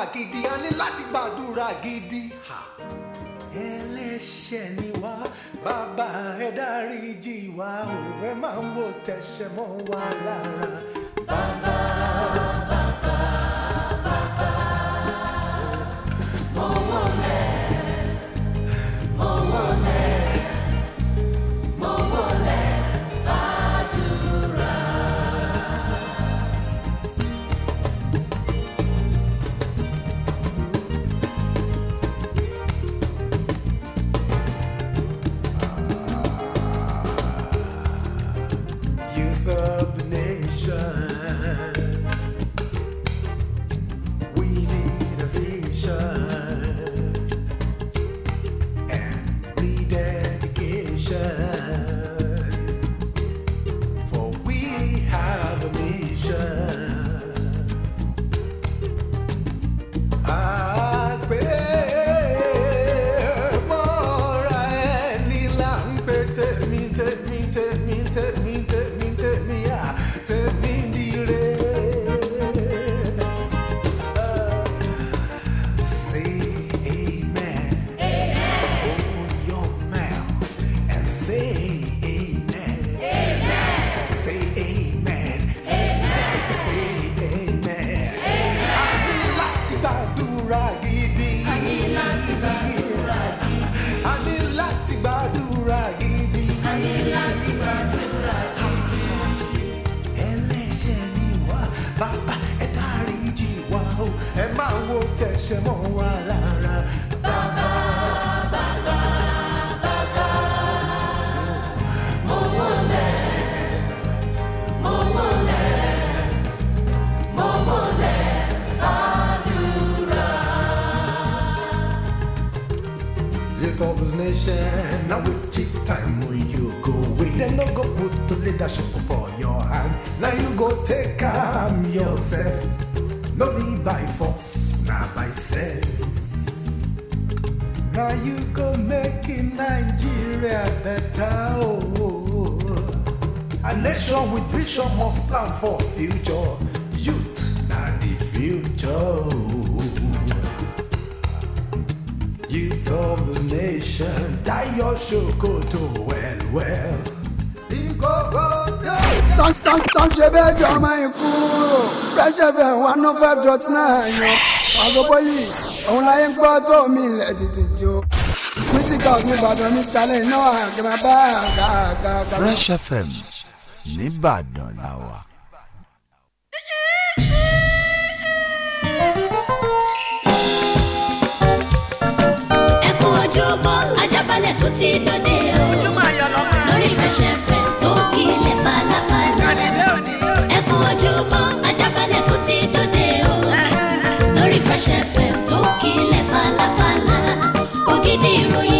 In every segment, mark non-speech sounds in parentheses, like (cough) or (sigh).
gbàdúrà gidi a ní láti gbàdúrà gidi. ẹlẹ́ṣẹ̀ ni wá bàbá ẹ dáríjì wá òwe máa ń wò tẹ̀sẹ̀ mọ́ wa lára bàbá. and tie your ṣòkòtò well well. ìkókó tó. tán tán tán ṣe bẹ́ẹ̀ jọ ọmọ ikú Fresh FM one oh five dot yo. yan Paso Police òun láyé ń gbọ́ tó mi ilẹ̀ títí tí o. mísíkà me Ìbàdàn ní challenge náà àgbẹ̀ bá àgbà àgbà. Fresh FM nìbàdàn làwà. balẹ̀ tó ti dòde o lórí fẹsẹ̀fẹ̀ tó kílẹ̀ falafala ẹ kú ojúmọ́ ajábalẹ̀ tó ti dòde o lórí fẹsẹ̀fẹ̀ tó kílẹ̀ falafala ògidì ìròyìn.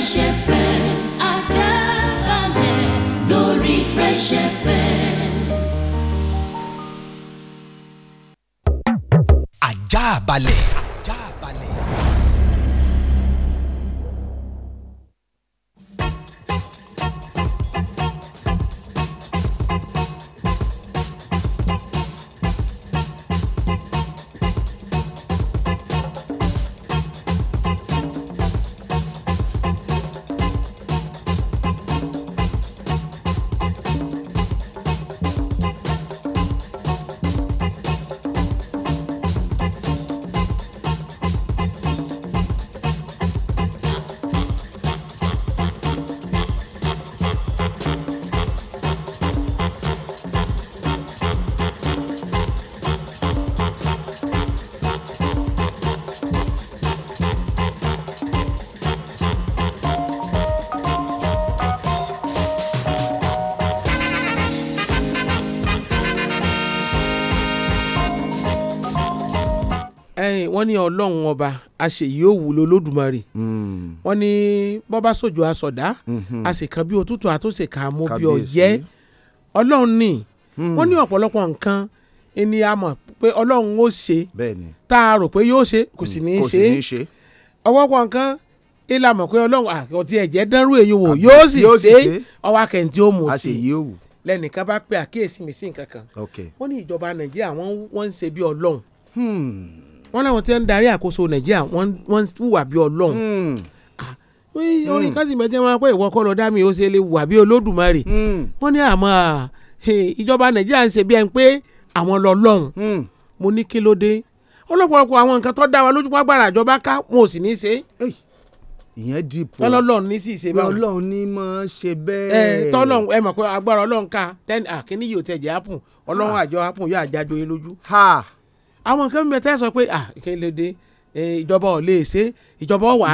Fresh FM àjàbalẹ̀ lórí Fresh FM. àjàbalẹ̀. wọ́n ní ọlọ́run ọba àṣeyìí ò wúlò lódùmarè hmm. wọ́n ní bọ́bá sòjò àsọ̀dá àṣekan hmm. bí òtútù àtúnṣe kà á mú bí ọ̀yẹ́ ọlọ́run ni hmm. wọ́n ní ọ̀pọ̀lọpọ̀ nǹkan ẹni a mọ̀ pé ọlọ́run ó ṣe tá a rò pé yóò ṣe kò sì ní í ṣe ọwọ́pọ̀ nǹkan ìlà mọ̀ pé ọlọ́run àti ẹ̀jẹ̀ dánrú èyí wò yóò sì ṣe ọwọ́ akẹ́ntì ó mú sí lẹ́nìkan bá pe àkíyèsí mi sí nǹkan kan wọ́n ní ìjọba nàìjíríà wọ́n ń ṣe bí ọlọ́run wọ́n láwọn tí wọ́n ń darí àkóso nàìjíríà wọ́n hùwà bí ọlọ́run hmm. orin hmm. kásìmẹ́tẹ́ máa pẹ́ ìwọ kọ́ lọ dá mi ó ṣe lè hùwà bí olódùmarè hmm. wọ́n ní àmọ́ ìjọba nàìjíríà ń ṣe bí ẹn pé àwọn lọ lọ́hùn mo ní kí ló dé ọlọ́pọ̀lọpọ̀ àwọn nǹkan tó dá wa lójú pa gbàrà àjọba ká wọn sì ní í ṣe ìyẹn dìpọ̀ ọlọ́run ní sì ṣe báwọn ọlọ́run ní mọ̀ ṣe bẹ́ẹ̀. ẹ tọ́lọ́run ẹ mọ̀ pé agbára ọlọ́run ká tẹ́ni àkíní yìí ò tẹ̀ jẹ́ àpùn àjọ àpùn yóò àjájọ yín lójú. ha àwọn nǹkan bíbẹ tẹ́ sọ pé ah kí ló dé ìjọba ò lè ṣe ìjọba ò wá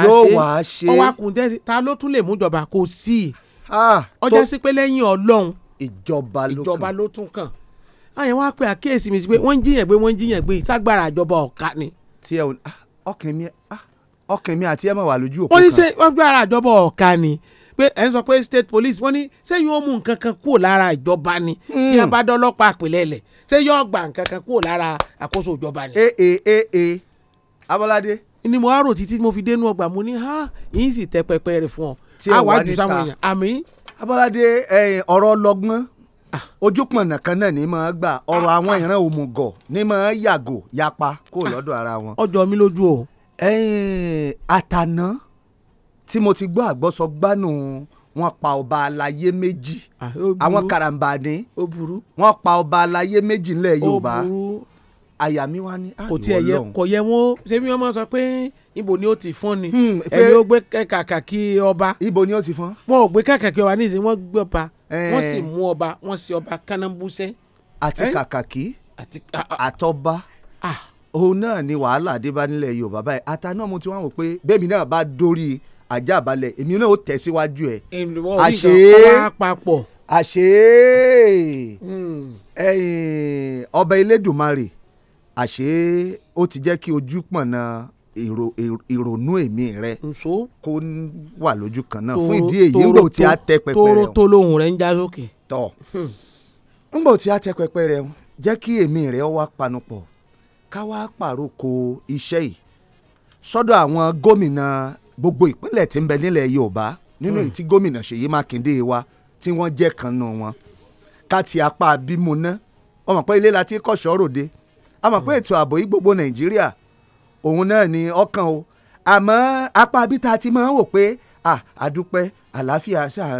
ṣe ọwọ́ akùntẹ́ ta ló tún lè mú ìjọba kò sí i ọjọ́ sí pé lẹ́yìn ọlọ́run ìjọba ló tún kàn àyẹ̀ wá pé àkíyèsí mi sí pé wọ́n ń jiyàn gbé wọ́n ń jiyàn gbé sagbára ìjọba ọ̀ka ni. tí ẹ ah, ọkàn mi ah, ọkàn mi àti ẹ máa wà lójú òpó kan. wọ́n ní sẹ́ wọ́n gbé ara ìjọba ọ̀ka ni pé ẹ ń sọ pé state police wọ́n ní ṣé yóò mú nǹkan kan kúrò lára ìjọba ni tí a hmm. bá dọ́lọ́pàá àpilẹ̀ lẹ̀ ṣé yóò gba nǹkan kan kúrò lára àkóso ìjọba ni. ee eh, ee eh, ee eh, Abọ́ládé. ni mo á rò títí mo fi dénú ọgbà mo ní ha yìí sì tẹ pẹpẹ rẹ fún ọ àwa jù sáwọn èèyàn àmì. Abọ́ládé ọ̀rọ̀ lọ́gbọ́n ah. ojúpọ̀nà kan náà ni mo gbà ọ̀rọ̀ ah. àwọn ìran òmùgọ̀ ni mo yàgò yapa kó ah. lọ́dọ̀ ara wọn. ọjọ́ mi lójú o. ẹ̀ẹ́n àtàná tí mo ti gbọ́ àgbọ́sọgbánu wọ́n pa ọba aláyé méjì àwọn karambani wọ́n pa ọba aláyé méjì ńlẹ̀ Yorùbá àyà mi wá ní àlọ́ ọlọ́run kò tiẹ̀ yẹ kò yẹ wọ́n ṣé bí máa sọ pé ibo ni ó ti fún ni hmm, ẹni ó gbé kàkà kí ọba ibo ni ó ti fún. wọn ò gbé kàkà kí ọba nísìnyí wọn gbé ọba eh. wọn sì mú ọba wọn sì ọba kanambúsẹ. àti eh? kàkà kí àtọba ah. òun náà ni wàhálà adébánilẹ̀ Yorùbá báyìí àtàná mo ti wá wò pé bẹ́ẹ̀ mi náà bá dórí àjàbalẹ̀ èmi náà ó tẹ̀síwájú ẹ̀ àṣé àṣé hmm. ọba elédùnmarè àṣé ó ti jẹ́ kí ojú pọ̀nà ìrònú èmi rẹ kó wà lójú kan náà fún ìdí èyí ńgbò hmm. tí a tẹ pẹpẹ rẹ tó lóhùn rẹ ń já sókè. tọ ńgbò tí a tẹ pẹpẹ rẹ jẹ́ kí èmi rẹ wá panupọ̀ ká wá pàrókò iṣẹ́ yìí sọ́dọ̀ àwọn gómìnà gbogbo ìpínlẹ̀ tí ń bẹ nílẹ̀ Yorùbá nínú èyí hmm. tí gómìnà Ṣèyí Mákindé wa tí wọ́n jẹ́ kan nù wọn ká ti apá abímú ná ọmọ pé ilé la ti kọ̀ṣọ́ ròde àmọ́ pé hmm. ètò ààbò yìí gbogbo Nàìjíríà òun náà ni ọkàn o àmọ́ apá abí ta ti máa ń wò pé àdúpẹ́ àlàáfíà ṣáà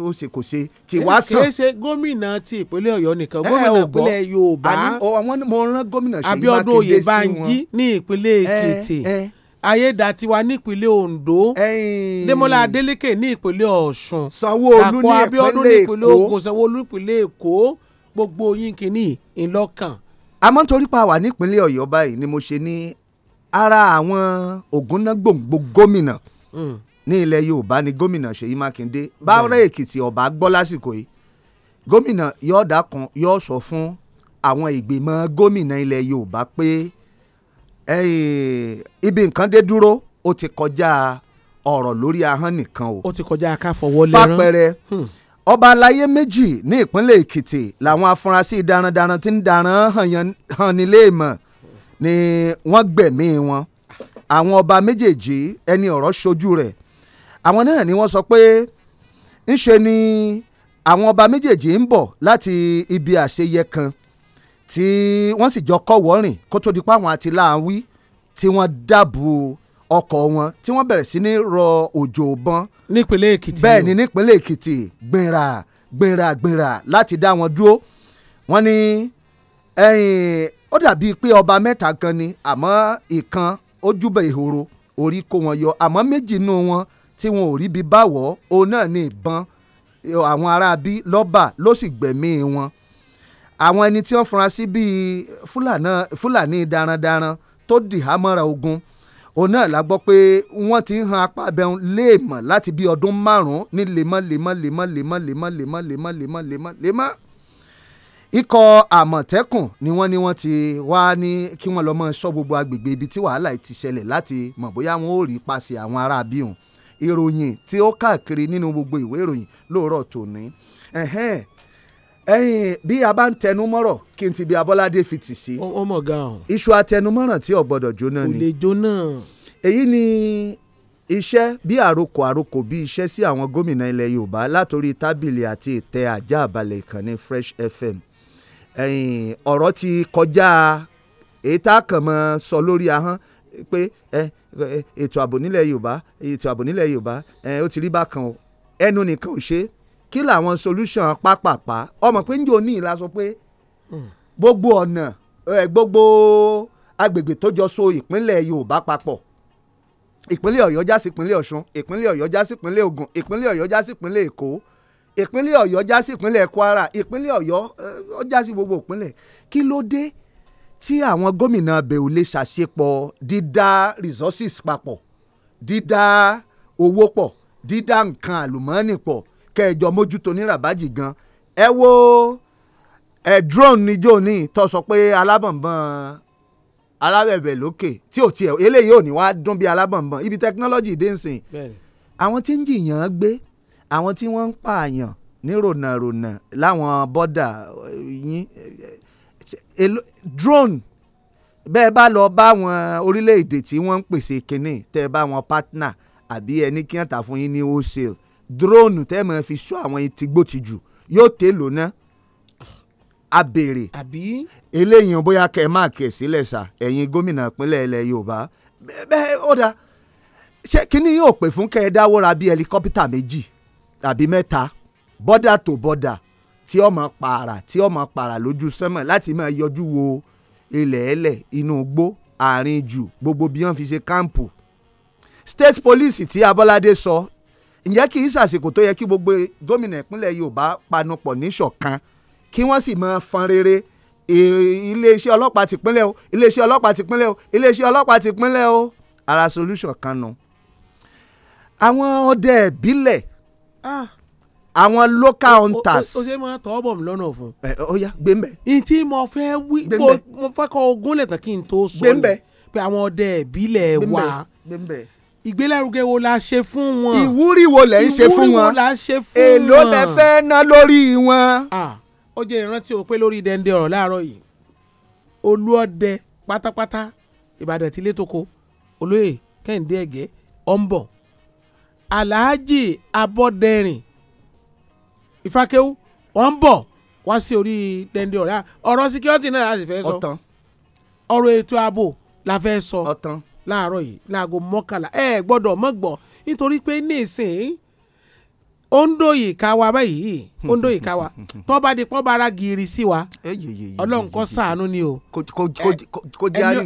ó ṣe kò ṣe tí wá eh, sàn. kì í ṣe gómìnà ti ìpínlẹ̀ Ọ̀yọ́ nìkan eh, gómìnà ìpínlẹ̀ Yorùbá Abíọ́dún Oyèbánjí ní ìpínlẹ̀ eh, Èkìtì ayédatiwa nípínlẹ̀ ondo demola adeleke ní ìpínlẹ̀ ọ̀ṣun sanwó-olu ní ìpínlẹ̀ èkó sanwó-olu nípínlẹ̀ èkó gbogbo yín kìíní ìlọ́kàn. àmọ́ torí pa wà nípínlẹ̀ ọ̀yọ́ báyìí ni mo ṣe ní ara àwọn ògúnná gbòǹgbò gómìnà hmm. ní ilẹ̀ yorùbá ni gómìnà ṣèyí mákindé hmm. báwọn èkìtì ọ̀bá gbọ́ lásìkò yìí gómìnà yọ̀ọ̀dà kan yóò sọ fún àwọn ìgbìmọ̀ gómìnà ilẹ̀ yorùbá pé ibi nǹkan dé dúró ó ti kọjá ọ̀rọ̀ lórí ahọ́n nìkan o. ó ti kọjá ká fọwọ́ lẹ́rán. fapẹ̀rẹ̀ hmm. ọba aláyé méjì ní ìpínlẹ̀ èkìtì làwọn afurasí darandaran tí ń daran hàn nílé ìmọ̀ ni wọ́n gbẹ̀mí wọn àwọn ọba méjèèjì ẹni ọ̀rọ̀ ṣojú rẹ̀ àwọn náà ni wọ́n sọ pé ńṣe ni àwọn ọba méjèèjì ń bọ̀ láti ibi àṣeyẹ kan tí wọ́n sì jọ kọ́wọ́ rìn kó tó di pa àwọn àti láàwí tí wọ́n dábùú ọkọ̀ wọn tí wọ́n bẹ̀rẹ̀ sí ní rọ òjò bọ́n. nípínlẹ̀ èkìtì bẹ́ẹ̀ ni nípínlẹ̀ èkìtì gbìnrà gbìnrà gbìnrà láti dá wọn dúró wọ́n ní ó dàbí pé ọba mẹ́ta kan ni àmọ́ ìkan ó ìhòòrò orí kó wọn yọ àmọ́ méjì nù wọn tí wọn ò rí bí báwọ̀ òun náà ní ìbọn àwọn ará bí ló sì gbẹ̀mí wọn àwọn ẹni tí wọ́n fura sí bíi fúlàní darandaran tó dìhámọ́ra ogun òun náà la gbọ́ pé wọ́n ti ń han apá abẹ́hùn léèmọ̀ láti bíi ọdún márùn-ún ní lemọ́ lemọ́ lemọ́ lemọ́ lemọ́ lemọ́ lemọ́ lemọ́ lemọ́ ikọ̀ àmọ̀tẹ́kùn ni wọ́n ní wọ́n ti wá ní kí wọ́n lọ́ọ́ mọ́ ṣọ́ gbogbo agbègbè ibi tí wàhálà ti ṣẹlẹ̀ láti mọ̀ bóyá wọn ò rí paṣẹ àwọn ará abíhùn ìròyìn tí ó káàkiri nínú gbogbo ìwé ìròyìn lóòrọ̀ tòní ẹ̀yin bí a bá ń tẹnumọ́rọ̀ kí n ti bí abọ́ládé fi tì sí. ọmọ ga ọ. iṣu atẹnumọ́ràn tí ò gbọ́dọ̀ jóná ni. kò lè jóná. èyí ni iṣẹ́ bí àrokò àrokò bí iṣẹ́ sí àwọn gómìnà ilẹ̀ yorùbá látòrí tábìlì àti ìtẹ́ ajá àbálẹ̀ ìkànnì fresh fm ẹ̀yìn ọ̀rọ̀ ti kọjá ètà kan mọ́ sọ lórí ahọ́n pé ètò ààbò nílẹ̀ yorùbá ètò ààbò nílẹ̀ yorùbá ó ti rí bákan ẹnu nìkan ò ṣe é kí làwọn solution pápápá ọmọ pé njó ní ìlà sọ pé gbogbo ọ̀nà gbogbo agbègbè tó jọ so ìpínlẹ̀ Yorùbá papọ̀ ìpínlẹ̀ Ọ̀yọ́ já sí ìpínlẹ̀ Ọ̀ṣun ìpínlẹ̀ Ọ̀yọ́ já sí ìpínlẹ̀ Ògùn ìpínlẹ̀ Ọ̀yọ́ já sí ìpínlẹ̀ Èkó ìpínlẹ̀ Ọ̀yọ́ já sí ìpínlẹ̀ Kwara ìpínlẹ̀ Ọ̀yọ́ ó já sí gbogbo ìpínlẹ̀ kí ló dé tí àwọn gómìnà bẹ̀rù lè ṣàṣepọ̀ dídá resources papọ̀ dídá owó pọ̀ dídá nǹkan àlùmọ́ọ́nì pọ̀ kẹjọ mójútó ní rabaji gan ẹ wo ẹ drone ni jóni tó sọ pé alábọ̀nbọ̀n alábẹ̀bẹ̀ lókè tí ò tiẹ̀ eléyìí ò ní wá dún bí alábọ̀nbọ̀n ibi technology dé nsìn àwọn tí ń jìyàn gbé àwọn tí wọ́n ń pààyàn ní rònàrònà láwọn bọ́dà yín drone bẹ́ẹ̀ bá lọ bá wọn orílẹ̀-èdè tí wọ́n ń pèsè kínní tẹ́ ẹ bá wọn partner àbí ẹni kí wọ́n tà fún yín ní wholesale Drone tẹ́ mọ̀ fi sọ àwọn etí gbòtijù yóò tẹ́ lò ná a béèrè eléyìí bóyá kẹ́ ẹ máa kẹ̀ sílẹ̀ sà ẹ̀yin gómìnà ìpínlẹ̀ ilẹ̀ Yorùbá bẹ́ẹ̀ ó dáa ṣé kínní yóò pè fún kẹ́ ẹ dáwó ra bíi ẹlikọ́pítà méjì tàbí mẹ́ta bọ́dà tó bọ́dà tí ọmọ pààrà tí ọmọ pààrà lójú sánmọ̀ láti máa yọjú wo ilẹ̀ ẹlẹ̀ inú igbó àárín jù gbogbo bí wọ́n fi ṣe káàmpù state police tí Abọ́ládé sọ ǹjẹ́ kì í ṣàsìkò tó yẹ kí gbogbo gómìnà ìpínlẹ̀ Yorùbá panupọ̀ ní ṣọ̀kan kí wọ́n sì máa fọn rere iléeṣẹ́ ọlọ́pàá tìpínlẹ̀ o iléeṣẹ́ ọlọ́pàá tìpínlẹ̀ o iléeṣẹ́ ọlọ́pàá tìpínlẹ̀ o ara solution kan nu. àwọn ọdẹ ìbílẹ̀ ah. àwọn local hunters. o ṣe máa tọ́ bọ̀ mí lọ́nà fún. ẹ ọ ya gbẹ̀mbẹ̀. ntí mo fẹ́ wí mo fẹ́ kọ́ ogún lẹ̀tàn kí n tó sọ ni pé àwọn ọdẹ ìbílẹ̀ wa ìgbélárugẹ wo la ṣe fún wọn. ìwúrí wo lẹ ń ṣe fún wọn. ìwúrí wo la ṣe fún wọn. èló lẹ fẹ́ ná lórí wọn. ó jẹ́ ìrántí òun pé lórí dẹ́ndé ọ̀rọ̀ láàárọ̀ yìí olúọdẹ pátápátá ìbàdàn tí létòkó olóyè kẹ́hìndé ẹ̀gẹ́ ọ̀nbọ̀ aláàjì abọ́dẹrìn ìfàkẹ́wò ọ̀nbọ̀ wá sí orí dẹ́ndé ọ̀rọ̀ ọ̀rọ̀ síkírọ́tì náà láti fẹ́ sọ ọ̀rọ̀ ètò ààbò la fẹ́ sọ. ọ̀tàn láàárọ̀ yìí láago mọ́kànlá ẹ gbọ́dọ̀ mọ́ gbọ́ nítorí pé nísìn ondo ìkáwa báyìí ondo ìkáwa tọ́ba di pọ́ba ara gírí sí wa ọlọ́run kó ṣàánú ni o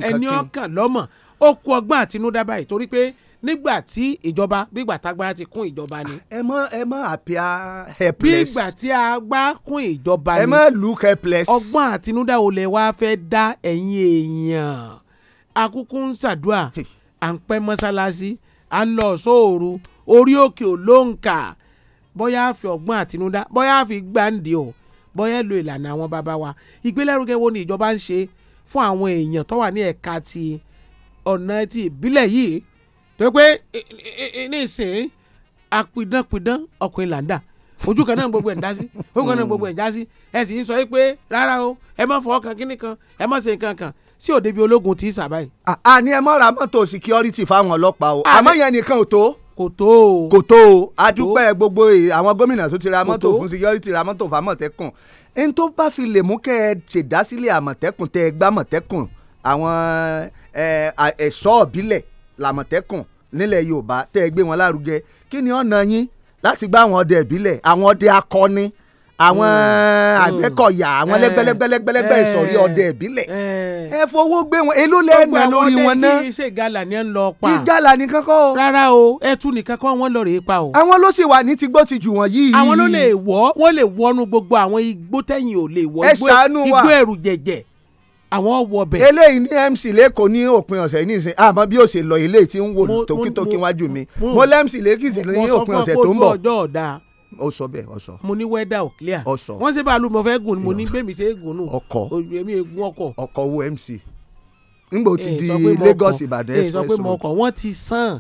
ẹni ọkàn lọ́mọ̀ ó kú ọgbọ́n àtinúdá báyìí torí pé nígbà tí ìjọba bígbà tágbára ti kún ìjọba ni. ẹ mọ ẹ mọ àpíà helpless. bígbà tí a gbá kún ìjọba ni. ẹ mọ look helpless. ọgbọ́n àtinúdá olè wa fẹ́ dá ẹ̀yin èèyàn akúkú ń ṣàdúà à ń pẹ́ mọ́ṣáláṣí à ń lọ sóòru orí òkè ò ló ń kà bóyá àfi ọgbọ́n àtinúdá bóyá àfi gbàǹdì o bóyá lo ìlànà àwọn bàbá wa ìgbélárugẹ wo ni ìjọba ń ṣe fún àwọn èèyàn tó wà ní ẹ̀ka ti ọ̀nà ti ìbílẹ̀ yìí tó pé ní ìsìn apidánpidán ọkùnrin làǹdà ojú kan náà gbogbo ẹ̀ ń dá sí ojú kan náà gbogbo ẹ̀ ń já sí ẹ sì ń sọ pé rárá o ẹ má fọwọ́ kan kíní kan ẹ má ṣe nǹkan kan tí ò débi ológun ti sà báyìí. a ah, ah, ní ẹ mọ́ mọ́tò security fáwọn ọlọ́pàá o ah, àmọ́ yẹn nìkan ò tó. kò tó o kò tó o a dúpẹ́ gbogbo eh, àwọn gómìnà tó ti ra mọ́tò fún security ra mọ́tò fámọ̀tẹ́kùn ẹni tó bá fi lè mú kẹ́ ẹ ṣèdásílẹ̀ àmọ̀tẹ́kùn tẹ́ ẹ gbá mọ̀tẹ́kùn àwọn eh, ẹ̀ṣọ́ ọ̀bílẹ̀ làmọ̀tẹ́kùn nílẹ̀ yorùbá tẹ́ ẹ gbé wọn lárugẹ kí ni ọ̀nà yín láti gbá àwọn ọdẹ ìbílẹ̀ àwọn ọdẹ akọni àwọn mm. àgbẹ̀kọ̀yà àwọn mm. lẹ́gbẹ́lẹ́gbẹ́lẹ́gbẹ́ eh. ìsọ̀rí ọdẹ ìbílẹ̀ eh. ẹ fowó gbé wọn èló lẹ́ẹ̀nà lórí wọn náà. gbogbo àwọn ọdẹ kì í ṣe gala ni ẹ ń lọ pa. ìgala nìkan kọ́ o. rárá o ẹ tún nìkan kọ́ wọn lọ rèé pa o. àwọn ló sì wà ní tigbó ti jù wọ́n yìí. àwọn ló lè wọ́ wọ́n lè wọnú gbogbo àwọn igbó tẹ̀yìn ò lè wọ́ igbó ẹ̀rù jẹ̀jẹ̀ àwọn wọ bẹ. eléyìí ní mc lẹ́kọ̀ọ́ ní òpin ọ̀sẹ̀ ní ìsìn àmọ́ bí ó ṣe lọ eléyìí tí ń wò tókítókí wájú mi mo lẹ́mc lẹ́kìtì ní òpin ọ̀sẹ̀ tó ń bọ̀. mo sọ fún ọ pé ojú ọjọ́ ọ̀dà ó sọ bẹ́ẹ̀ ó sọ. mo ní wẹ́dà ò clear. ó sọ wọ́n ṣe bàálù mo fẹ́ gùn mo ní gbèmí ṣe é gùn nù. ọkọ èmi ègún ọkọ. ọkọ wo mc ngbò ti di Lagos Ìbàdàn express road. èyí sọ pé mo kọ wọ́n ti sàn.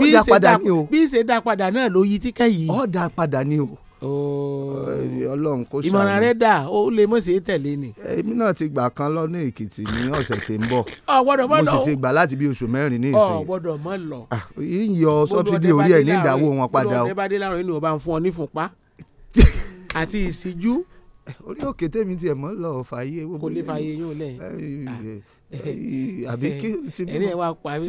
ó dá padà ní o. bí ìṣe dá padà náà ló yí tíkẹ́ yìí. ó dá padà ní o ọlọ́run kò ṣàánú. ìmọ̀ràn rẹ dà ó lè mọ̀ sí tẹ̀lé ni. èmi náà ti gbà kan lọ ní èkìtì ní ọ̀sẹ̀ tí ń bọ̀ mo sì ti gbà láti bí oṣù mẹ́rin ní ìsìn. ọ gbọ́dọ̀ mọ lọ. yíyọ sọbsidi orí ẹ ní ìdáwó wọn padà o. gbọ́dọ̀ ọdẹbàdé láàrin inú ọba ń fún ọ ní fúnpá (laughs) àti ìṣíjú. orí òkè tèmi tiẹ̀ mọ́ lọ fàyè. kò lè fàyè yóò lẹ̀ Eh, àbí eh, kí ti bí mo ẹ̀rín wá pa mí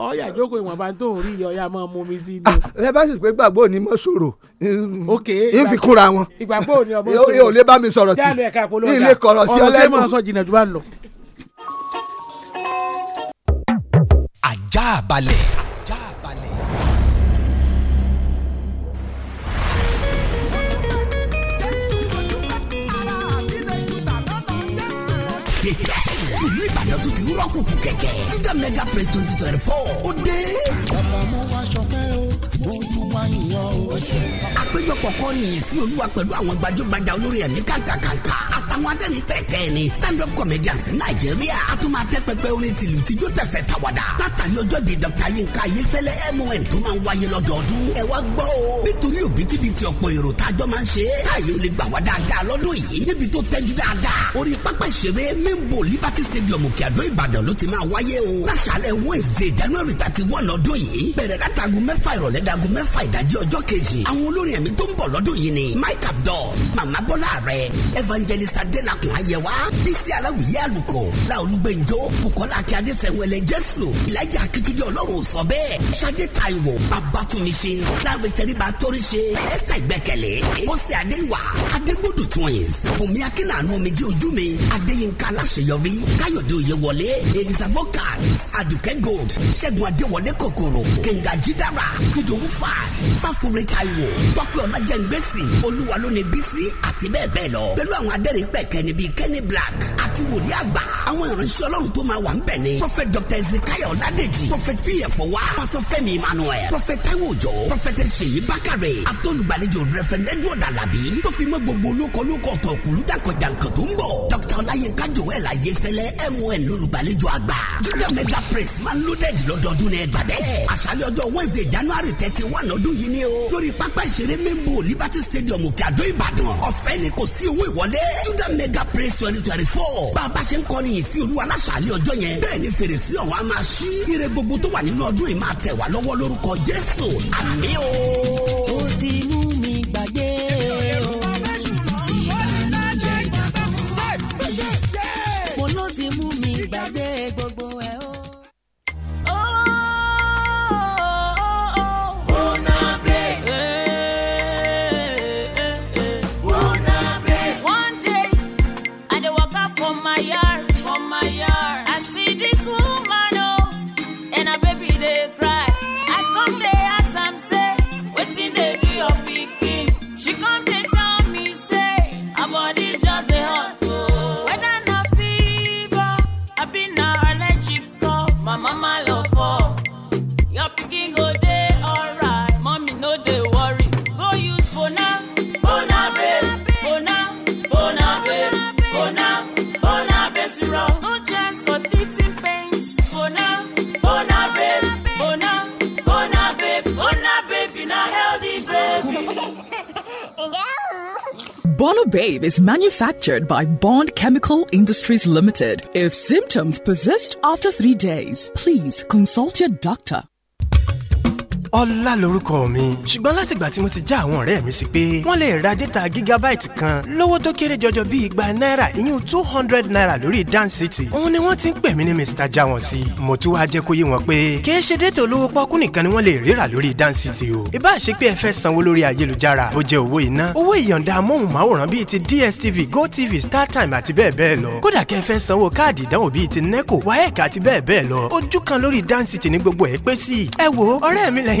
ọ̀ọ́yà jókòó ìwọ̀nba tó ń rí ọ̀yà máa mú mi sí inú. Ah, ẹ bá sì pé gbàgbọ́ òní mọ̀ sọ̀rọ̀ n fi kúnra wọn ìgbàgbọ́ òní ọmọ sọ̀rọ̀ yóò lè bá mi sọ̀rọ̀ tí ilé kọ̀rọ̀ sí ọlẹ́nu. ọ̀rọ̀ tí mo sọ jìnnà jù bá lọ. ajá balẹ̀. tó ti rọ́ọ̀kù kù kẹ̀kẹ́ juda mega press twenty twenty four ó dé. bàbá mo wá ṣọkẹ́ o mo tún wá yíyan o. àpéjọpọ̀ kọrin yìí sí olúwa pẹ̀lú àwọn gbajúgbajà olórí ẹ̀mí kàǹkàǹkà àtàwọn adẹ́rìn pẹ̀kẹ́ ni stand up comedians nàìjíríà a tún máa tẹ́ pẹpẹ orin tìlù tíjó tẹ̀fẹ̀ tàwàdà látàrí ọjọ́ di dr yinka ayéfẹ́lẹ́ mon tó máa ń wáyé lọ́dọọdún ẹ wá gbọ́ o nítorí òbítíbitì ọ̀pọ̀ èrò tájọ́ máa ń ṣe káyé olè gbà wá dáadáa liberty stadium òkè àjọ̀dún ìbàdàn ló ti máa wáyé o láṣálẹ̀ wednesday january thirty one ọdún yìí bẹ̀rẹ̀ látago mẹ́fà ìrọ̀lẹ́ dago mẹ́fà ìdájí ọjọ́ kejì àwọn olórin ẹ̀mí tó ń bọ̀ lọ́dún yìí ni mike abdul mama bọ́lá rẹ̀ evangelist adenakun ayẹwa bísí aláwìyé àlùkò làolúgbẹ̀njọ bukola akíade sẹ̀wẹ̀lẹ̀ jésù ìlàjà akitunjẹ ọlọ́run sọ bẹ́ẹ̀ sade taiwo babatunmisi láwe tẹríba Torise, ẹsẹ̀ ìgbẹ́kẹ̀lé mọ́sẹ̀ adéwà adégbòdù twins bùnmi akínàánú omijì ojú mi adéyínká aláṣeyọrí káyọ̀dé òye adéwọlé elisa vocal adùkẹ́ gold ṣẹ́gun adéwọlé kòkòrò kẹ̀ǹgà jídára ìdòwú fad fáfúre taiwo tọ́pẹ́ ọ̀nàjẹ̀ǹgbèsì olúwa ló ní bísí àti bẹ́ẹ̀ bẹ́ẹ̀ lọ pẹ̀lú àwọn adẹ́rìn pẹ̀kẹ́ níbi kenny black àti wòlíì àgbà àwọn ìránṣẹ́ ọlọ́run tó máa wà ń bẹ̀ ni prophet dr ezekiel ọ̀làdèjì prophet pf wa pastor femi emmanuel prophet taiwo òjò prophet ṣèyí Bakare. àtọ́lùgbàlejò reverend edward alabi tó fi mọ́ gbogbo olókòólókòó ọ̀tọ̀ òkúlù jàǹkànjàǹkàn tó ń bọ̀ dr ọláyínká joel ayéfẹ́lẹ́ mon bẹ́ẹ̀ lólùgbàlejò àgbà juda mega press máa ń loaded lọ́dọọdún ní ẹgbà bẹ́ẹ̀ àṣálẹ́ ọjọ́ wednesday january thirty one ọdún yìí ni o lórí pápá ìṣeré mímú liberty stadium òkèàdó ìbàdàn ọ̀fẹ́ ni kò sí owó ìwọlé juda mega press twenty twenty four bá a bá ṣe ń kọrin yìí sí olúwa láṣálẹ́ ọjọ́ yẹn bẹ́ẹ̀ ni fèrèsé ọ̀hún á máa ṣí ire gbogbo tó wà nínú ọdún yìí máa tẹ̀ wá lọ́wọ́ lórúkọ jésù àmín o. Bono Babe is manufactured by Bond Chemical Industries Limited. If symptoms persist after three days, please consult your doctor. ọlá lorúkọ mi ṣùgbọ́n látìgbà tí mo ti já àwọn ọ̀rẹ́ mi sí pé wọ́n lè ra dẹ́ta gígábáìtì kan lówó tó kéré jọjọ bíi igba náírà ìyún two hundred naira lórí dan city òun ni wọ́n ti ń pè mí ní mr jáwọn sí i mo tún wáá jẹ́ kó yé wọn pé kì í ṣe dẹ́tà olówó pọ́kú nìkan ni wọ́n lè rírà lórí dan city o ìbá ṣe pé ẹ fẹ́ sanwó lórí ayélujára ó jẹ́ owó iná owó ìyọ̀ǹda amóhùnmáwòrán bíi ti dstv gotv startime àti bẹ́ẹ̀ bẹ́ẹ̀ lọ kódà kẹ́ ẹ fẹ́ sanwó káàdì ìdánwò bíi ti neco waec àti bẹ́ẹ̀ bẹ́ẹ̀ lọ ojú kan lórí dan city ní gbogbo ẹ̀ pé sí i ẹ wo ọ̀rẹ́ mi lẹ́yìn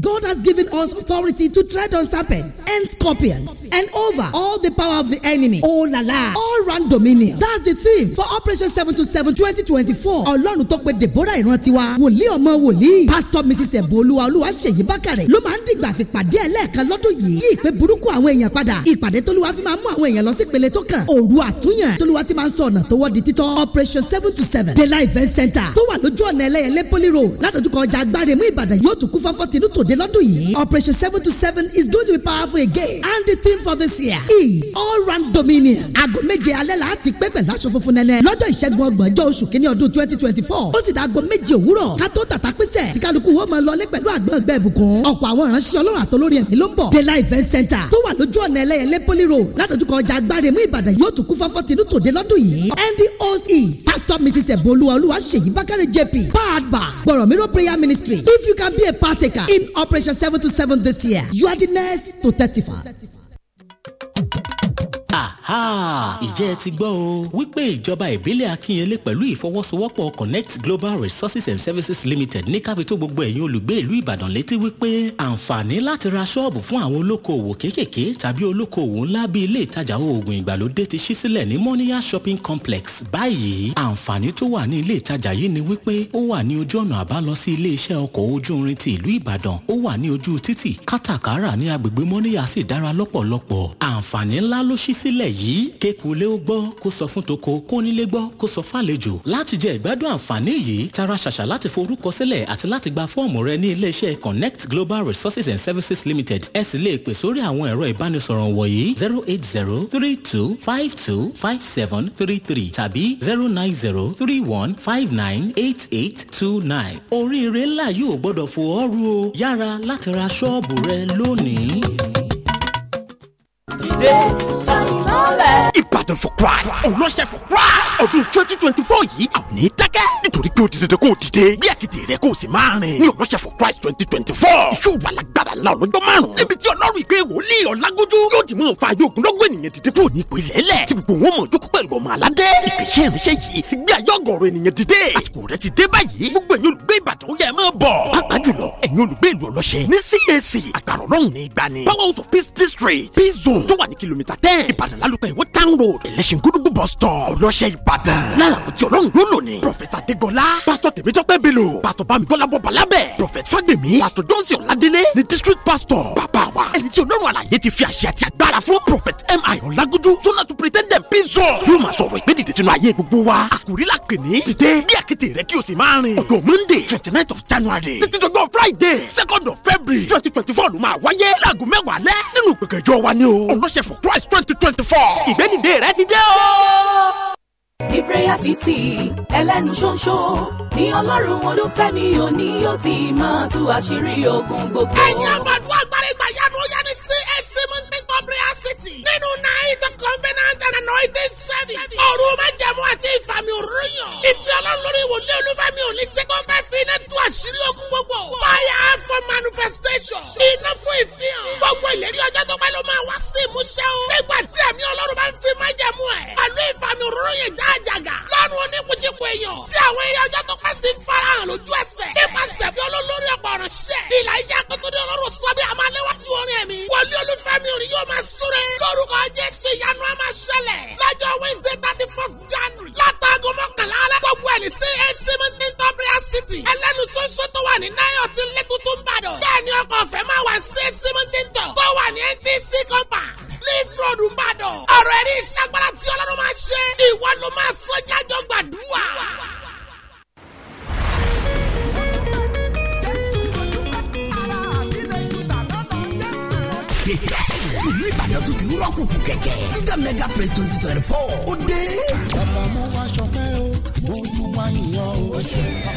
God has given us authority to tread on serpents and scorpions and over all the power of the enemy. Oh la la, all round dominion. That's the theme for Operation 727 2024. Ọlọ́run tó pe Deborah ìrántí wòlíì ọmọ wòlíì. Pastor Mrs. Ẹ̀bùn Olúwa Ṣèyí Bákàrẹ̀ ló máa ń dìgbà fi pàdé ẹlẹ́ẹ̀kan lọ́dún yìí. Yí ìpè burúkú àwọn èèyàn padà. Ìpàdé t'Olúwa fi máa mú àwọn èèyàn lọ sí ìpele tó kàn. Òru àtúnyàn t'Olúwa ti máa ń sọ ọ̀nà tó wọ́ di títọ́. Operation 727 Daylight Event Center tó wà lójú ọ̀nà ẹlẹ́yẹlé Poly Road ládojúkọ ọjà agbáre mú Ìbàdàn yóò tún kún fọ́fọ́ tinú tòde lọ́dún yìí operation seven to seven is going to be powerful again and the theme for this year is all round dominion. aago méje alẹ́ la ti pẹ́ pẹ̀lú aṣọ funfun nẹ́nẹ́ lọ́jọ́ ìṣẹ́gun ọgbọ̀njọ́ oṣù kínní ọdún twenty twenty four ó sì dá aago méje òwúrọ̀ ká tó tàtà písẹ̀ tí kálukú wo máa lọlé pẹ̀lú àgbọn ẹgbẹ́ ìbùkún ọ̀pọ̀ àwọn ìránṣẹ́ ọlọ́run àtolórí ẹ̀mí ló ń bọ̀ dela event center tó wà lójú ọ̀nà ẹlẹ́yẹlé poli road ládojúkọ ọjà agbáre mú ìbàdàn yóò tún kú fọ́fọ́ and the host is pastor mrs ebolu olúwa jp powered by gbọ̀rọ̀míró prayer ministry if you can be a partaker in Operation 7 to 7 this year. You are the nurse to testify. Ah, ìjẹ́ ẹ ti gbọ́ o wípé ìjọba ìbílẹ̀ Akínyẹlé pẹ̀lú ìfọwọ́sowọ́pọ̀ Connect Global Resources and Services Limited ní káfí tó gbogbo ẹ̀yin olùgbé ìlú Ìbàdàn létí wípé àǹfààní láti ra ṣọ́ọ̀bù fún àwọn olókoòwò kéékèèké tàbí olókoòwò ńlá bíi ilé ìtajà oògùn ìgbàlódé ti ṣí sílẹ̀ ní Moniya Shopping Complex báyìí àǹfààní tó wà ní ilé ìtajà yìí ni wípé ó wà ní ojú ọ̀nà àbálọ sí ilé iṣẹ́ ọkọ̀ ojú irin ti ìlú Ìbàdàn ó wà ní ojú títì kátàkárà ní agbègbè Moniya sì dára lọ́pọ̀lọpọ̀ àǹfààní ńlá ló ṣí sílẹ̀ yìí kékulé ó gbọ́ kó sọ fún toko kónílé gbọ́ kó sọ fàlejò láti jẹ ìgbádùn àǹfààní yìí tara ṣàṣà láti forúkọ sílẹ̀ àti láti gba fọ́ọ̀mù rẹ ní iléeṣẹ́ Connect Global Resources and Services Limited ẹ sì lè pè sórí àwọn ẹ̀rọ ìbánisọ̀rọ̀ wọ̀nyí zero eight zero three two five two five seven three three tàbí zero nine zero three one five nine eight eight two nine oríire ńlá yóò gbọ́dọ̀ fò ọ́ ru o yára láti ra ṣọ́ọ̀bù rẹ lónìí. ìdè dandan for Christ òun ló ṣe for Christ ọdún twenty twenty four yìí a ò ní dákẹ́ nítorí pé ó di dandan kó o dìde bí àkìtì rẹ kó o sì máa rìn ní ọlọ́ṣẹ́ for Christ twenty twenty four yóò wà lágbára ńlá ọlọ́jọ́ márùn-ún níbi tí ọlọ́run ìgbé wòlíì ọ̀làgójú yóò ti mú fa yóògùnlógún ènìyàn dìde kúrò ní ìpè lẹ́lẹ̀ tí gbogbo wọn mọ̀ jókòó pẹ̀lú ọmọ aládé ìpèsè ìrìnsẹ̀ yìí ti gbé ayé ọ̀gọ̀rọ̀ ènìyàn dìde àsìkò rẹ ti dé báyìí gbogbo ẹ̀yin olùgbé ìbàdàn ó yẹ ẹ máa bọ̀ pàápàá jùlọ ẹ̀yin olùgbé ìlú ọlọ́ṣẹ́ ní CAC àgbàrọ̀ ọlọ́run ní ìgbani power house of peace district peace zone tó wà ní kìlómítà ten ìbàdàn lálùpẹ̀ ìwọ town road road ẹlẹ́sìngúdùgbò bus stop lọ́sẹ̀ ìbàdàn lára àwọn tí ọlọ́run ló lò ní. prophet adégbọlá pastor tèmítọ́pẹ́ bello pastor bámigbọ́lá bọ̀bálábẹ̀ prophet fagbemi pastor johnson ọ̀ladélé ni district pastor bàbá wa ẹni tí ọlọ́run àlàyé ti fi àṣẹ àti agbára fún prophet mi ọ̀làgúdú zona superintendent pinzon yóò máa sọ̀rọ̀ ìgbédìde sínú ayé gbogbo wa àkòrí la pè ní dìde bí àkété rẹ kí o sì máa rìn ọjọ́ monday twenty nine of january títí dọjọ́ friday second of february twenty twenty four ló máa wáyé láago mẹ́wàá lẹ́ nínú gbẹ̀gẹ̀jọ wa ni o ọlọ́sẹ̀ for christ twenty twenty four ìgbẹ́nìde rẹ ọ̀rẹ́ ti dé o. ní prayer city ẹlẹ́nu ṣoṣo ni ọlọ́run olúfẹ́mi òní yóò ti máa tú àṣírí ogun gbogbo. ẹ̀yin àfàdúrà gbàrẹ́gbà yanu yẹn CAC mú pípọ̀ prayer city nínú night of covenant and anointing service ọ̀run májẹ̀mú àti ìfàmì òróyàn ìbí ọlọ́run ìwòlé olúfẹ́mi ò ní ṣe kó fẹ́ fi iná tú àṣírí ogun gbogbo fire for manifestation iná fún ìfihàn gbogbo ìlérí ọjọ́ tó pẹ́ ló máa wá sí ìmúṣẹ o nígbà tí ẹ̀mí ọlọ́run bá ń fi májẹ̀mú ẹ̀ pẹ̀lú ìfàmì òróyìn jáàjàgà lọ́run oníkùjìkù èèyàn tí àwọn eré ọjọ́ tó pẹ́ sí farahàn lójú ẹsẹ̀ nípasẹ̀ bí olólórí ọ̀pọ̀ ọ̀rọ̀ ṣẹ̀ ìlà ìjà kótó ní ọlọ́run sọ bí àmàlẹ́wájú orin ẹ̀mí wọlé olúfẹ́mi òní yóò máa súre mi. lórúkọ jésù ìyanu a máa ṣẹlẹ̀. lọ́jọ́ wednesday thirty first january látàgọ́ mọ́kànlá alẹ́. gbogbo ẹni sí ac mintinton prayer city. ẹlẹ́nu ṣoṣo tó wà ní náírà ti lé tuntun bàdàn. bẹ́ẹ̀ ni ọkọ̀ ọ̀fẹ́ máa wà sí ac mintinton. tó wà ní ntc compound. leaf road bàdàn. ọ̀rọ̀ ẹ̀rí ìṣàgbára tí ọlọ́run máa ṣe. ìwọ ló máa sọ jájọ́ gbàdúrà. èèyàn tún rọ́ọ̀kù kẹ̀kẹ́. mega press twenty twenty four ó dé. Bàbá mo wá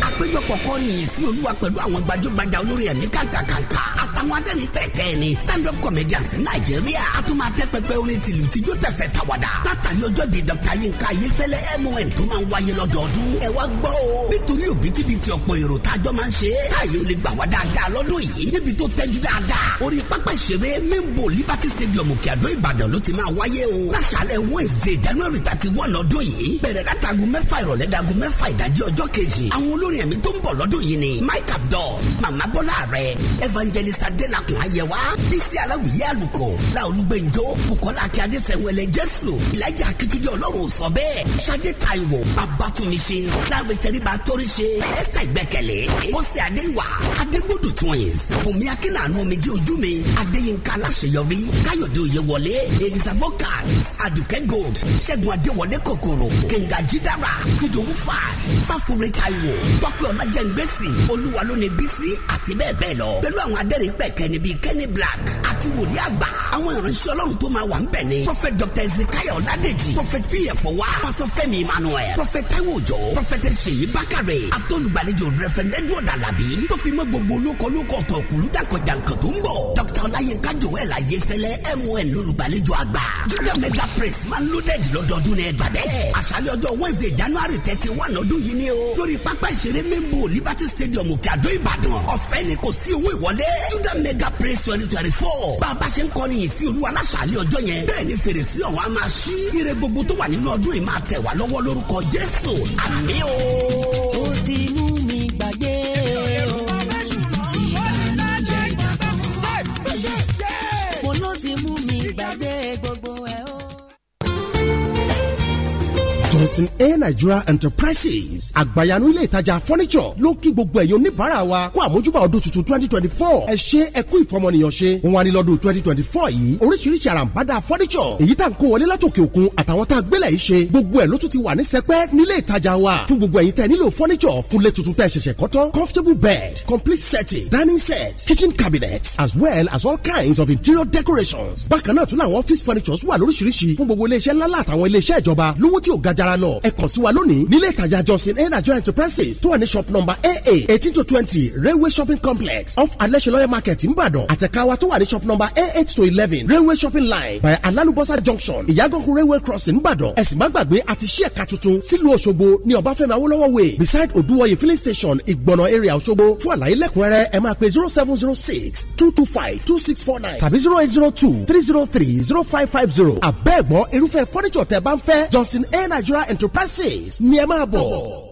àpéjọpọ̀ kọrin yìí sí olúwa pẹ̀lú àwọn gbajúgbajà olórí ẹ̀mí kàǹkàǹkà àtàwọn adẹ́rìn pẹ̀kẹ́ ni stand up comedians nàìjíríà a tún máa tẹ́ pẹpẹ orin tìlù tíjó tẹ̀fẹ̀ tàwàdà látàrí ọjọ́ di dr yinka ayéfẹ́lẹ́ mon tó máa ń wáyé lọ́dọọdún ẹ wá gbọ́ o nítorí òbítíbitì ọ̀pọ̀ èrò tájọ́ máa ń ṣe káyé o lè gbà wá dáadáa lọ́dún yìí níbi tó tẹ́jú dáadáa orí pápá ìṣeré mímbo liberty stadium òkè àdó ìbàdàn ló ti máa wáyé o láṣàlẹ̀ wednesday january thirty one ọdún yìí bẹ̀rẹ̀ látàgùn mẹ́fà ìrọ̀lẹ́dà aago mẹ́fà ìdájí ọjọ́ kejì àwọn olórin ẹ̀mí tó ń bọ̀ lọ́dún yìí ni mike abdul mama bọ́lá rẹ̀ evangelist adenakun ayẹwa bísí aláwìyé àlùkò làolúgbẹ̀njọ́ bukola akíade sẹ̀wẹ̀lẹ̀ jésù ìlàjà akitunde ọlọ́run sọ bẹ́ẹ̀ sade taiwo babatunmise láwẹ̀ tẹríba torise ẹsẹ̀ ìgbẹ́kẹ̀lé mọ́sẹ̀ adéwà adégbòdù twins bùnmi akínàánú omijì ojú mi adéyínká aláṣeyọrí káyọ̀dé oyèwọlé elisa vocal adùkẹ́ gold ṣẹ́gun adéwọlé kòkòrò kẹ̀ǹgà jídára ìdòwú mufat fáfúre taiwo tọ́pẹ́ ọ̀nàjẹ̀ngbèsì olúwa ló ní bísí àti bẹ́ẹ̀ bẹ́ẹ̀ lọ pẹ̀lú àwọn adẹ́rìn pẹ̀kẹ́ níbi kenny black àti wòlíì àgbà àwọn ìránṣẹ́ ọlọ́run tó máa wà ń bẹ̀ ni prophet dr ezekiel ọ̀làdèjì prophet pf wa pastor fẹ́mi emmanuel prophet taiwo òjò prophet ṣèyí bákàrè àtọ́lùgbàlejò reverend edward alabi tó fi mọ́ gbogbo olóko olóko ọ̀tọ̀ òkúlù jàǹkànjàǹkàn tó ń bọ̀ dr ọláyínká joel ayéfẹ́lẹ́ mon lólùgbàlejò àgbà judah mega praise man loaded lọ́dọọdún ní ẹgbàdẹ́ àṣálẹ́ ọjọ́ wednesday january 10 thirty one ọdún yìí ni o lórí pápá ìṣeré mímú liberty stadium òkè àdó ìbàdàn ọ̀fẹ́ ni kò sí owó ìwọlé judah mega praise twenty twenty four bá a bá ṣe ń kọrin yìí sí olúwa láṣàlẹ̀ ọjọ́ yẹn bẹ́ẹ̀ ni fèrèsé ọ̀hún a máa ṣí ire gbogbo tó wà nínú ọdún yìí máa tẹ̀ wá lọ́wọ́ lórúkọ jésù àmín o. johnson a nigeria enterprises àgbàyanu ilé ìtajà furniture ló ń kí gbogbo ẹ̀yin oníbàárà wa kó àmójúbà ọdún tuntun twenty twenty four ẹ ṣe ẹ kú ìfọmọnìyàn ṣe wọn wá ní lọ́dún twenty twenty four yìí oríṣiríṣi àràǹbádà furniture èyí tá à ń kó wọlé látòkè òkun àtàwọn tá a gbélé yìí ṣe gbogbo ẹ̀ ló tún ti wà ní sẹpẹ́ nílé ìtajà wa fún gbogbo ẹ̀yin tẹ́ nílò furniture fún ilé tuntun tẹ́ ṣẹ̀ṣẹ̀ comfortable bed complete setting dining set kitchen cabinet as well as all kinds of interior decorations bákan náà tún làwọn office furnitures wà lóríṣiríṣi fún gbogbo iléeṣẹ́ ńlá agbára lọ ẹ kàn sí wa lónìí nílé ìtajà johnson air nigeria enterprises tó wà ní shop number aa eighteen to twenty railway shopping complex off alẹ́sẹ̀lọ́yẹ̀ market nìbàdàn àtẹ̀káwá tó wà ní shop number a eight to eleven railway shopping line by alalubosa junction ìyàgànkù railway crossing nìbàdàn ẹ̀sìn má gbàgbé àti ṣí ẹ̀ka tuntun sílùú òṣogbo ní ọbáfẹ́mi awolowo way beside oduwoye filling station ìgbọ̀nà area òṣogbo fún àlàyé lẹ́kùnrẹ́rẹ́ ẹ máa pe zero seven zero six two two five two six four nine tàbí zero eight zero two three zero three zero five five zero àbẹ́ẹ̀gbọ́ irúfẹ́ fọ́nìṣọ̀ tẹ́ bá ń fẹ́ johnson air nigeria Enterprises ní ẹ máa bọ̀.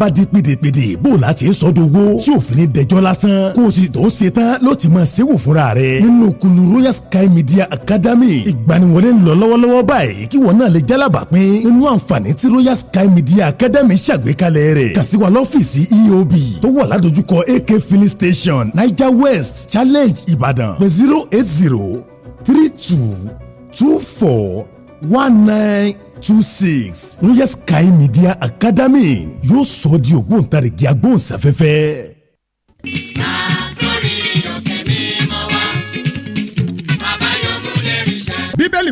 bá di pèdèpèdè bó o la ṣe sọ dogo tí òfin ní dẹjọ́ lásán kó o sì tó ṣe tán ló ti máa ṣe wò fúnra rẹ̀ nínú kulu royal sky media academy ìgbaniwọlé ń lọ lọ́wọ́lọ́wọ́ báyìí kí wọn náà lè jálábà pín nínú àǹfààní tí royal sky media academy ṣàgbékalẹ̀ rẹ̀ kà sí lọ́fíìsì eob tó wà ládojúkọ ak filling station niger west challenge ìbàdàn pé zero eight zero three two two four one nine two six royal sky media academy yóò sọ ọ́ di ògbóǹtarìgì agbóhùnsáfẹ́fẹ́.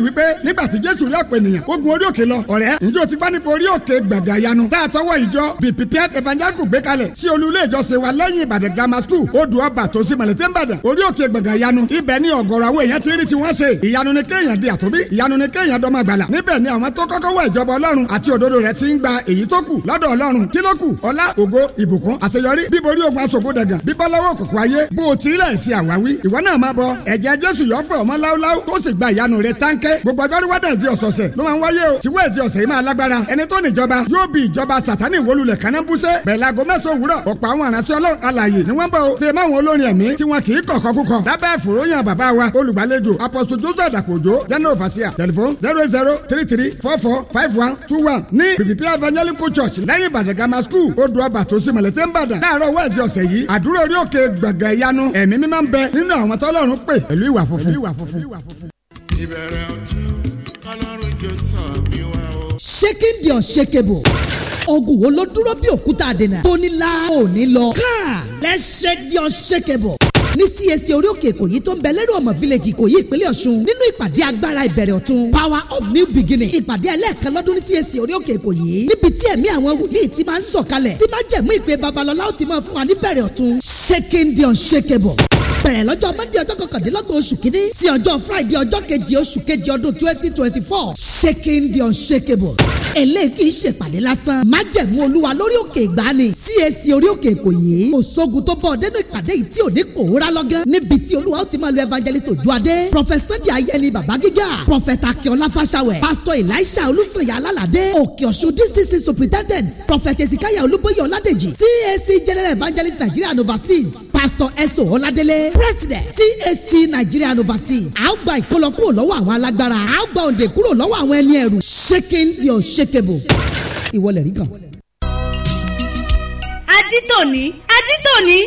bíbélì wípé nígbà tí jésù rí ọ̀pọ̀ ènìyàn ó gun orí òkè lọ ọ̀rẹ́ ǹjẹ́ o ti gbá nípa orí òkè gbàgbà yanu tá a tọwọ́ ìjọ be prepared evangelical gbé kalẹ̀ sí olú ilé ìjọsìn wa lẹ́yìn ìbàdàn grammar school odò ọba tó sí mọ̀lẹ́tẹ̀ ń bàdàn orí òkè gbàgbà yanu ibẹ̀ ni ọ̀gọ̀rọ̀ àwọn èèyàn ti rí tí wọ́n ṣe ìyanu ni kéèyàn di àtòbí ìyanu ni kéèyàn dọ́mọ gbàlà níbẹ̀ ni àwọn tó kọ́kọ́ wọ ìjọba ọlọ́run àti òdodo rẹ̀ ti ń gba èyí tó kù lọ́dọ̀ ọlọ́run kí ló kù ọlá ògo ìbùkún àṣeyọrí bíborí ogun aṣòfò dàgàn bíbọ́láwọ́ kòkó ayé bó o ti ilẹ̀ àwáwí ìwọ náà má bọ ẹ̀jẹ̀ jésù yọ fún ṣe gbogbo ọjọ́rú wẹ́dẹ̀sì ọ̀sọ̀ọ̀sẹ̀ ló máa ń wáyé o tí wẹ́ẹ̀sì ọ̀sẹ̀ yìí máa lágbára ẹni tó níjọba yóò bí ìjọba sàtánì wólulẹ̀ kánábùsẹ̀ bẹ̀rẹ̀ aago mẹ́sàn-án òwúrọ̀ ọ̀pọ̀ àwọn àránṣẹ́ ọlọ́run alàyè ni wọ́n bọ̀ o tèmọ́ àwọn olórin ẹ̀mí tí wọn kì í kọ̀kọ́ kúkọ lábẹ́ ìfòròyìn bàbá wa olùgbàlejò joseph dàpọ̀jọ́ general overseer telephone zero zero three three four four five one two one ní pdp evangelical church lẹ́yìn ìbàdàn grammar school odò ọba tó sì mọ̀lẹ́tẹ̀ ń bàdàn láàárọ̀ wẹ́ẹ̀sì ọ̀sẹ̀ yìí àdúrà orí òkè gbọ̀ngàn ìyanu shaking the unshakable ogun wo ló dúró bí òkúta àdènà tó ní la ò ní lọ. káà lẹ́sẹ̀ di unshakable ní CAC orí òkè ìkòyí tó ń bẹ lẹ́rù ọmọ village ìkòyí ìpínlẹ̀ ọ̀ṣun nínú ìpàdé agbára ìbẹ̀rẹ̀ ọ̀tun power of new beginning ìpàdé ẹlẹ́ẹ̀kan lọ́dún ní CAC orí òkè ìkòyí níbi tí ẹ̀mí àwọn wòlíì ti máa ń sọ̀kalẹ̀ tí máa jẹ̀mú ìpè babalọ́lá ó ti máa fún wa níbẹ̀rẹ̀ ọ̀tun shaking the unshakable bẹ̀rẹ̀ lọ́jọ́ mọ́ndé ọjọ́ kọkàndínlọ́gbọ̀n oṣù kínní sí ọjọ́ friday ọjọ́ kejì oṣù kejì ọdún twenty twenty four shaking the unshakable eléyìí kì í ṣèpàdé lásán májẹ̀mú olúwa lórí òkè ìgbàanì CAC orí òkè ìkòyí kò sógun tó bọ̀ dénú ìpàdé yìí tí ò ní kòóra lọ́gán níbi tí olúwa ó ti máa lo evangelist òjúadé prophet sunday ayẹni baba gíga prophet akínọlá fáṣáwẹ̀ pastor elisha olùsànyà alálàdé òkè ọ̀ṣun dcc superintendent prophet ezekiah olúbóyè ọládèjì CAC general evangelist nigeria overseas pastor eso ọládélé president CSC nigeria and overseas àwọn gba ìkọlọ kúrò lọ́wọ́ àwọn alágbára àwọn gba òǹdè kúrò lọ́wọ́ àwọn ẹni ẹ̀rù shaking the unshakable ìwọlẹ̀ rí kan tòní ají tòní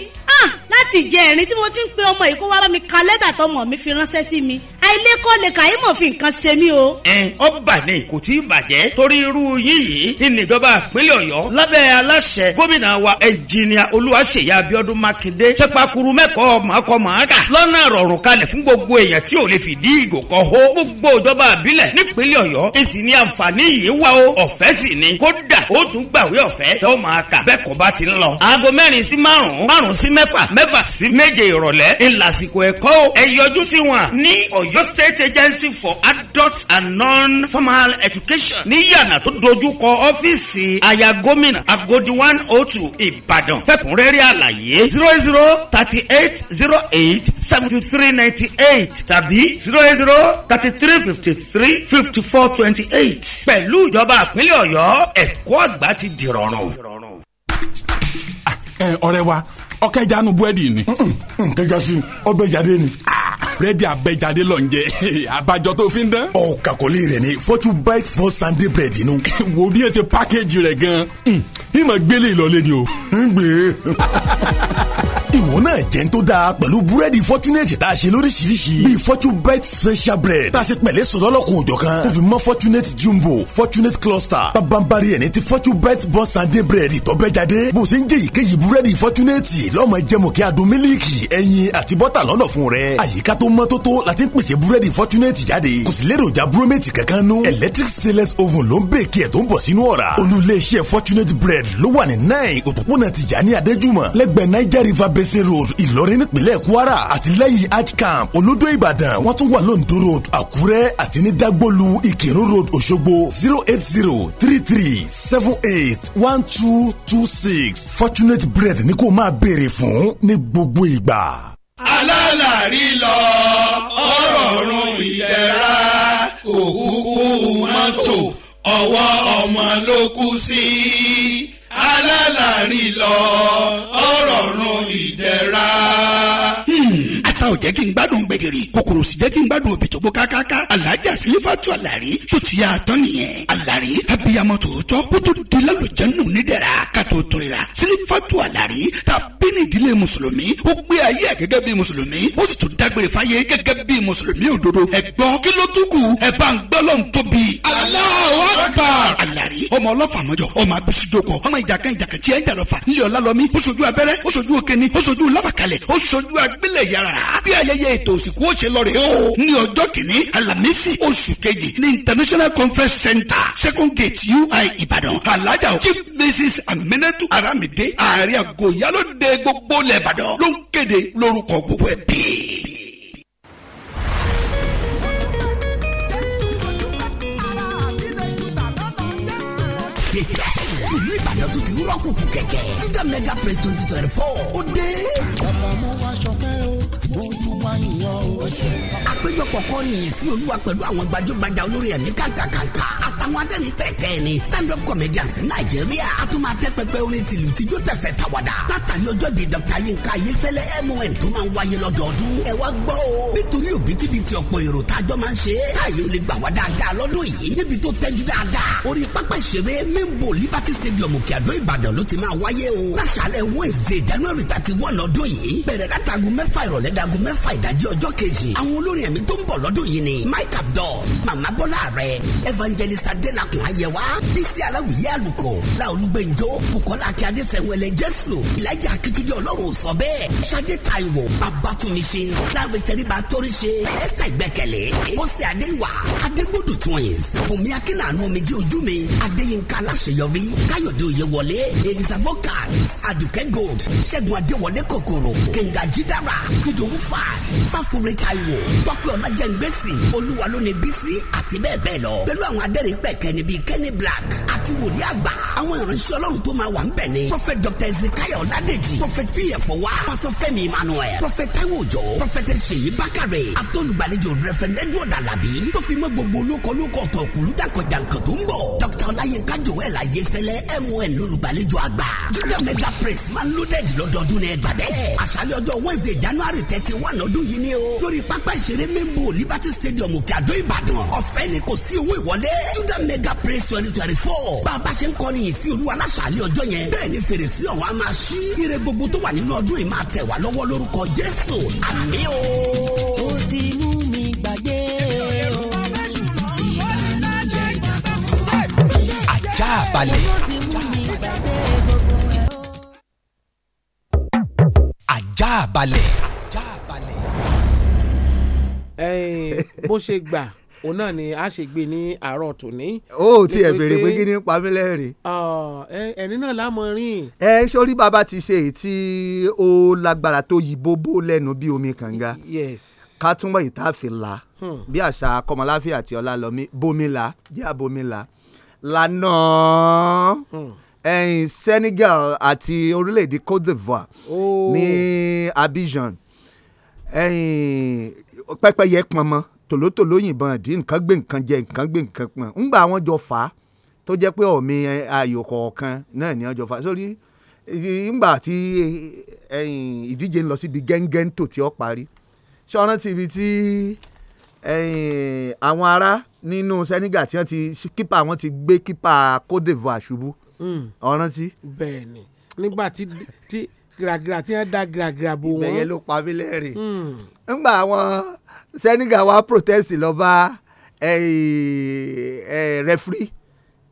ah, láti ìjẹrin tí mo ti ń pe ọmọ yìí kó wá bá mi ka lẹ́tà tọmọ mi fi ránṣẹ́ sí mi ilé kọ́ lè kàí mọ̀ fi nǹkan ṣe mí o. ẹ ọba ni kò tí ì bàjẹ́ torí irú yín yìí ìnìjọba ìpínlẹ̀ ọ̀yọ́ lábẹ́ aláṣẹ gómìnà wa ẹnjìnìà olúwaṣeyí abiodun makinde sẹpakuru mẹ́kọ̀ọ́ màkọ́ màákà lọ́nà rọrùn kalẹ̀ fún gbogbo èèyàn tí ò lè fìdí ìgò kọ́ ho gbogbo ìjọba ìbílẹ̀ nípínlẹ̀ ọ̀yọ́ èsì ni àǹfààní yìí wà o ọ̀fẹ́ sì ni kódà ó tún gbàwé ọ̀fẹ́ tó máa kà bẹ́ẹ̀ kọ́ bá ti ń lọ. aago mẹ́rin sí márùn-ún márùn-ún sí mẹ́fà mẹ́fà sí méje ìrọ̀lẹ́ ìlàsìkò ẹ̀kọ́ ẹ yọjú sí wọn ní ọ̀yọ́ State Agency for Adult and Non-Formal Education ní yàrá tó dojú kọ ọ́fíìsì aya gómìnà Agodi one oh two Ìbàdàn fẹ́kùnrẹ́rẹ́ àlàyé zero zero thirty eight zero eight seventy three ninety eight tàbí zero zero thirty three fifty three fifty four twenty eight pẹ̀lú ìjọba àpínlẹ̀ Ọ̀yọ́ ẹ̀kọ́ àgbà ti dìrọ̀rùn. Ah, ọ̀rẹ́ wa ọkẹ́ ìjánu búrẹ́dì ni. kẹjá sí ọbẹ̀ jáde ni. Ah, búrẹ́dì abẹ́jáde lọ ń jẹ abajọ tó fi ń dán. ọ kàkọ́lé rẹ ni fortune bites for sunday bread inú. (laughs) wo bí ẹ ti pákéjì rẹ gan ìmọ̀ hmm, gbélé ìlọlẹ́ ni o. ń hmm, gbé. (laughs) ìwọ náà jẹ́ ń tó dáa pẹ̀lú búrẹ́dì fortunate tá a ṣe lóríṣiríṣi bíi fortune bites special bread tá a ṣe pẹ̀lẹ́ sọ̀dọ́lọ́kun òjọ̀ kan tó fi mọ́ fortunate jumbo fortunate cluster pabambari ẹni tí fortune bites bọ́ sunday bread ìtọ́bẹ́jáde bó o ṣe ń jẹ́ ìkéyìí búrẹ́dì fortunate lọ́mọ jẹ́mu kí adùn mílíìkì ẹyin àti bọ́tà lọ́nà fún rẹ àyíká àyíká tó mọ́ tótó la ti ń pèsè búrẹ́dì fọ́túnẹ̀tì jáde kò sì lérò ja búrómẹ́tì kankan nú electric stainless oven ló ń bèèkì ẹ̀ tó ń bọ̀ sínú ọ̀rá olùléeṣẹ́ fortunate bread ló wà ní nine òpópónà Tìjání Adéjùmọ̀ lẹ́gbẹ̀ẹ́ niger river basin road Ìlọrin nípínlẹ̀ Kwara àti lẹ́yìn hajj camp olódó Ìbàdàn wọ́n tún wà lóńdó road Àkúrẹ́ àti ní dagbolu Ìkírun road Òṣogbo zero eight zero three three seven eight one two two six fortunate bread ní kó máa béèrè fún ní gbogbo ìgbà alálàrí lọ ọ̀rọ̀ ọ̀run ìdẹ̀ra òkúkú mọ́tò ọwọ́ ọmọ ló kú sí alálàrí lọ ọ̀rọ̀ ọ̀run ìdẹ̀ra ò jẹ́ kí n gbádùn gbẹ̀gìrì kòkòrò sì jẹ́ kí n gbádùn òbí tó bó kákáká alájà sílífàtú àlàrí tó ti yá àtọ́ nìyẹn àlàrí abiyamọ tòótọ́ kó tó di lálùjẹ́ nù nídẹ̀ra ká tó torira sílífàtú àlàrí ta bí ní ìdílé mùsùlùmí ó gbé ayé ẹ̀ gẹ́gẹ́ bí mùsùlùmí ó sì tún dágbére fáyé gẹ́gẹ́ bí mùsùlùmí òdodo ẹ̀gbọ́n kí ló túkù ẹ̀ bá ń gbọ́ lọ́n bí ayẹyẹ ètò òsìkú òṣè lọ rèé o ní ọjọ́ kìíní alamisi oṣù kejì ní international conference center second gate ui ìbàdàn alájà chief mrs aminatu aramide ààrẹ àgọ́ ìyálóde gbogbo lẹ́bàdàn ló ń kéde lórúkọ gbogbo ẹ̀ bíi. ìlú ìbàdàn tún ti rọ́ọ̀kù kù kẹ̀kẹ́. juda mega Press twenty twenty four ó dé. money. o ṣe. àpéjọpọ̀ kọrin yìí sí olúwa pẹ̀lú àwọn gbajúgbajà olórí ẹ̀mí kàǹkàǹkà àtàwọn adẹ́rìn pẹ̀kẹ́ ni stand up comedians nàìjíríà a tún máa tẹ́ pẹpẹ orin tìlù tíjó tẹ̀fẹ̀ tàwàdà látàrí ọjọ́ di dr yinka ayéfẹ́lẹ́ mon tó máa ń wáyé lọ́dọọdún ẹ wá gbọ́ o nítorí òbítíbitì ọ̀pọ̀ èrò tájọ́ máa ń ṣe káyé o lè gbà wá dáadáa lọ́dún yìí níbi tó tẹ́jú dáadáa orí pápá ìṣeré mímbo liberty stadium òkè àdó ìbàdàn ló ti máa wáyé o láṣàlẹ̀ wednesday january thirty one ọdún yìí bẹ̀rẹ̀ látago mẹ́fà ìrọ̀lẹ́ dago mẹ́fà ìdájí ọjọ́ kejì àwọn olórin ẹ̀mí tó ń bọ̀ lọ́dún yìí ni mike abdul mama bọ́lá rẹ̀ evangelist adenakun ayẹwa bísí aláwìyé àlùkò làolúgbẹ̀njọ́ bukola akíade sẹ̀wẹ̀lẹ̀ jésù ìlàjà akitunjẹ ọlọ́run sọ bẹ́ẹ̀ sade taiwo babatunmise láwọn ìtẹríba toríṣe ẹsẹ̀ ìgbẹ́kẹ̀lé bọ́sẹ̀ adéwà adégbòdù twins bùnmi akínàánú omijì ojú mi adéyínká aláṣeyọrí káyọ̀dé oyèwọlé elisa vocal adùkẹ́ gold ṣẹ́gun adéwọlé kòkòrò kẹ̀ǹgà jídára ìdòwú fat fáfún ọ̀rẹ́ taiwo tọ́pẹ́ ọ̀nàjẹ̀ngbèsì olúwa ló ní àti bẹ́ẹ̀ bẹ́ẹ̀ lọ pẹ̀lú àwọn adẹ́rìn pẹ̀kẹ́ níbi Kenny Black àti wòlíì àgbà àwọn ìránṣẹ́ ọlọ́run tó máa wà ń bẹ̀ ni prophet dr ezekiel ọ̀làdèjì prophet pf wa pastor emmanuel prophet taiwo òjò prophet ṣèyí bákàrẹ̀ àtọ́lùgbàlejò reverend edward alabi tó fi mọ́ gbogbo olóko olóko ọ̀tọ̀ òkùlù jàǹkànjàǹkàn tó ń bọ̀ dr ọláyínká joel ayéfẹ́lẹ́ mon lólùgbàlejò àgbà judah mega praise man loaded lọ́dọọdún ní ẹgbàdẹ́ àṣálẹ́ ọjọ́ wednesday january thirty one ọdún yìí ni o lórí pápá ìṣeré mímú liberty stadium òkèàdó ìbàdàn ọ̀fẹ́ ni kò sí owó ìwọlé judah mega praise twenty twenty four bá a bá ṣe ń kọrin yìí sí olúwa láṣàlẹ̀ ọjọ́ yẹn bẹ́ẹ̀ ni fèrèsé ọ̀hún á máa ṣí ire gbogbo tó wà nínú ọdún yìí máa tẹ̀ wá lọ́wọ́ lórúkọ jésù àmín o. ó ti mú mi gbàgbé o. ajá balẹ̀. ajá balẹ̀. bó ṣe gbà òun náà ni a ṣe gbé e ní àárọ̀ tòní. ó ti ẹ̀ pé kí ni pa mí lẹ́rìn. ẹni náà lámọ rìn. ẹ sórí bàbá ti ṣe èyí ó lágbára tó yí bóbó lẹ́nu bí omi kànga ká túnbọ̀ ìtàfin la hmm. bí àṣà kọmọláfíà àti ọlálọmí bómìlà jẹ́ àbómìlà lànà hmm. ẹ̀yìn Senegal àti orílẹ̀-èdè Côte d'Ivoire ní Abidjan ẹ̀yìn pẹ́pẹ́yẹ pọnmọ́ tòlótòló yìnbọn àdí nǹkan gbé nǹkan jẹ nǹkan gbé nǹkan pọ̀n ńgbà wọn jọ fà á tó jẹ́ pé ọ̀mì ayò kọ̀ọ̀kan náà ni wọ́n jọ fà á sórí ńgbà tí ìdíje ń lọ síbi gẹ́ngẹ́ntò tí ó parí ṣọ́ran ti ibi tí àwọn ará nínú Senegal tí wọ́n ti kípa wọn ti gbé kípa Côte d'Ivoire ṣubú hmm. ọ̀ràn tí. bẹ́ẹ̀ni nígbà tí gíragíra tí wọ́n da gíragíra bo wọn. ìbẹ̀yẹ ló pa mí hmm. lẹ́rìn-ín ńgbà àwọn Senegal wá protest lọ bá referee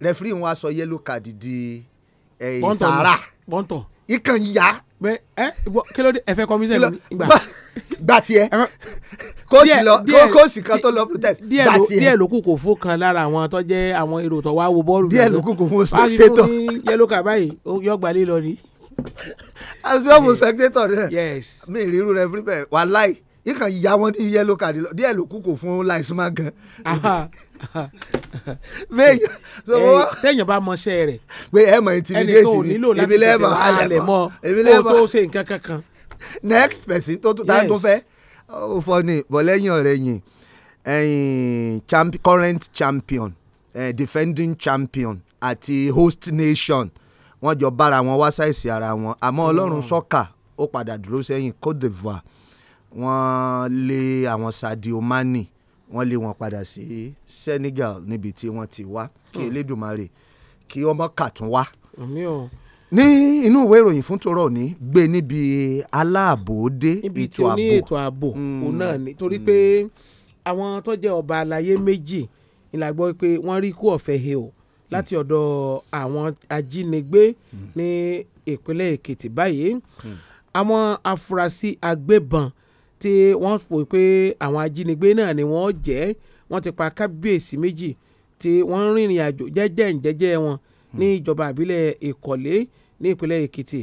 referee wọn aṣọ yellow card di sahara ikan ya. kí ló dé ẹ fẹ́ kọmíṣẹ mi gbà. gbà tiẹ̀ kóòsì lọ kóòsì kan tó lọ protest gbà tiẹ̀. díẹ̀ lókù kò fún kan lára àwọn tó jẹ́ àwọn èrò tó wá wo bọ́ọ̀lù. díẹ̀ lókù kò fún spectator. wọ́n ti fún yellow card báyìí yọgbà lé lọ ni. as yọ fún spectator rẹ mi ìrírú rẹ fún bẹ́ẹ̀ wàláì ìkàn ìyá wọn ní yellow kàdí lọ díẹ̀ ló kú kò fún láìsúnmá gan. bẹ́ẹ̀ tẹ̀yìn bá mọṣẹ́ rẹ̀ pé ẹ mọ̀ intimidate ni ebi lẹ́ẹ̀mọ̀ alẹ̀ mọ́ ebi lẹ́ẹ̀mọ̀ tó ṣe nǹkan kankan. next person tó tó tán tó fẹ́ ó fọ ni bọ̀lẹ́yìn ọ̀rẹ́ yìn current champion eh, defending champion àti host nation wọ́n jọ bára wọn wá ṣàìsí ara wọn àmọ́ ọlọ́run sọ́kà ó padà dúró sẹ́yìn Côte d'Ivoire wọ́n lé àwọn Sadio mani wọ́n lé wọn padà sí Senegal níbi tí wọ́n ti wá kí hmm. Elédùmarè kí ọmọ kàtún wá. ní inú ìwé ìròyìn fún tòrọ ni gbé níbi aláàbòdé ètò ààbò ibi tí ó ní ètò ààbò hmm. òun náà ni torí hmm. pé àwọn tó jẹ́ ọba àlàyé méjì ìlà pé wọ́n rí ikú ọ̀fẹ́ he o láti ọ̀dọ̀ àwọn ajínigbé ní ìpínlẹ̀ Èkìtì báyìí àwọn afurasí agbébọn tí wọ́n fò pé àwọn ajínigbé náà ni wọ́n jẹ́ wọ́n ti pa kábíyèsí méjì tí wọ́n rìnrìn àjò jẹ́jẹ́ ǹjẹ́jẹ́ wọn hmm. ní ìjọba àbílẹ̀ ìkọ̀lé ní ìpínlẹ̀ èkìtì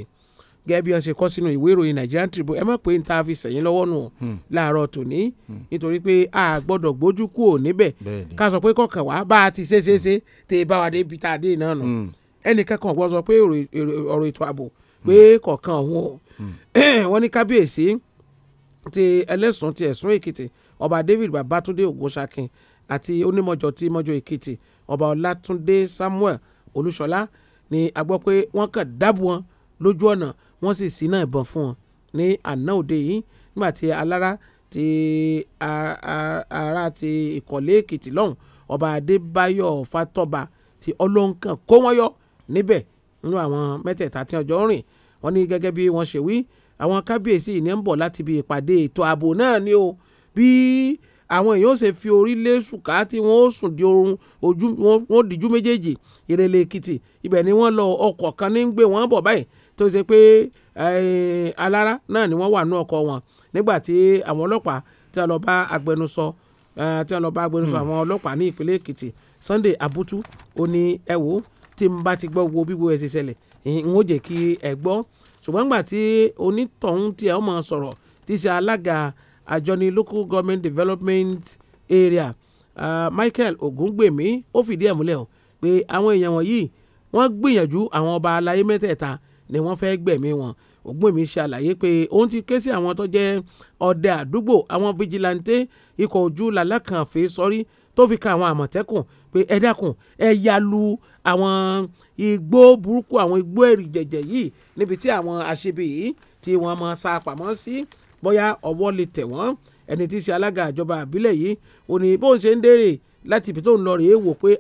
gẹ́gẹ́ bí wọ́n ṣe kọ sínú ìwé ìròyìn Nigerian Tribune ẹ má pé níta fi sẹ̀yìn lọ́wọ́ nù hmm. láàárọ̀ tòní hmm. nítorí pé a gbọ́dọ̀ gbójú kú ò níbẹ̀ ká sọ pé kọ̀ọ̀kan wá bá a ti ṣe ṣe ṣe tè bá wa dé ibi tá a dé náà nù ẹnìkẹ́kọ̀ọ́ gbọ́ sọ pé ọ̀rọ̀ ètò ààbò pé kọ̀ọ̀kan òun (clears throat) wọ́n ní kábíyèsí ti ẹlẹ́sùn ti ẹ̀sùn èkìtì ọba david babatunde ògúnṣakin àti onímọ̀jọ ti mọ́jọ èkìtì ọba ọlátúndé samuel olúṣọlá ni a gbọ́ pé wọ́n kàn dábò wọn lójú ọ̀nà wọ́n sì síná ìbọn fún wọn ní àná òde yìí nígbà tí alára ti ara ti ìkọ̀lé èkìtì lọ́hùn ọba adébáyọ̀ fatọ́ba ti ọlọ́nkàn kó wọ́n yọ níbẹ̀ nínú àwọn mẹ́tẹ̀ẹ̀ta tí ọjọ́ rìn wọ́n ní gẹ́gẹ́ bí wọ́n ṣe wí àwọn kábíyèsí ìní ń bọ̀ láti ibi ìpàdé ètò ààbò náà ni o bí àwọn èèyàn ṣe fi orí lé sùkà tí wọ́n ó sùn di oorun ojú wọn díjú méjèèjì ìrẹ̀lẹ̀ èkìtì ibẹ̀ ni wọ́n lọ ọkọ̀ kan ní ń gbé wọn bọ̀ báyìí tó ṣe pé eh, alára náà ni wọ́n wà nú ọkọ̀ wọn nígbà tí àwọn ọlọ́pàá tí a lọ bá agbẹnusọ eh, tí a lọ bá agbẹnusọ hmm. àwọn ọlọ́pàá ní ìpínlẹ̀ èkìtì Sunday Abutu ó ní ẹ wò tí n bá ti gbọ́ wo bí ẹ̀ ṣe ṣẹlẹ̀ n ó jẹ́ kí ẹ gbọ́ ṣùgbọ́n nígbà tí onítọ̀hún tiẹ̀ ọmọ sọ̀rọ̀ tí ṣe alága àjọni local government development area uh, Michael Ogungbemi ó fìdí ẹ̀ múlẹ̀ o pé àwọn èèyàn wọ̀nyí wọ́n gbìyànjú àwọn ọba aláyé mẹ́tẹ̀ẹ̀ta ni wọ́n fẹ́ gbẹ̀mí wọn Ògúnwùmí ṣàlàyé pé òun ti ké sí àwọn tó jẹ́ ọdẹ àdúgbò àwọn fijilantè ikọ̀ ojú làlákànfẹ́ sọ́rí tó fi kan àwọn àmọ̀tẹ́kùn pé ẹ dákun ẹ ya lu àwọn igbó burúkú àwọn igbó ẹ̀rìjẹ̀jẹ̀ yìí níbi tí àwọn aṣebi yìí tí wọ́n mọ sá pamọ́ sí bóyá ọwọ́ lè tẹ̀ wọ́n ẹni tí í ṣe alága ìjọba àbílẹ̀ yìí ò bó ń ṣe ń dèrè láti ibi tó ń lọ rèé wò pé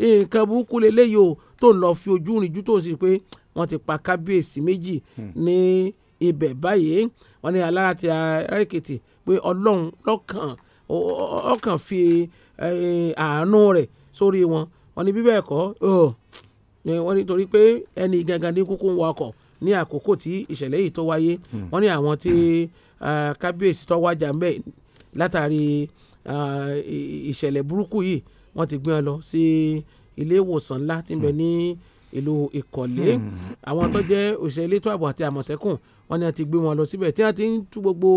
nǹkan burúkú lélẹ́yìí o tó ń lọ fi ojú rìnjú tó ń sì pé wọ́n ti pa kábíyèsí méjì hmm. ní ibẹ̀ báyìí wọ́n ní alára ti ara èkìtì pé ọlọ́run lọ́kàn ọkàn fi Eh, àánú rẹ̀ sórí wọn wọn ní bíbẹ̀ ẹ̀kọ́ wọn nítorí pé ẹni gangan ní kúkú ń wakọ̀ ní àkókò tí ìṣẹ̀lẹ̀ yìí tó wáyé hmm. wọn ní àwọn tí kábíyèsí tó wájà ń bẹ̀ látàrí ìṣẹ̀lẹ̀ burúkú yìí wọ́n ti gbé wọn lọ sí ilé ìwòsàn ńlá tí ń bẹ hmm. ní ìlú ìkọ̀lé hmm. àwọn tó jẹ́ òṣìṣẹ́ elétò ààbò àti àmọ̀tẹ́kùn wọ́n ní wọ́n ti gbé wọn lọ síbẹ̀ tí wọ́n ti ń tú gbogbo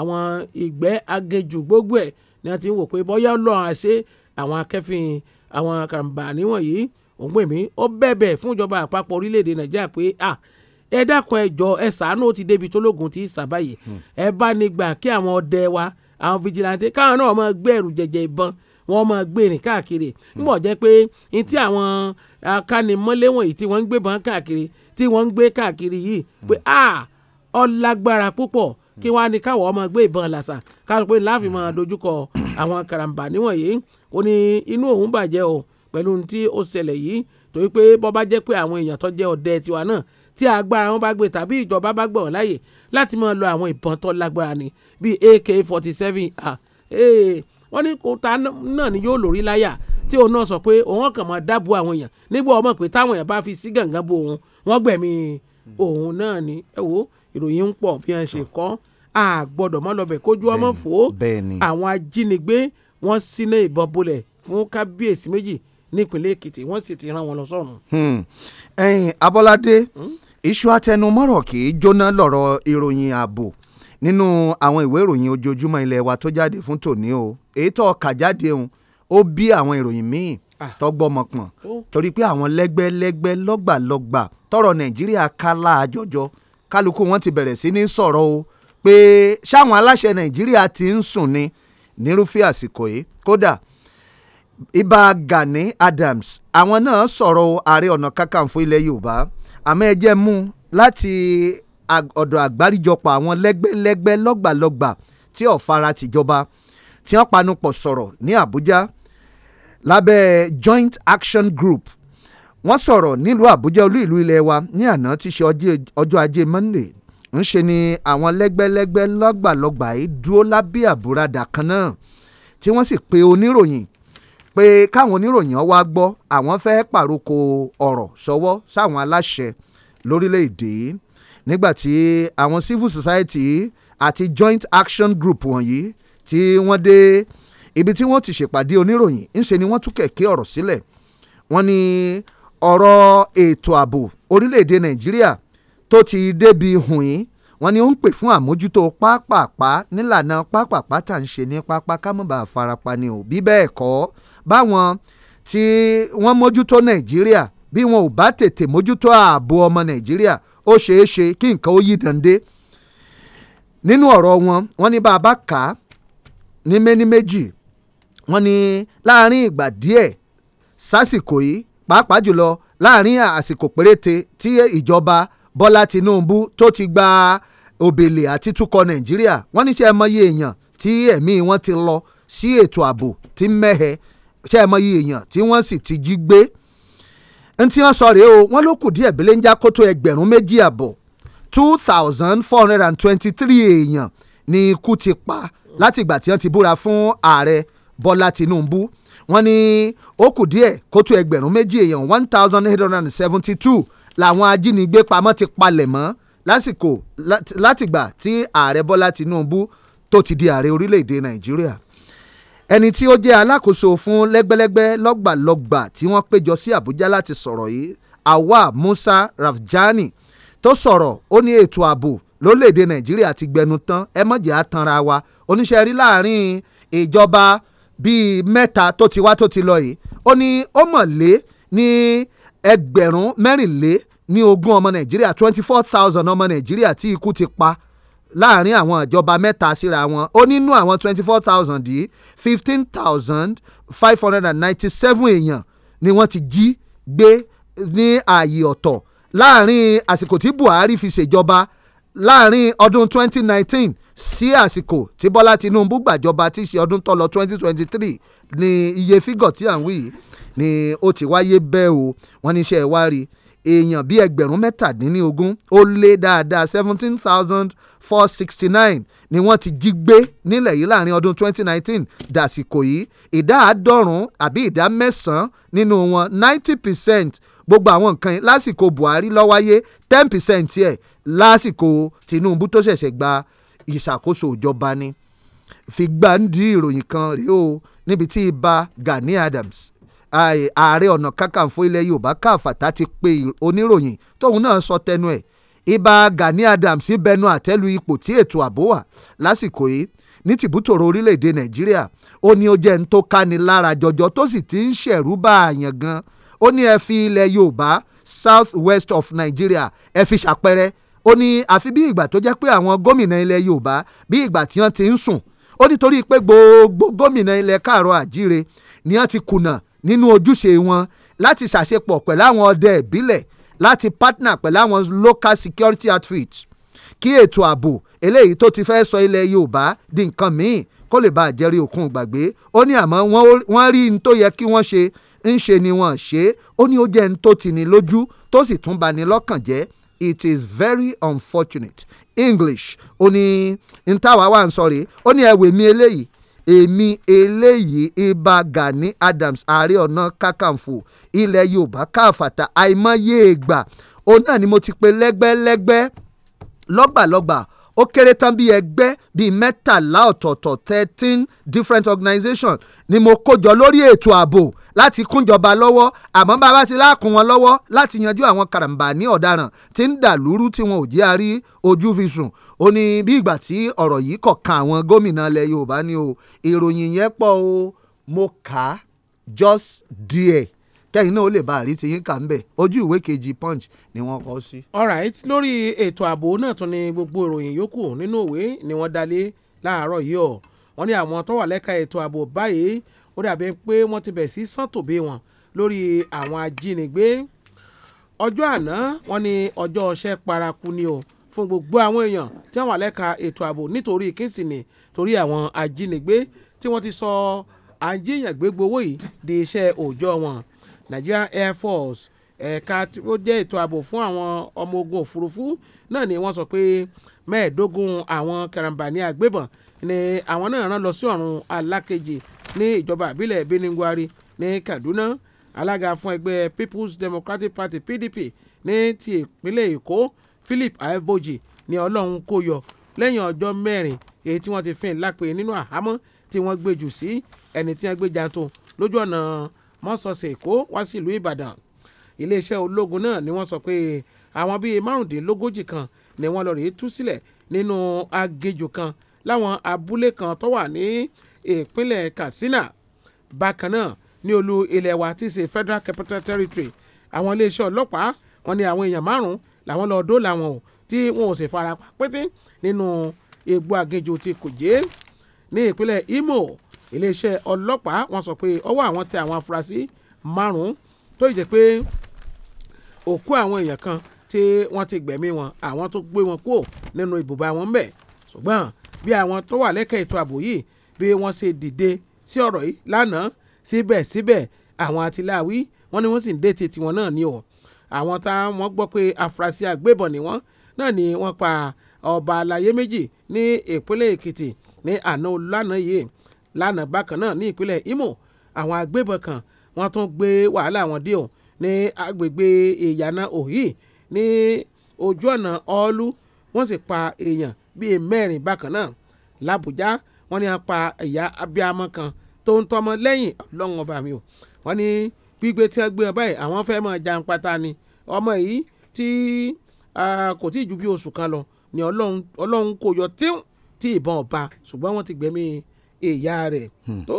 àwọn ìgbẹ́ agẹjù gbogbo ẹ̀ ni wọ́n ti ń wò pé bóyá ọlọ́run àṣẹ àwọn akẹ́fìn àwọn kàǹbà níwọ̀nyí ògbèmí ó bẹ̀bẹ̀ fún ìjọba àpapọ̀ orílẹ̀-èdè nàìjíríà pé à ẹ dákun ẹ jọ ẹ ṣàánú ti débi tó lóògùn ti sàbáyé hmm. ẹ bá ní gbà kí àwọn ọdẹ wa àwọn fijilantẹ káwọn náà máa gbé ẹrù jẹjẹ ìbọn wọn máa gbé rìn káàkiri nígbà jẹ́ pé ní ti àwọn akanimọ́lé wọ̀nyí tí wọ́n ń gbébọn káàkiri tí wọ́n ń gbé káàkiri yìí pé à ó lágbára púpọ̀ kí wàá ní káwọ́ ọmọ gbé ìbọn làṣà káwọn pé láàfin máa dojúkọ àwọn karambà níwọ̀nyí ó ní inú òun bàjẹ́ o pẹ̀lú ohun tí ó ṣẹlẹ̀ yìí torí pé bọ́ bá jẹ́ pé àwọn èèyàn tó jẹ́ ọdẹ tiwa náà tí agbára wọn bá gbé tàbí ìjọba bá gbọ̀ láàyè láti máa lo àwọn ìbọn tó lágbára ni bíi ak forty seven a ee eh, wọ́n ní kó ta náà ni yóò lórí láyà tí òun náà sọ pé òun kàn máa dábò àwọn èèyàn nígbà ọmọ pé táwọn èèyàn bá fi sí gàngán bo òun wọ́n gbẹ̀mí òun náà ni ẹ ìròyìn ń pọ̀ bí wọ́n ṣe hmm. kọ́ a gbọ́dọ̀ mọ́ lọ́bẹ̀ kójú ọmọ fò ó àwọn ajínigbé wọ́n síná ìbọn bolẹ̀ fún kábíyèsí méjì nípínlẹ̀ èkìtì wọ́n sì ti rán wọn lọ sọ́run. Hmm. ẹ̀yin abọ́ládé hmm? iṣu atẹnumọ́rọ̀ kì í jóná lọ́rọ̀ ìròyìn ààbò nínú àwọn ìwé ìròyìn ojoojúmọ́ ilé wa tó jáde fún tòní o èyí tó kà jáde òun ó bí àwọn ìròyìn míì ah. tọgbọmọpọn torí pé àwọn lẹ́gbẹ́lẹ́gbẹ́ lọ́gbàlọ́gbà tọrọ nàìjíríà kálá àjọjọ kálukú wọn ti bẹ̀rẹ̀ sí ní sọ̀rọ̀ o pé ṣáwọn aláṣẹ nàìjíríà ti ń sùn ni nírúfẹ́ àsìkò yìí kódà ibà Gani Adams àwọn náà sọ̀rọ̀ ààrẹ ọ̀nà kakanfò ilẹ̀ yorùbá àmọ́ ẹ jẹ́ mú láti ọ̀dọ̀ àgbáríjọpọ̀ àwọn lẹ́gbẹ́lẹ́gbẹ́ lọ́gbàlọ́gbà tí ọ̀fara tìjọba tí wọ́n panupọ̀ sọ̀rọ̀ ní àbújá lábẹ́ Joint Action Group wọ́n sọ̀rọ̀ nílùú àbújá olú ìlú ilẹ̀ wa ní àná tí ṣe ọjọ́ ajé monday ń ṣe ni àwọn lẹ́gbẹ́lẹ́gbẹ́ lọ́gbàlọ́gbà yìí dúró lábẹ́ àbúradà kan náà tí wọ́n sì pe oníròyìn pé káwọn oníròyìn ọ wá gbọ́ àwọn fẹ́ pàrokò ọ̀rọ̀ sọ́wọ́ sáwọn aláṣẹ lórílẹ̀‐èdè nígbàtí àwọn civil society àti joint action group wọ̀nyí tí wọ́n dé ibi tí wọ́n ti ṣèpàdé oníròyìn ńṣe ni wọ́n tún kẹ̀kẹ́ ọ̀rọ̀ sílẹ̀ wọ́n ní ọ̀rọ̀ ètò ààbò orílẹ̀-èdè nàìjíríà tó ti débi hùn yín wọ́n ní ó ń pè fún àmójútó pápápá nílànà pápápá tà ń ṣe ní pápá kámọ́bà farapa ni ò bí bẹ́ẹ̀ kọ́ báwọn tí wọ́n mójútó nàìjíríà bí wọn ò bá tètè mójútó ààbò ọmọ nàìjíríà ó ṣeé ṣe kí nǹkan ó yí dande nínú ọ̀rọ̀ wọn wọ́n ní bá a bá kà á ní méní méjì wọ́n ní láàrin ìgbà díẹ̀ sásìkò yìí pàápàá jùlọ láàrin àsìkò péréte tí ìjọba Bọ́lá Tinubu tó ti gba òbèlè àti túkọ̀ Nàìjíríà wọ́n ní ṣe é mọyì èèyàn tí ẹ̀mí wọn ti lọ sí ètò ààbò tí mẹ́hẹ̀ ṣe é mọyì èèyàn tí wọ́n sì ti jí gbé ntí wọ́n sọ rèé o wọ́n ló kù díẹ̀ bílẹ̀ ń já kótó ẹgbẹ̀rún méjì àbọ̀ two thousand four hundred and twenty-three èèyàn ni ikú ti pa látìgbà tí wọ́n ti búra fún ààrẹ Bọ́lá Tinubu wọ́n ní ó kù díẹ̀ kó tó ẹgbẹ̀rún méjì èèyàn one thousand eight hundred and seventy two làwọn ajínigbé pamọ́ ti palẹ̀ mọ́ lásìkò látìgbà tí ààrẹ Bọ́lá Tinubu tó ti di ààrẹ orílẹ̀-èdè Nàìjíríà ẹni tí ó jẹ́ alákòóso fún lẹ́gbẹ́lẹ́gbẹ́ lọ́gbàlọ́gbà tí wọ́n péjọ sí Àbújá láti sọ̀rọ̀ yìí Awa Musa Rafjani tó sọ̀rọ̀ ó ní ètò ààbò lórílẹ̀‐èdè Nàìjíríà ti gbẹnu tán ẹ mọ̀jẹ̀ àtanra wa oníṣẹ́ rí láàrin ìjọba bíi mẹ́ta tó ti wá tó ti lọ yìí ó ní ó mọ̀ lé ní ẹgbẹ̀rún mẹ́rìnlé ní ogún ọmọ nàìjíríà twenty four thousand ọmọ nàìjíríà tí ikú ti pa láàrin àwọn ìjọba mẹ́ta síra wọn ó nínú àwọn twenty four thousand yìí fifteen thousand five hundred and ninety seven èèyàn ni wọ́n ti jí gbé ní ààyè ọ̀tọ̀ láàrin àsìkò tí buhari fi ṣèjọba láàrin ọdún 2019 sí àsìkò tí Bọ́lá Tinubu gbàjọba tí ṣe ọdún tó 2023 ni iye fígọ̀ tí à ń wí yìí ni ó ti wáyé bẹ́ẹ̀ o wọ́n ní iṣẹ́ wa rí èèyàn bíi ẹgbẹ̀rún mẹ́tàdínlógún ó lé dáadáa seventeen thousand four sixty nine ni wọ́n ti jí gbé nílẹ̀ yìí láàrin ọdún twenty nineteen dàsìkò yìí ìdá àádọ́rùn-ún àbí ìdá mẹ́sàn-án nínú wọn ninety percent gbogbo àwọn nǹkan yìí lásìkò Buhari ló ten percent ẹ̀ lásìkò Tinubu tó ṣẹ̀ṣẹ̀ gba ìṣàkóso ìjọba ni fìgbàǹdì ìròyìn kan rèé o níbi tí ibà Gani Adams ààrẹ ọ̀nà kakanfò ilẹ̀ Yorùbá káfàtà ti pe oníròyìn tóun náà sọ tẹnu ẹ̀ ibà Gani Adams bẹnu àtẹ́lu ipò tí ètò ààbò wà lásìkò yìí ní tìbútòrò orílẹ̀-èdè Nàìjíríà ó ní ó jẹ́ ń tó káni lára jọjọ tó sì ti ń ṣẹ̀rú bá àyàn gan ó ní ẹ fi ilẹ̀ Yorùbá south west of Nigeria ẹ fi ṣàpẹrẹ ó ní àfi bí ìgbà tó jẹ́ pé àwọn gómìnà ilẹ̀ Yorùbá bí ìgbà tí wọ́n ti ń sùn ó nítorí pé gbogbo gómìnà ilẹ̀ káàrọ̀ àjíire ni wọ́n ti kùnà nínú ojúṣe wọn láti ṣàṣepọ̀ pẹ̀lú àwọn ọdẹ ìbílẹ̀ láti partner pẹ̀lú àwọn local security outfit kí ètò ààbò eléyìí tó ti fẹ́ sọ ilẹ̀ Yorùbá di nǹkan míì kó lè bá àjẹrí òkun gbàgbé ó ní àmọ́ wọ́n rí n tó yẹ kí wọ́n ṣe ń ṣe ni wọ́n ṣe ó ní ó jẹ́ n tó tini lójú tó sì tún bani lọ́kàn jẹ́ it is very unfortunate english ó ní ntàwa wà ń sọrí ó ní ẹwẹ́ mi eléyìí èmi eléyìí ibà Gani Adams ààrẹ ọ̀nà kàkànfò ilẹ̀ yorùbá káfàtà àìmọye ìgbà òun náà ni mo ti pe lẹ́gbẹ́lẹ́gbẹ́ lọ́gbàlọ́gbà ó kéré tán bíi ẹgbẹ́ bíi mẹ́tàlá ọ̀tọ̀ọ̀tọ̀ thirteen different organizations ni mo kó jọ lórí ètò ààbò láti kúnjọba lọ́wọ́ àmọ́ bàbá ti láàkún wọn lọ́wọ́ láti yanjú àwọn karambání ọ̀daràn tí ń dà lúrú tí wọn ò jẹ́ àrí ojú fi sùn ó ní bí ìgbà tí ọ̀rọ̀ yìí kọ̀ àwọn gómìnà ilẹ̀ Yorùbá ni o ìròyìn yẹn pọ̀ o mo kà á just díẹ̀ kẹ́yìn náà ó lè bá àrí ti yín kà ń bẹ̀ ojú ìwé kejì punch ni wọ́n kọ́ sí. alright lórí ètò ààbò náà tún ni gbogbo ìròyìn yòókù nínú òwe ni wọ́n dalé láàárọ̀ yìí ọ̀ wọ́n ní àwọn tó wà lẹ́ka ètò ààbò báyìí ó dàbí pé wọ́n ti bẹ̀rẹ̀ sí sọ́tòbí wọn lórí àwọn ajínigbé ọjọ́ àná wọ́n ní ọjọ́ ọṣẹ́ paraku ni o fún gbogbo àwọn èèyàn tí wọ́n wà lẹ́ka ètò ààbò nítorí kínsìnì torí àwọn ajínigbé tí wọ́n ti sọ àjíyàn gbégbó owó yìí di iṣẹ́ òòjọ́ wọn Nigeria Air Force ẹ̀ka tí ó jẹ́ ètò ààbò fún àwọn ọmọ ogun òfurufú náà ni wọ́n sọ pé mẹ́ẹ̀ẹ́dógún àwọn karambani agbébọn ni àwọn náà rán lọ sí ọ̀run alákejì ní ìjọba àbílẹ̀ beningwari ní Kaduna alága fún ẹgbẹ́ People's Democratic Party PDP ní ti ìpínlẹ̀ Èkó Philip Aiboji ní ọlọ́run kó yọ lẹ́yìn ọjọ́ mẹ́rin èyí tí wọ́n ti fìn lápè nínú àhámọ́ tí wọ́n gbé jù sí ẹni tí wọ́n gbé janto lójú ọ̀nà mọ́sọ̀ọ̀sẹ̀ Èkó wá sí ìlú Ìbàdàn iléeṣẹ́ ológun náà ni wọ́n sọ pé àwọn bíi márùndínlógójì kan ni wọ́n lọ rèé tú sílẹ̀ nínú agéjò kan láwọn abúlé kan tó wà ní ìpínlẹ̀ Katsina bákan náà ní olú ilẹ̀ wa tí í ṣe Federal Capital Territory àwọn iléeṣẹ́ ọlọ́pàá wọn ni àwọn èèyàn márùn làwọn lọ́ọ́ dóòlà wọn o tí wọn ò sì fara pa pété nínú egbò àgejò ti Kuje ní ìpínlẹ̀ Imo iléeṣẹ́ ọlọ́pàá wọn sọ pé ọwọ́ àwọn tẹ àwọn afurasí márùn tó yìí jẹ́ pé òkú àwọn èèyàn kan tí wọ́n ti gbẹ̀mí wọn àwọn tó gbé wọn kúrò nínú ibùba wọn ń bẹ̀ ṣùgbọ́n bí àwọn tó wà lẹ́kẹ̀ẹ́ ètò ààbò yìí bí wọ́n ṣe dìde sí ọ̀rọ̀ yìí lánàá síbẹ̀síbẹ̀ àwọn àtìláwí wọ́n ní wọ́n sì ń dé títí wọn náà ni o àwọn tá wọ́n gbọ́ pé afurasí agbébọn ni wọ́n náà ni wọ́n pa ọba aláyé méjì ní ìpínlẹ̀ èkìtì ní àná lánàá yìí lánàá bákan náà ní ìpínlẹ̀ imo àwọn agbébọn kan wọ́n tún gbé wàhálà wọn dé o ní agbègbè ìyànà òyì ní ojú ọ̀nà ọ̀ọ́lú wọ́n sì pa èèyàn bíi mẹ́rin bákan náà làbújá wọ́n ní apá ẹ̀yà abiyamọ kan tó ń tọ́mọ lẹ́yìn ọlọ́run ọba mi o wọ́n ní gbígbé tí wọ́n gbé ọba yìí àwọn fẹ́ mọ̀ jàǹpátá ni ọmọ yìí tí kò tí ì ju bí oṣù kan lọ ni ọlọ́run kò yọ tíún tí ìbọn ọba ṣùgbọ́n wọ́n ti gbẹ̀mí ìyá rẹ̀ hmm. tó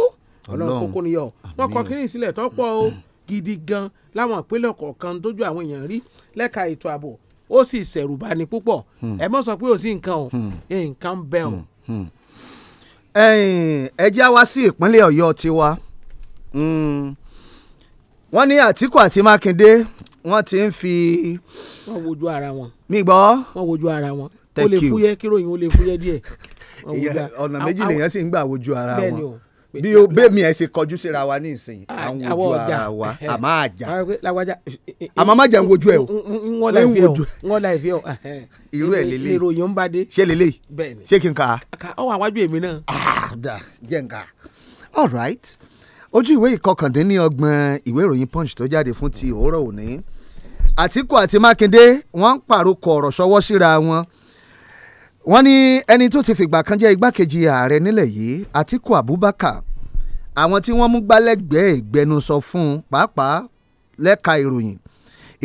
ọlọ́run kókó niyọ wọ́n kọ kínní sílẹ̀ tọ́pọ̀ o hmm. gidi gan láwọn ìpínlẹ̀ kọ̀ọ̀kan tójú àwọn èèyàn rí lẹ́ka ètò ààbò ó sì ṣẹ̀rùbani púpọ̀ hmm. ẹ mọ̀ sọ pé ò sí hmm. nǹkan o nǹkan bẹ́ẹ̀ o. ẹ já wa sí ìpínlẹ̀ ọ̀yọ́ tiwa hmm. wọ́n ní àtìkù àti mákindé wọ́n ti ń fi. wọ́n wojú ara wọn. mi gbọ́. wọ́n wojú ara wọn. thank you ó lè fúyẹ́ kí ròyìn lè fúyẹ́ díẹ̀. ọ̀nà méjì lèèyàn sì ń gbà wojú ara wọn. bẹ́ẹ̀ ni o bí o bẹ́ẹ̀mi ẹ̀ ṣe kọjú síra wa ní ìsìn ah, à ń wojú ara wa à máa jà ah, àmọ́ má jà ń wojú ẹ̀ o wọ́n la ìfẹ́ o wọ́n la ìfẹ́ o. Eh, eh, irú ẹ̀ lélẹ̀ ìròyìn ń bá dé. ṣé lélẹ̀ ṣé kí n kà ọ wà wájú èmi náà. àdà ah, jẹ́ all right ojú ìwé ìkọkàndínlọ́gbọ̀n ìwé ìròyìn punch tó jáde fún ti òwúrọ̀ òní Àtíkù àti Mákindé wọ́n ń pàrokò ọ̀rọ̀ sọ́wọ́ síra wọn wọ́n ní ẹni tó ti fìgbà kan jẹ́ igbákejì ààrẹ nílẹ̀ yìí Atiku Abubakar àwọn tí wọ́n mú gbálẹ́gbẹ̀ẹ́ ìgbẹnusọ fún pàápàá lẹ́ka ìròyìn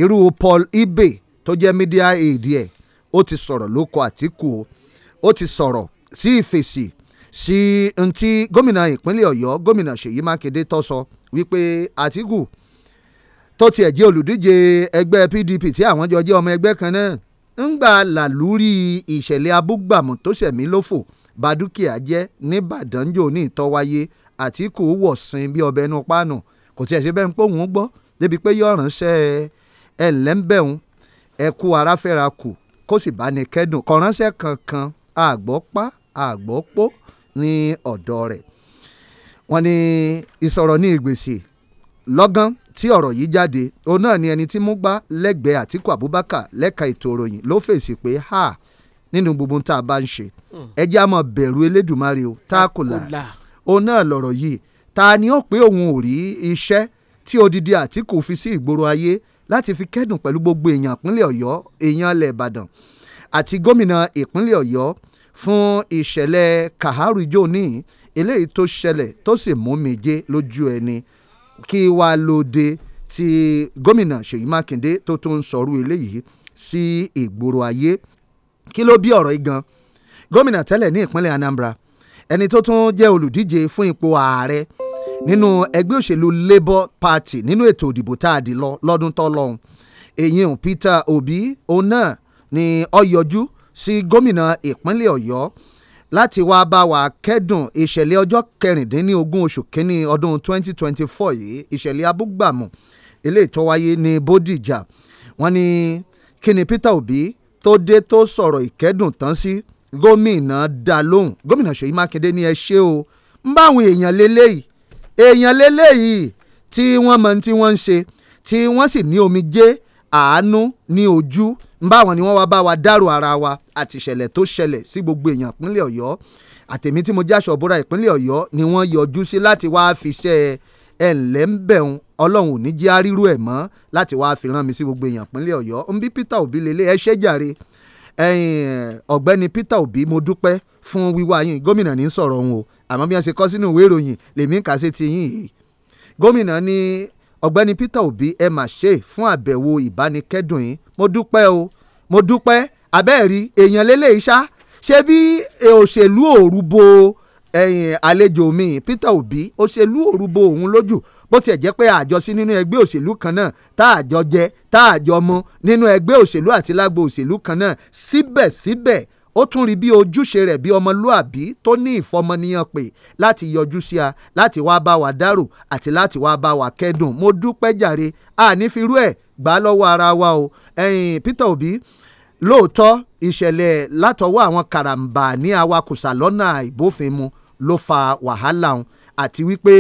irú Paul Ibe tó jẹ́ media aid ẹ̀ ó ti sọ̀rọ̀ ló kọ Atiku o ó ti sọ̀rọ̀ sí ìfèsì sí ntí gómìnà ìpínlẹ̀ Ọ̀yọ́ gómìnà Ṣèyí Mákindé tó wípé Atiku tó tiẹ̀ jẹ́ olùdíje ẹgbẹ́ PDP tí àwọn jọ jẹ́ ọmọ ẹgbẹ́ kan náà ńgbà làlúrí ìṣẹ̀lẹ̀ abúgbàmù tó ṣẹ̀mí lófò ba dúkìá jẹ́ nìbàdàn jò ní ìtọ́wáyé àtìkù wọ̀sìn bí ọbẹ̀ inú páànù kò tiẹ̀ ṣe bẹ́ẹ̀ ń pòun ń gbọ́ débi pé yóò ránṣẹ́ ẹ̀ lẹ́ńbẹ̀hún ẹ̀kú aráfẹ́ra kù kó sì bá ní kẹ́dùn kò ránṣẹ́ kankan àgbọ́pá àgbọ́pó ní ọ̀dọ̀ rẹ̀ wọ́n ní ìsọ̀rọ̀ ní ìgbèsè lọ́gán tí ọ̀rọ̀ yìí jáde òun náà ni ẹni tí mú gbá lẹ́gbẹ̀ẹ́ Àtíkù Abubakar lẹ́ka ètò ìròyìn ló fèsì pé ha nínú gbogbo tá a bá ń ṣe ẹ jẹ́ a máa bẹ̀rù Elédùmarè o tá a kò là òun náà lọ̀rọ̀ yìí ta ni ó pé òun ò rí iṣẹ́ tí odidi Àtíkù fi sí ìgboro ayé láti fi kẹ́dùn pẹ̀lú gbogbo èèyàn ìpínlẹ̀ Ọ̀yọ́ èèyàn ilẹ̀ Ìbàdàn àti gómìnà ìpínlẹ̀ Ọ̀yọ́ fún ìṣẹ̀lẹ̀ kàhárù ìjọ eléyìí tó ṣẹlẹ̀ tó sì mú mi lójú ẹni kí wá lóde tí gómìnà Ṣèyí Mákindé tó tún ń sọrú eléyìí sí ìgboro ayé kí ló bí ọ̀rọ̀ igan gómìnà tẹ́lẹ̀ ní ìpínlẹ̀ Anambra ẹni tó tún jẹ́ olùdíje fún ipò ààrẹ nínú ẹgbẹ́ òṣèlú Labour Party nínú ètò ìdìbò tá a dì lọ lọ́dún tó lọ́hùn èyí Peter Obi òun náà ni ó yọjú sí gómìnà ìpínlẹ̀ Ọ̀yọ́ láti wá bá wa kẹ́dùn ìṣẹ̀lẹ̀ ọjọ́ kẹrìndínlógún oṣù kínní ọdún 2024 yìí ìṣẹ̀lẹ̀ abúgbàmù eléyìí tó wáyé ní Bódìjà wọ́n ní kí ni Peter Obi tó dé tó sọ̀rọ̀ ìkẹ́dùn tán sí gómìnà dá lóhùn gómìnà Ṣèyí Mákindé ní ẹ ṣé o ń bá àwọn èèyàn lélẹ́yìí èèyàn lélẹ́yìí tí wọ́n mọ tí wọ́n ń ṣe tí wọ́n sì ní omijé àánú ní ojú báwọn ni wọ́n wá bá wa dárò ara wa àti ìṣẹ̀lẹ̀ tó ṣẹlẹ̀ sí gbogbo èèyàn ìpínlẹ̀ ọ̀yọ́ àtẹ̀mí tí mo jẹ́ aṣọ́búra ìpínlẹ̀ ọ̀yọ́ ni wọ́n yọjú sí láti wáá fi ṣe ẹ̀ ǹlẹ́ ń bẹ̀rùn ọlọ́run ò ní jẹ́ àrírú ẹ̀ mọ́ láti wáá fi rán mi sí gbogbo èèyàn ìpínlẹ̀ ọ̀yọ́ ń bí peter obi lélẹ̀ ẹ ṣé jàre ọ̀gbẹ́ni peter obi mo dúpẹ́ fún wíwá yín gómìnà ní sọ̀rọ̀ òun o àmọ́ bí wọ́n ṣe kọ́ sínú ìwé ìròyìn lèmi kà sí ti yín yìí gómìnà ní ọ̀gbẹ́ni Peter Obi ẹ mà ṣe fún àbẹ̀wò ìbánikẹ́dùn yìí mo dúpẹ́ o mo dúpẹ́ abẹ́ẹ̀rí èèyàn lélẹ́yìí ṣá ṣé bí òṣèlú òru bo àlejò mi Peter Obi òṣèlú òru bo òun lójú bó tiẹ̀ jẹ́ pé àjọsí nínú ẹgbẹ́ òṣèlú kan náà tá àjọ jẹ tá àjọ mu nínú ẹgbẹ́ òṣèlú àti lágbo òṣèlú kan náà síbẹ̀síbẹ̀ ó tún rí bí ojúṣe rẹ̀ bí ọmọlúàbí tó ní ìfọmọnìyàn pé láti yọjú sí a láti wá bá wa dárò àti láti wá bá wa kẹ́dùn mo dúpẹ́ jàre ànífirú ẹ̀ gbà lọ́wọ́ ara wa o ẹ̀yìn Peter Obi lóòótọ́ ìṣẹ̀lẹ̀ látọwọ́ àwọn karambà ní awakùsà lọ́nà ìbófinmu ló fa wàhálà ọ̀hún àti wípé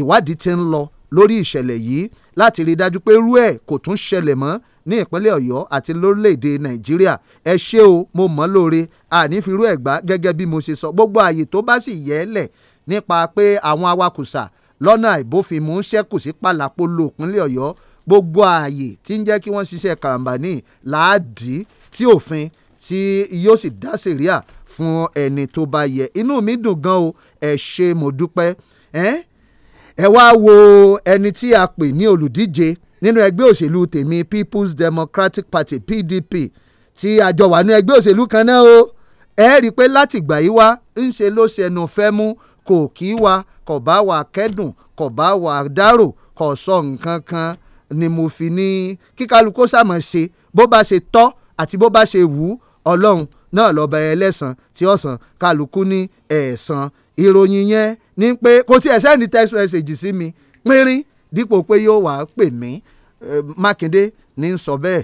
ìwádìí ti ń lọ lórí ìṣẹ̀lẹ̀ yìí láti rí dájú pé irú ẹ̀ kò tún ṣẹlẹ̀ mọ́ ní ìpínlẹ̀ ọ̀yọ́ àti lórílẹ̀‐èdè nàìjíríà ẹ ṣé o mo mọ̀ lóore ànífirú ẹ̀gbá gẹ́gẹ́ bí mo ṣe sọ gbogbo ààyè tó bá sì yẹ ẹ́ lẹ̀ nípa pé àwọn awakùsà lọ́nà àìbófinmu ń ṣẹ́kù sí pàlàpolo ìpínlẹ̀ ọ̀yọ́ gbogbo ààyè tí ń jẹ́ kí wọ́n ṣiṣẹ́ kàràǹbání làádìí tí òfin tí yóò sì dá sẹ̀ríà fún ẹni tó bá yẹ inú mi dùn gan o ẹ ṣé mo dúpẹ́ ẹ wá wo ẹni tí a pè ní olùdíje nínú ẹgbẹ́ òṣèlú tèmi People's Democratic Party PDP tí àjọ wà ní ẹgbẹ́ òṣèlú kan náà o ẹ rí i pé láti ìgbà yìí wá ń ṣe ló ṣẹnu fẹ́ mú kò kí wa kò bá wa kẹ́dùn kò bá wa dárò kò sọ nǹkan kan ni mo fi ní kíkálukó sàmọ̀ ṣe bó bá ṣe tọ́ àti bó bá ṣe wù ú ọlọ́run náà lọ́ba ẹlẹ́sàn tí ọ̀sán kálukú ní ẹ̀ẹ̀sán ìròyìn yẹn ni pé kò tí ẹ̀ sẹ́ni text message sí mi pínrín dípò pé yóò wá pè mí Mákindé ní sọ bẹ́ẹ̀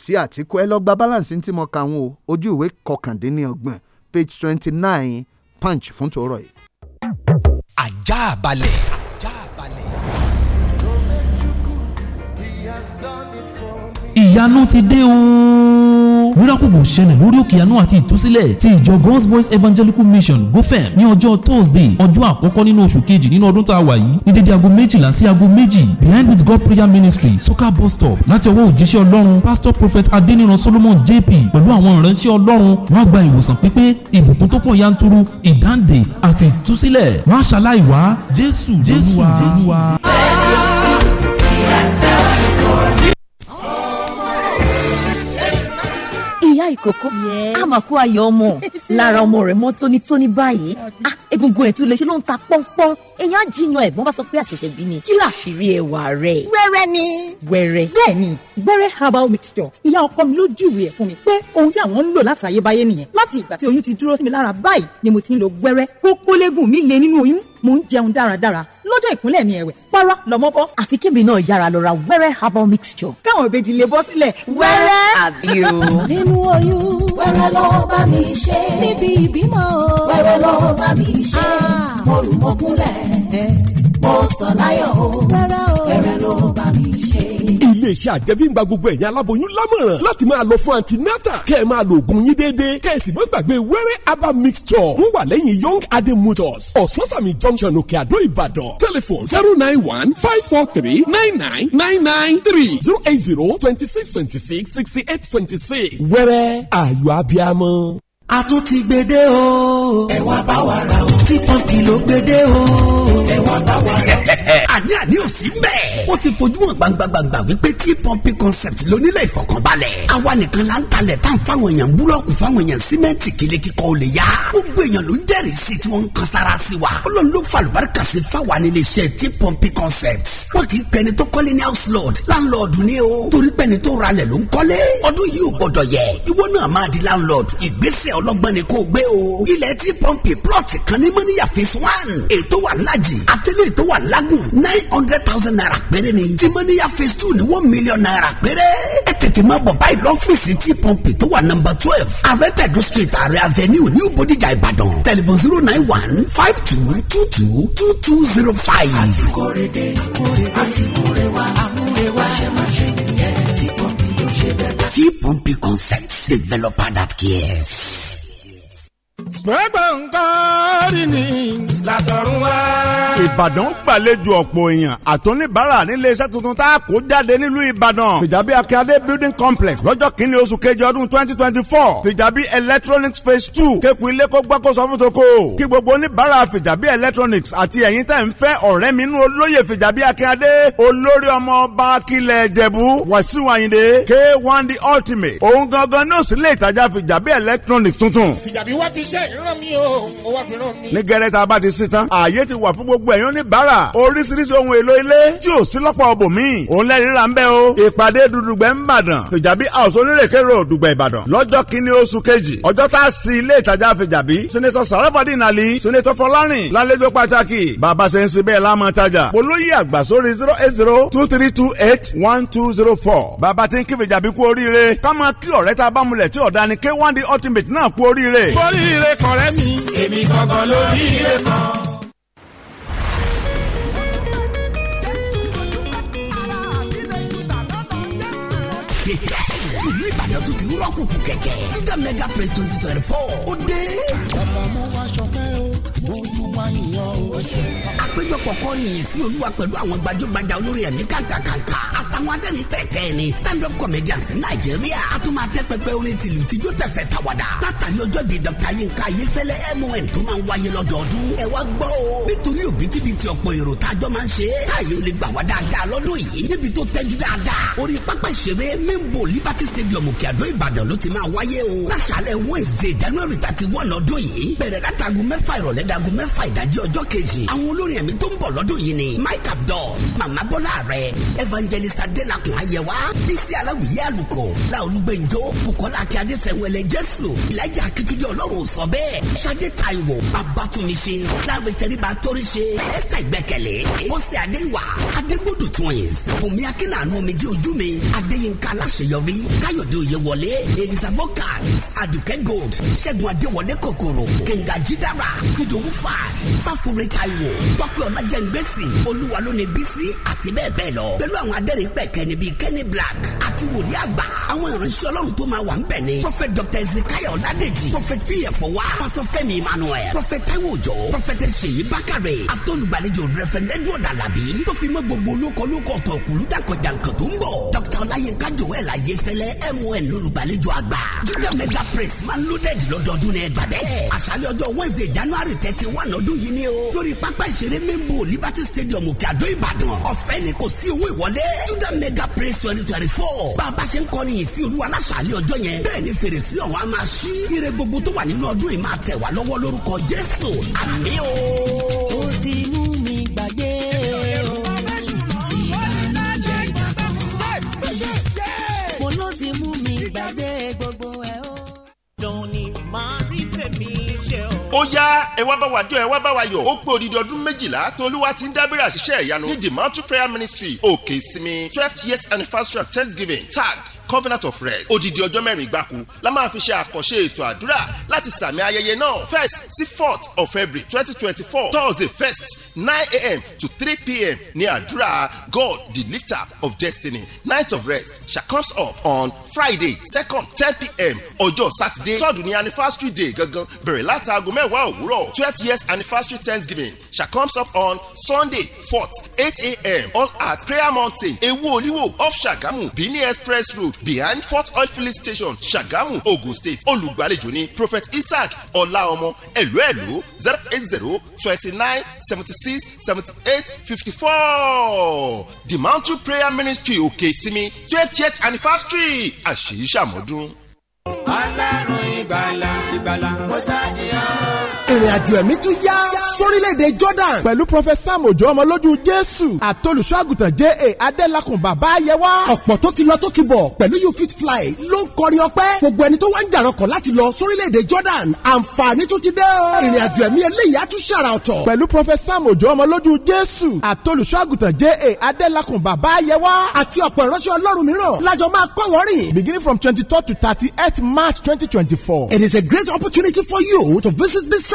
sí Àtíkú ẹ lọ gba balance tí mo kà wọn o ojú ìwé kọkàndínlọ́gbọ̀n page twenty nine punch fún tòórọ̀ yìí. ajá balẹ̀. ajá balẹ̀. ìyanu ti dé o miracle will ṣẹlẹ̀ lórí òkè àánú àti ìtúsílẹ̀ ti ìjọ God's Voice Evangelical Mission gofem ní ọjọ́ Thursday ọjọ́ àkọ́kọ́ nínú oṣù kejì nínú ọdún tá a wà yìí ní dédé aago méjìlá sí aago méjì behind with God prayer ministry soka bus stop láti ọwọ́ òjíṣẹ́ Ọlọ́run pastor prophet Adeniran Solomon JP pẹ̀lú àwọn ìránṣẹ́ Ọlọ́run wọ́n á gba ìwòsàn pípé ìbùkún tó pọ̀ yanturu ìdáǹdè àti ìtúsílẹ̀ wọ́n á ṣaláìwá Jésù Jésù Jésù. ìkókó àmọ́ kó ayọ̀ ọmọ lára ọmọ rẹ̀ mọ́ tónítóní báyìí ah, egungun ẹ̀ tún lè ṣe ló ń ta pọ́npọ́n èèyàn ajíyan ẹ̀gbọ́n bá sọ pé àṣẹ̀ṣẹ̀ bí ni kí làṣírí ẹwà rẹ̀. wẹrẹ ni. wẹrẹ. bẹ́ẹ̀ni wẹrẹ herbal mixture ìyá ọkọ mi ló júwe ẹ fún mi pé ohun tí àwọn ń lò láti àyébáyé nìyẹn láti ìgbà tí oyún ti dúró sí mi lára báyìí ni mo ti ń lo wẹrẹ kókólégùn mi lè nínú oyún mo ń jẹun dáradára lọ́jọ́ ìkúnlẹ̀ mi ẹ̀wẹ̀ para lọ́mọ bọ́. àfi kébì náà yára lọ ra wẹ́rẹ́ herbal mixture. káwọn ìbejì lè bọ́ sílẹ̀ wẹ́rẹ́. àbí o. nínú oyún wẹ́rẹ́ lọ bá mi ṣe. níbi ìbímọ wẹ́rẹ́ lọ bá mi ṣe. Ah. mo rù mọ́kúnlẹ̀ eh mo sọ láyọ̀ o pẹ̀rẹ̀ ló bá mi ṣe. iléeṣẹ́ àjẹmíngba gbogbo ẹ̀yin aláboyún lámọ̀ràn láti máa lọ fún antinata kẹ́ ẹ̀ máa lo oògùn yín déédéé kẹ́ ẹ̀ sì má gbàgbé wẹ́rẹ́ herbal mixture wọ́n wà lẹ́yìn young adé motors ososami junction òkè àdó ìbàdàn telephone zero nine one five four three nine nine nine nine three zero eight zero twenty six twenty six sixty eight twenty six wẹ́rẹ́ ayọ̀ abiamọ. a tún ti gbede o. ẹ wá bá wa ra o fifty pọ́ǹpì ló gbédè o. ẹ wá bá wa lọ. (laughs) àní àní ò sí mbẹ̀. ó ti fojú hàn gbangbangba wípé tí pọ́ǹpì concept lónílẹ̀ ìfọkànbalẹ̀. àwa nìkan la ń talẹ̀ tán fáwọn èèyàn búlọ́ọ̀kù fáwọn èèyàn símẹ́ǹtì kílé kíkọ́ ò lè yá. gbogbo èèyàn ló ń jẹ́rìí sí tí wọ́n ń kan sára sí wa. ọlọ́run ló fa àlùbáríkà sí fáwa nílé iṣẹ́ tí pọ́ǹpì concept. wọ́n kì í pẹni tó kọ́lé ní house lord landlord ni o. torí pẹni tó ralẹ̀ ló ń kọ́lé. ọdún yìí ò gbọ́dọ̀ yẹ. ìwọ náà máa di landlord. ìgbésẹ̀ ọlọ́gbọ́n ni kò gbé o. ilẹ̀ tí pọ́ǹpì plọ̀tì kan ní timoniya phase one ètò wà lájì àtẹlẹ ètò wà lágùn nine hundred thousand naira péré ni timoniya phase two ni one million naira péré ẹ tètè máa bọ̀ báyìí lọ́fíìsì tí pọ́ǹpì tó wà nọ́mbà twelve ààrẹ street ààrẹ avenue new bodijà ìbàdàn tẹlifon zero nine one five two two two two two zero five. àti kórede àti kórewa àmúrewa ṣe máa ṣe nìyẹn tí pọ́ǹpì ló ṣe bẹ́ẹ̀. tí pọ́ǹpì concepts developer that cares gbẹ̀gbẹ̀ nǹkan rí ni. látọ̀run wá ìbàdàn gbàlejò ọ̀pọ̀ èèyàn àtúnibàrà nílé iṣẹ́ tuntun tá a kó jáde nílùú ìbàdàn tìjàbí akíade building complex lọ́jọ́ kìíní oṣù kejì ọdún twenty twenty four tìjàbí electronics phase two kékun ilé kó gbọ́ kó sọ fún toko kí gbogbo oníbàárà fìjàbí electronics àti ẹ̀yin tẹ̀ ń fẹ́ ọ̀rẹ́ mi nú olóyè fìjàbí akíade olórí ọmọ ọba kílẹ̀ jẹ̀bú wàsíù àyìndé k one the ultimate òun gangan náà sì lè ìtajà fìjàbí electronics tuntun. fìjàbí wá fi iṣẹ́ ìran mi o mo wá fi ràn mí. ní gẹ́rẹ́ bá ti sí tán ààyè ti wà fún gbogbo gbogbo ẹ̀yin oníbàárà oríṣiríṣi ohun èlò ilé tí ò sí lọ́pọ̀ ọbọ̀ míì òun lẹ́rìí ra ń bẹ́ o ìpàdé dùdùgbẹ́ ń bàdàn fìjàbí house onírèké road dùgbẹ́ ìbàdàn lọ́jọ́ kínní oṣù kejì ọjọ́ tá a sí ilé ìtajà fìjàbí sẹ́nẹ́tọ̀ sàràfàdín àlí sẹ́nẹ́tọ̀ fọlárìn lálejò pàtàkì bàbá ṣe ń sebẹ̀ lámọ̀ tajà olóyè àgbà sórí zero eight zero two three two eight one two zero four bàbá ti ń kí fìjàbí kú oríire ká máa kí ọ̀rẹ́ tá a bá mulẹ̀ tí ọ̀dà ni k one day ultimate náà kú oríire. oríire kọ̀rẹ́ mi èmi gangan lóríire kan. ìlú ìbàdàn tún ti rọ́kùnkùn kẹ̀kẹ́ juda mega praise twenty twenty four ó dé. bàbá mo wá ṣọpẹ́ o mo tún wá yìnyín o àpéjọpọ̀ kọrin yìí sí olúwa pẹ̀lú àwọn gbajúgbajà olórí ẹ̀mí kàǹkàǹkà àtàwọn adẹ́rìn pẹ̀kẹ́ ni stand up comedians nàìjíríà a tún máa tẹ́ pẹpẹ orin tìlù tíjó tẹ̀fẹ̀ tàwàdà látàrí ọjọ́ di dr yinka ayéfẹ́lẹ́ mon tó máa ń wáyé lọ́dọọdún ẹ wá gbọ́ o nítorí òbítíbitì ọ̀pọ̀ èrò tájọ́ máa ń ṣe káyé o lè gbà wá dáadáa lọ́dún yìí níbi tó tẹ́jú dáadáa orí pápá ìṣeré mímbo liberty stadium òkè ìbàdàn ló ti máa wáyé o láṣálẹ́ wednesday january thirty one ọdún yìí bẹ̀rẹ̀ látago mẹ́fà ìrọ̀lẹ́ dago mẹ́fà ìdájí ọjọ́ kejì àwọn olórin ẹ̀mí tó ń bọ̀ lọ́dún yìí ni mike abdul mama bọ́lá rẹ̀ evangelist adenakun ayẹwa bísí aláwìyé àlùkò làolúgbẹ̀njọ bukola akíade sẹ̀wẹ̀lẹ̀ jésù ìlàjà akitunjẹ ọlọ́run sọ bẹ́ẹ̀ sade taiwo babatunmise láwọn ìtẹríba torise ẹsẹ̀ ìgbẹ́kẹ̀lé mọ́sẹ̀ adéwà adégbòdù twins bùnmi akínàánú omijì ojú mi adéyínká aláṣeyọrí káyọ̀dé oyèwọlé elisa vocal adùkẹ́ gold ṣẹ́gun adéwọlé kòkòrò kẹ̀ǹgà jidara. ìdòwú fàd fáfúrẹ́ taiwo tọ́k Adépé Ọlájẹ́ngbèsì Olúwa ló ní Bísí àti bẹ́ẹ̀ bẹ́ẹ̀ lọ pẹ̀lú àwọn adẹ́rìn pẹ̀kẹ́ níbi Kenny Black àti wòlíì àgbà àwọn ìránṣẹ́ Ọlọ́run tó máa wà ń bẹ̀ ni Prophet Dr. Ezekiel Ọládèjì Prophet P.F. Ọwá Pastor Fẹ́mi Emmanuel Prophet Taiwo Òjó Prophet Ṣèyí Bakare, àtọ́lùgbàlejò Reverend Edward Alabi tó fi mọ́ gbogbo olóko olóko ọ̀tọ̀ òkùlú jàǹkànjàǹkàn tó ń bọ̀ Dr. Ọláyínká Joel Ayéfẹ́lẹ́ MON Mega Praise máa ń lódẹ́jì lọ́dọọdún Wednesday January thirty one ọdún yìí ni o main liberty stadium òkè àdó ìbàdàn ọ̀fẹ́ ni kò sí owó ìwọlé judah mega praise twenty twenty four bá a bá ṣe ń kọrin yìí sí olúwa aláṣàlẹ̀ ọjọ́ yẹn bẹ́ẹ̀ ni fèrèsé ọ̀hún á máa ṣí ire gbogbo tó wà nínú ọdún yìí máa tẹ̀ wá lọ́wọ́ lórúkọ jésù àmì o. ó yá ẹ wá bá wa jọ ẹ wá bá wa yọ̀ ó pé odidi ọdún méjìlá tolúwa ti ń dábẹ́rẹ́ àṣìṣe ìyanu ní the mountain prayer ministry òkè ìsinmi twelve years anniversary of thanksgiving tagged covenant of rest odidi ọjọ́ mẹ́rin gbáko la máa fi ṣe àkànṣe ètò àdúrà láti sàmì ayẹyẹ náà first sí fourth of february twenty twenty four thursday first nine a.m. to three p.m. ní àdúrà god the lifter of destiny night of rest shall comes up on friday second ten p.m. ọjọ́ saturday sọ́ọ̀dù ní anniversary day gangan bẹ̀rẹ̀ látàgọ́ mẹ́wàá òwúrọ̀ twelve years anniversary thanksgiving shall comes up on sunday fourth eight a.m. all at prayer mountain ewu oliwo off sagamu benin express road behind fort oil filling station Ṣàgámù Ogun State olùgbàlejò ní prophet Isaac Ọláọmọ ẹ̀lú ẹ̀lú zero eight zero twenty nine seventy six seventy eight fifty four the mountain prayer ministry òkè ìsinmi twentieth anniversary àṣeyíṣàmọ́dún. ọlọ́run ìgbàlà ìgbàlà mọ́sáàdì hàn ìrìn àjò ẹ̀mí tún yá sórílẹ̀-èdè Jordan pẹ̀lú Prophet Sam Ojo ọmọlójú Jésù àtolùṣọ́àgùtàn J.A. Adélakùn bàbá ayẹwà. ọ̀pọ̀ tó ti lọ tó ti bọ̀ pẹ̀lú you fit fly ló ń kọrin ọpẹ́ gbogbo ẹni tó wá ń jàrọ̀kọ̀ láti lọ sórílẹ̀-èdè Jordan àǹfààní tún ti dé o ìrìn àjò ẹ̀mí eléyìí á tún ṣàrà ọ̀tọ̀. pẹ̀lú Prophet Sam Ojo ọmọlójú Jésù àtolùṣọ́àgùtàn J.A. Adélakùn bàbá ayẹwà àti ọ̀pọ̀ ìránṣẹ́ Ọlọ́run mìíràn lájọ máa kọ́ wọ́n rìn. beginning from twenty to thirty-eighth March twenty it is a great opportunity for you to visit this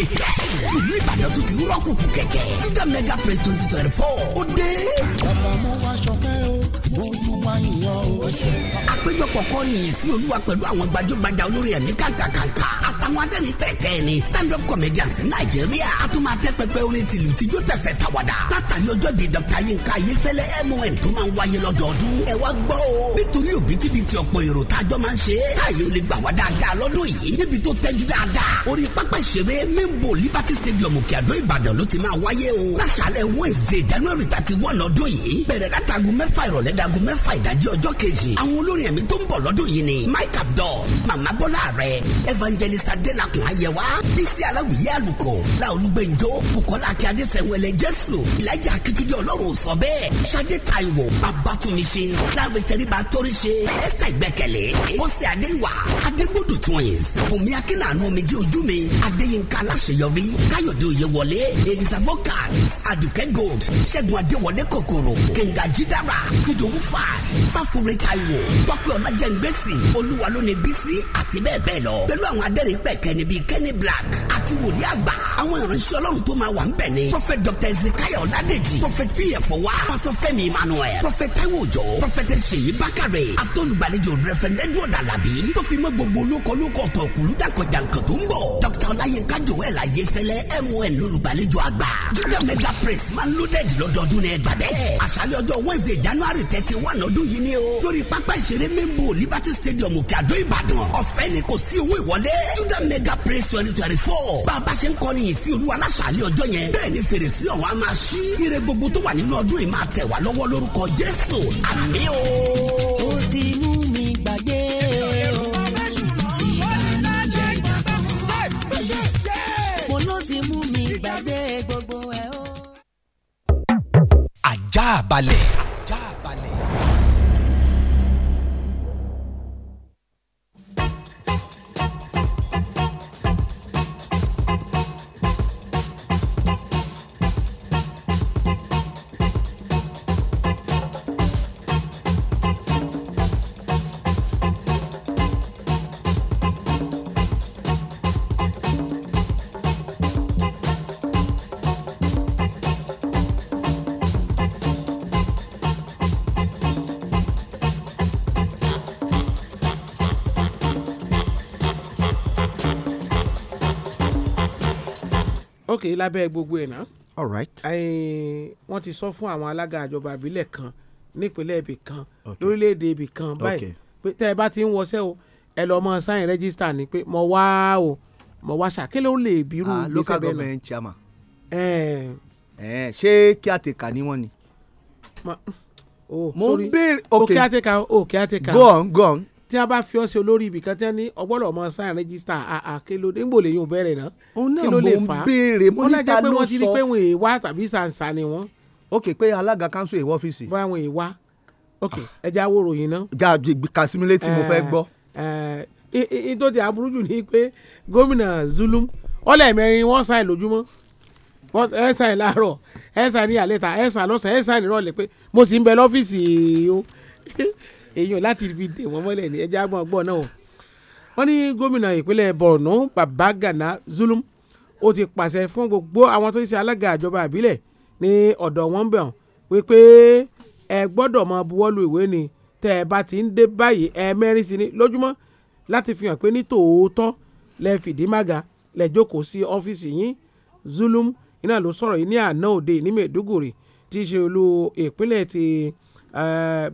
òde ìlú ìbàdàn tó ti rọ́ọ̀kù kù kẹ̀kẹ́ giga mega press twenty twenty four ó dé. bàbá mo wá ṣọkẹ́ o ojú wa yẹn àpéjọpọ̀ kọrin yìí sí olúwa pẹ̀lú àwọn gbajúgbajà olórí ẹ̀mí kàńkàkàńkà àtàwọn adẹ́rìn pẹ̀kẹ́ ni stand up comedians nàìjíríà a tún máa tẹ́ pẹpẹ orin tìlù tíjó tẹ̀fẹ̀ tàwàdà látàrí ọjọ́ di dr yinka ayéfẹ́lẹ́ mon tó máa ń wáyé lọ́dọọdún ẹ wá gbọ́ o nítorí òbítíbitì ọ̀pọ̀ èrò tájọ́ máa ń ṣe káyé olè gbà wá dáadáa lọ́dún yìí níbi tó tẹ́jú dáadáa orí pápá ìṣeré mímbo liberty stadium òkè àdó ìbàdàn ló ti máa wáyé o láṣàlẹ̀ wednesday january thirty one ọdún yìí bẹ̀rẹ̀ látago mẹ́fà ìrọ̀lẹ́ dago mẹ́fà ìdájọ́ ọjọ́ kejì àwọn olórin ẹ̀mí tó ń bọ̀ lọ́dún yìí ni mike abdul mama bọ́lá rẹ̀ evangelist adelakun ayẹwa bísí aláwìyé àlùkò làolúgbẹ̀njọ́ bukola akíade sẹ̀wẹ̀lẹ̀ jésù ìlàjà akitunde ọlọ́run sọ bẹ́ẹ̀ sade taiwo babatunmise láre tẹríba torise ẹsẹ̀ ìgbẹ́kẹ̀lé ọ̀sẹ̀ adéwà adégbòdo twins bùnmi akínàánú omijé ojú mi adéyínká aláṣeyọrí káyọ̀dé oyèwọlé elisa vocal adùkẹ́ gold ṣẹ́gun adéwọlé kòkòrò kẹ̀ǹgà jídára ìdòwú fad faf accurate taiwo tọ́pẹ́ ọ̀làjẹ̀ǹgbẹ̀sì olúwa ló ní bísí àti bẹ́ẹ̀ bẹ́ẹ̀ lọ pẹ̀lú àwọn adẹ́rìn pẹ̀kẹ́ níbi kenny black àti wòlíì àgbà àwọn ìránṣẹ́ ọlọ́run tó máa wà ń bẹ̀ ni prophet dr ezekiel ọ̀làdèjì prophet pf wa pastor fẹ́mi emmanuel prophet taiwo òjò prophet ṣèyí bákàrè àtọ́lùgbàlejò reverend edward alabi tó fi mọ́ gbogbo olóko olóko ọ̀tọ̀ òkúlù jàǹkàn-jàǹkàn tó ń bọ̀ dr ọláyínká joel ayéfẹ́lẹ́ mon lólùgbàlejò àgbà judah mega Press, máa ń lódẹ́ẹ̀dì lọ́dọọdún ní ẹgbàdẹ́ àṣálẹ́ ọjọ́ wednesday january thirty one ọdún yìí ní ni o lórí pápá ìṣeré mímú liberty stadium òkè àdó ìbàdàn ọ̀fẹ́ ni kò sí owó ìwọlé judah mega praise twenty twenty four bá a bá ṣe ń kọrin yìí sí olúwa láṣàlẹ̀ ọjọ́ yẹn bẹ́ẹ̀ ni fèrèsé ọ̀hún á máa ṣí ire gbogbo tó wà nínú ọdún yìí máa tẹ̀ wá lọ́wọ́ lórúkọ jésù àmín o. ó ti mú mi gbàgbé o. mo ló ti mú mi gbàgbé gbogbo ẹ̀ o. ajá balẹ̀. lábẹ́ gbogbo ẹ̀ náà all right wọ́n ti sọ fún àwọn alága àjọba àbílẹ̀ kan nípínlẹ̀ ibì kan lórílẹ̀‐èdè ibì kan báyìí tẹ́ ẹ bá ti ń wọṣẹ́ o ẹ lọ mọ sáyìn rẹ́gísítà ni pé mo wá o mo wá ṣàkélé ó lè bírú ah, gbèsè bẹ́ẹ̀ náà. local government chairman. ṣé kí a ti kà ní wọn ni. Oh, mo ń oh, ok oh, go on go on tí a bá fi ọ́ sí olórí ibìkan tí wọ́n ní ọgbọ́dọ̀ ọmọ sáà rẹ́gísítà àà kí ló dé ń gbòòlè yóò bẹ̀rẹ̀ náà kí ló lè fà á wọ́n lè jẹ́ pé wọ́n ti rí pé wọ́n èèwà tàbí sàǹsà ni wọ́n. ok pé alága kanṣu èèwọ̀ ọ́fíìsì. bá wọn èèwà ok ẹja wo ròyìn náà. ja kàsímílẹ̀ tí mo fẹ́ eh, gbọ́. ètò eh, ti aburú jù ni pé gómìnà Zulum ọlẹ́mẹrin wọ́n sáì lójúmọ́ ẹ sáì láàárọ̀ ẹ sáì ní àlẹ́ta ẹ sáì lọ́sàn ẹ sáì nírọ̀lẹ́ pé mo sì èèyàn láti fi dè wọ́n mọ́lẹ̀ ní ẹjẹ́ àgbọn ọgbọ́n náà wọ́n ní gómìnà ìpínlẹ̀ Borno Babagana Zulum ó ti pàṣẹ fún gbogbo àwọn tó ń ṣe alága àjọba àbílẹ̀ ní ọ̀dọ̀ wọn bẹ̀ hàn wípé ẹ gbọ́dọ̀ máa buwọ́lu ìwé ni tẹ́ ẹ bá ti ń dé báyìí ẹ̀ẹ̀mẹ́rin sí ni lójúmọ́ láti fi hàn pé ní tòótọ́ lẹ fìdí màgà lẹ jókòó sí ọ́fíìsì yín Zulum iná ló sọ̀rọ̀ yìí ní àná òde ní Maiduguri tí í ṣe olú ìpínlẹ̀ ti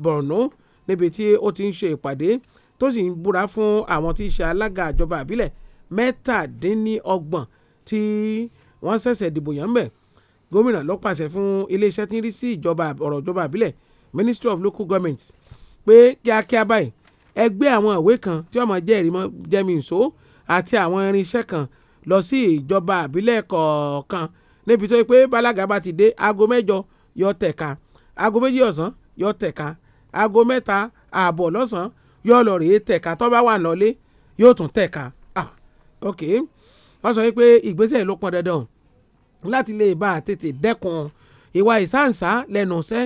Borno níbi tí ó ti ń ṣe ìpàdé tó sì ń búra fún àwọn tí í ṣe alága àjọba àbílẹ̀ mẹ́tàdínníọgbọ̀n tí wọ́n ṣẹ̀ṣẹ̀ dìbò yàn mẹ́ gómìnà ló fún iléeṣẹ́ tí ń rí sí ìjọba ọ̀rọ̀ ìjọba àbílẹ̀ ministry of local government pé kíákíá báyìí ẹgbẹ́ àwọn ìwé kan tí wọ́n máa jẹ́ ìrìmọ́ jẹ́mìíso àti àwọn irinṣẹ́ kan lọ sí ìjọba àbílẹ̀ kọ̀ọ̀kan níbi tó yẹ pé balaga bá ti dé aago mẹ́jọ yọ tẹ̀ka aago méjì ọ̀sán yọ tẹ̀ka aago mẹ́ta ààbọ̀ lọ́sàn-án yóò lọ rèé tẹ̀ka tó bá wà nọ́lé yóò tún tẹ̀ka ah ok wọ́n sọ pé ìgbésẹ̀ ló pọn dandan láti lè bá a tètè dẹ́kun ìwà ìsáǹsá lẹ́nu iṣẹ́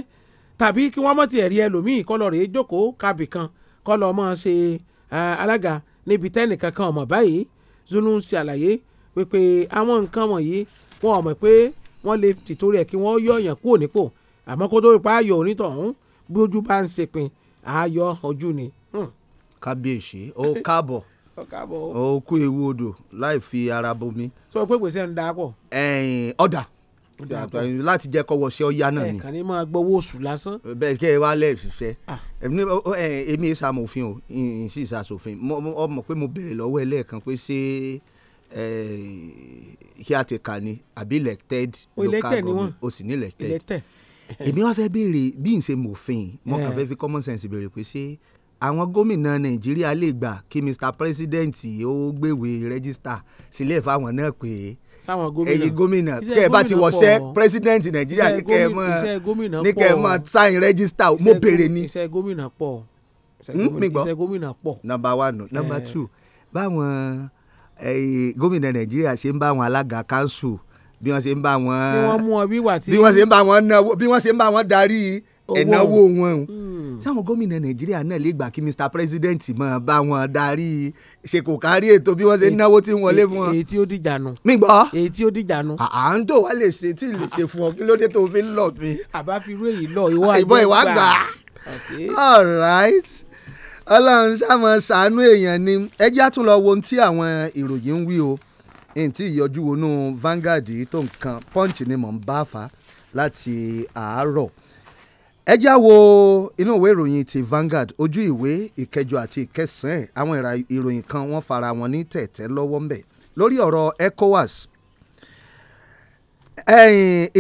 tàbí kí wọ́n mọ̀ tiẹ̀ rí ẹlòmíì kọ́ lọ rèé jókòó kábì kan kọ́ lọ mọ́ ṣe alága níbi tẹ́nìkan kan ọmọ báyìí Zulu ń ṣàlàyé wípé àwọn nǹkan wọ̀nyí wọn ò mọ̀ pé wọ́n lè tìtorí ẹ̀ kí wọ́n yọ ọ̀yàn kúrò nípò àmọ́ kó tó rí pa ayò onítọ̀hún bójú bá ń ṣèpin ààyò ọjú ni. Hmm. kábíyèsí ó káàbọ̀ ó kú ewu odò láì fi ara bomi. sọ pé gbèsè ń da pọ̀. ẹ̀yìn ọ̀dà láti jẹ́ kọ́wọ́ sí ọ̀yá náà ni. ẹ̀ẹ̀kan ní máa gbowó oṣù lásán. bẹ́ẹ̀ kí ẹ wá lẹ́ẹ̀fẹ́ ah. èmi ìsàmòfin o ìsì ìsàsòfin ọmọ pé mo béèrè lọ́wọ́ ẹ lẹ́ẹ̀kan pé ṣé kí a ti kà ní àbí elected local government o sì ní elected (laughs) èmi wá fẹ́ béèrè bí n ṣe mòfin mo kàn eh. fẹ́ fi common sense béèrè pé ṣé àwọn gómìnà nàìjíríà lè gbà kí mr president ó gbèwé rẹ́gísítà sílẹ̀ fáwọn náà pé ẹ̀yin gómìnà kẹ́ ẹ bá ti wọṣẹ́ president nàìjíríà ní kẹ́ ẹ mọ̀ ní kẹ́ ẹ mọ̀ sign rẹ́gísítà mo béèrè ni. iṣẹ́ gómìnà pọ̀ iṣẹ́ hmm? gómìnà pọ̀. number one number eh. two báwọn eh, gómìnà nàìjíríà ṣe ń bá àwọn alága kanṣu bí wọ́n ṣe ń bá wọn bí wọ́n mú ọ wíwà tí bí wọ́n ṣe ń bá wọn náwó bí wọ́n ṣe ń bá wọn darí ẹ̀náwó wọn o hmm. sáwọn gómìnà nàìjíríà náà lè gbà kí mr president máa bá wọn darí ṣèkò kárí ètò bí wọ́n ṣe ń náwó tí wọ́n lé fún wọn. èyí tí ó dìjà nu. mi gbọ́. èyí tí ó dìjà nu. à ń tó wá lè ṣe tí lè ṣe fún ọ kí ló dé tó fi ń lọ mi. àbá fi irú èyí lọ ìwọ àgbà. ìbọn ìwà gbà. all right ọlọ́run sáwọn ṣàánú èèyàn ni ẹjẹ́ àtúnlọ́wọ́ ohun tí àwọn ìròyìn ń wí o ntí ìyọjú wọnú Vanguard tó nǹkan punch ni mò ń bá fa láti àárọ̀ ẹ wo inú ìwé ìròyìn ti Vanguard ojú ìwé ìkẹjọ àti ìkẹsàn-án àwọn ìròyìn kan wọ́n fara wọn ní tẹ̀tẹ̀ lọ́wọ́ ńbẹ̀ lórí ọ̀rọ̀ ECOWAS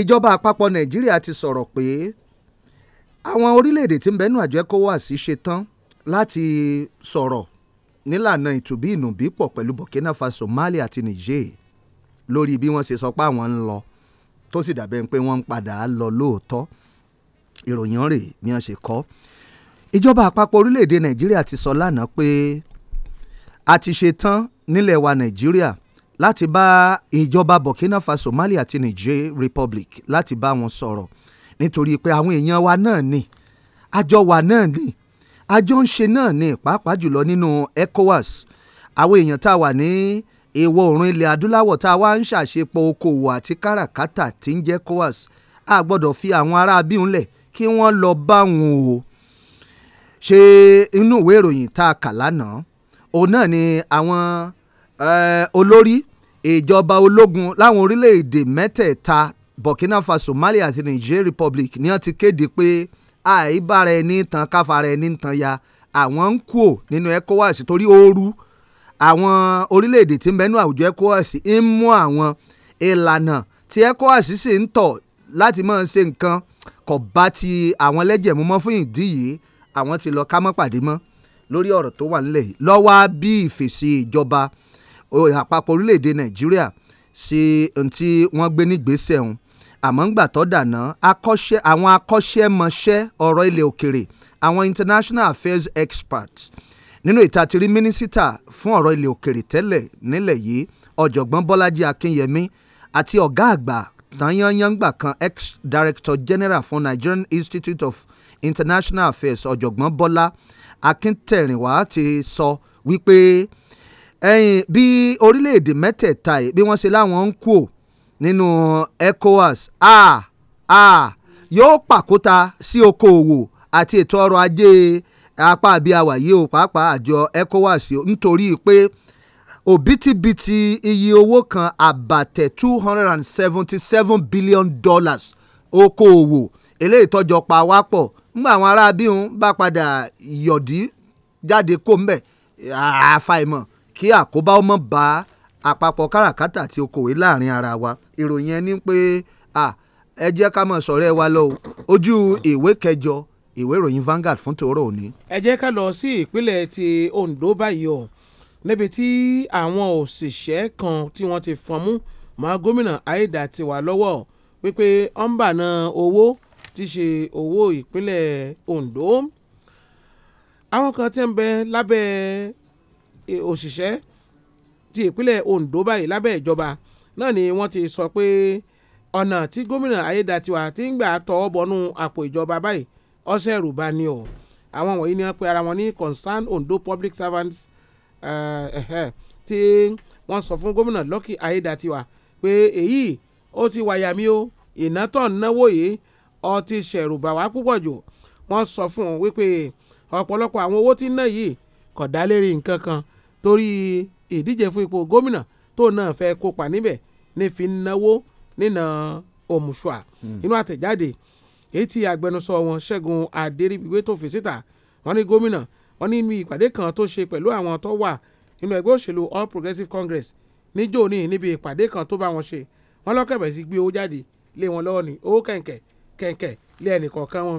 ìjọba àpapọ̀ Nàìjíríà ti sọ̀rọ̀ pé àwọn orílẹ̀-èdè tí ń bẹ́nu àjọ ECOWAS ṣe tán láti sọ̀rọ̀ nílànà ìtùbí ìnùbí pọ̀ pẹ̀lú Burkina Faso Mali àti Niger lórí bí wọ́n ṣe sọ pé àwọn ń lọ tó sì dàbẹ̀ pé wọ́n ń padà lọ lóòótọ́ ìròyìn rèé ni wọ́n ṣe kọ. ìjọba àpapọ̀ orílẹ̀-èdè Nàìjíríà ti sọ lánàá pé a ti ṣe tán nílẹ̀ wa Nàìjíríà láti bá ìjọba Burkina Faso Mali àti Niger Republic láti bá wọn sọ̀rọ̀ nítorí pé àwọn èèyàn wa náà ni àjọ wa náà ni àjọ ń ṣe náà ní pàápàá jùlọ nínú ECOWAS àwọn èèyàn tá a wà ní ìwọ̀ oòrùn ilẹ̀ adúláwọ̀ tá a wá ń ṣàṣepọ̀ okòwò àti káràkátà tí ń jẹ́ ECOWAS a gbọ́dọ̀ fi àwọn ará abíhùn lẹ̀ kí wọ́n lọ bá wọn o ṣe inú ìwé ìròyìn tá a kà lánàá òun náà ni àwọn eh, olórí ìjọba ológun láwọn orílẹ̀-èdè mẹ́tẹ̀ẹ̀ta Burkina Faso Mali àti Niger Republic ni wọ́n ti kéde pé àìbára ẹni tan káfara ẹni tan ya àwọn ń kú ò nínú ECOWAS torí ooru àwọn orílẹ̀-èdè tí ń bẹ́nu àwùjọ ECOWAS ń mú àwọn ìlànà tí ECOWAS sì ń tọ̀ láti máa ṣe nǹkan kò bá ti àwọn lẹ́jẹ̀ mú mọ́ fún ìdí yìí àwọn ti lọ ká mọ́ pàdé mọ́ lórí ọ̀rọ̀ tó wà nílẹ̀ yìí lọ́wọ́ bí ìfèsì ìjọba àpapọ̀ orílẹ̀-èdè Nàìjíríà sí ohun wọ́n gbé nígbésẹ̀ ọ̀hún àmọ́ ńgbà tó dànà akọ́ṣẹ́ àwọn akọ́ṣẹ́mọṣẹ́ ọ̀rọ̀ ilẹ̀ òkèrè àwọn international affairs experts nínú ìtàtírí mínísítà fún ọ̀rọ̀ ilẹ̀ òkèrè tẹ́lẹ̀ nílẹ̀ yìí ọ̀jọ̀gbọ́n bọ́lájí akínyẹmí àti ọ̀gá àgbà tanyanyangbà kan ex director general fún nigerian institute of international affairs ọ̀jọ̀gbọ́n bọ́lá akíntẹ̀rìnwá ti sọ wípé ẹ̀yìn bí orílẹ̀-èdè mẹ́tẹ̀ẹ̀ta yìí bí wọ́n ṣe láwọn ń kú ò nínú ECOWAS a a yóò pàkóta sí okòòwò àti ètò ọrọ̀ ajé apá àbí àwàyé o pàápàá àjọ ECOWAS nítorí pé òbítíbitì iye owó kan àbàtẹ̀ two hundred and seventy seven billion dollars okòòwò eléyìí tọ́jọ pa wá pọ̀ nígbà àwọn ará bíhun bá padà yọ̀dí jáde kó ń bẹ̀ àfàìmọ̀ kí àkóbá ọmọ bá a àpapọ̀ káràkátà àti okòwé láàrin ara wa ìròyìn ẹni pé ẹ jẹ́ ká máa sọ̀rọ̀ ẹ wa lọ ojú ìwé kẹjọ ìwé ìròyìn Vanguard fún tòórọ́ òní. ẹ jẹ́ ká lọ sí ìpínlẹ̀ ti Ondo báyìí o níbi tí àwọn òṣìṣẹ́ kan tí wọ́n ti fọ́n mú mọ́ gómìnà Aiyedatiwa lọ́wọ́ wípé ọ̀nbàna owó ti ṣe owó ìpínlẹ̀ Ondo àwọn kan ti ń bẹ lábẹ́ e, òṣìṣẹ́ ti ìpínlẹ̀ Ondo báyìí lábẹ́ ìjọba náà ni wọ́n ti sọ pé ọ̀nà tí gómìnà Ayédàtiwà ti ń gbà tọwọ́ bọnú àpò ìjọba báyìí ọ̀sẹ̀ rùbá ni o àwọn wọ̀nyí ni wọ́n pe ara wọn ní concerned Ondo public servants eh, eh, eh, tí wọ́n sọ fún gómìnà Lucky Ayédàtiwà pé èyí ó ti wàyà mí o ìnátọ̀ náwó yìí ó ti ṣẹ̀rùbà wá púpọ̀ jù wọ́n sọ fún un wípé ọ̀pọ̀lọpọ̀ àwọn owó tí ń ná yìí kò lérí nǹkan kan torí ìdíje fún ipò gómìnà tó náà fẹ́ kópa níbẹ̀ ní fi náwó nínà òmùṣùà nínú hmm. àtẹ̀jáde èyí tí agbẹnusọ wọn ṣẹ́gun adéríbiwé tó fi síta wọ́n ní gómìnà wọ́n ní inú ìpàdé kan tó ṣe pẹ̀lú àwọn tó wà nínú ẹgbẹ́ òṣèlú all progressives congress níjó ní níbi ìpàdé kan tó bá wọn ṣe wọ́n lọ́kẹ̀bẹ̀ sí gbé owó jáde lé wọn lọ́wọ́ ní owó kẹ̀kẹ́ kẹ̀kẹ́ lé ẹnìkọ̀ọ̀kan wọn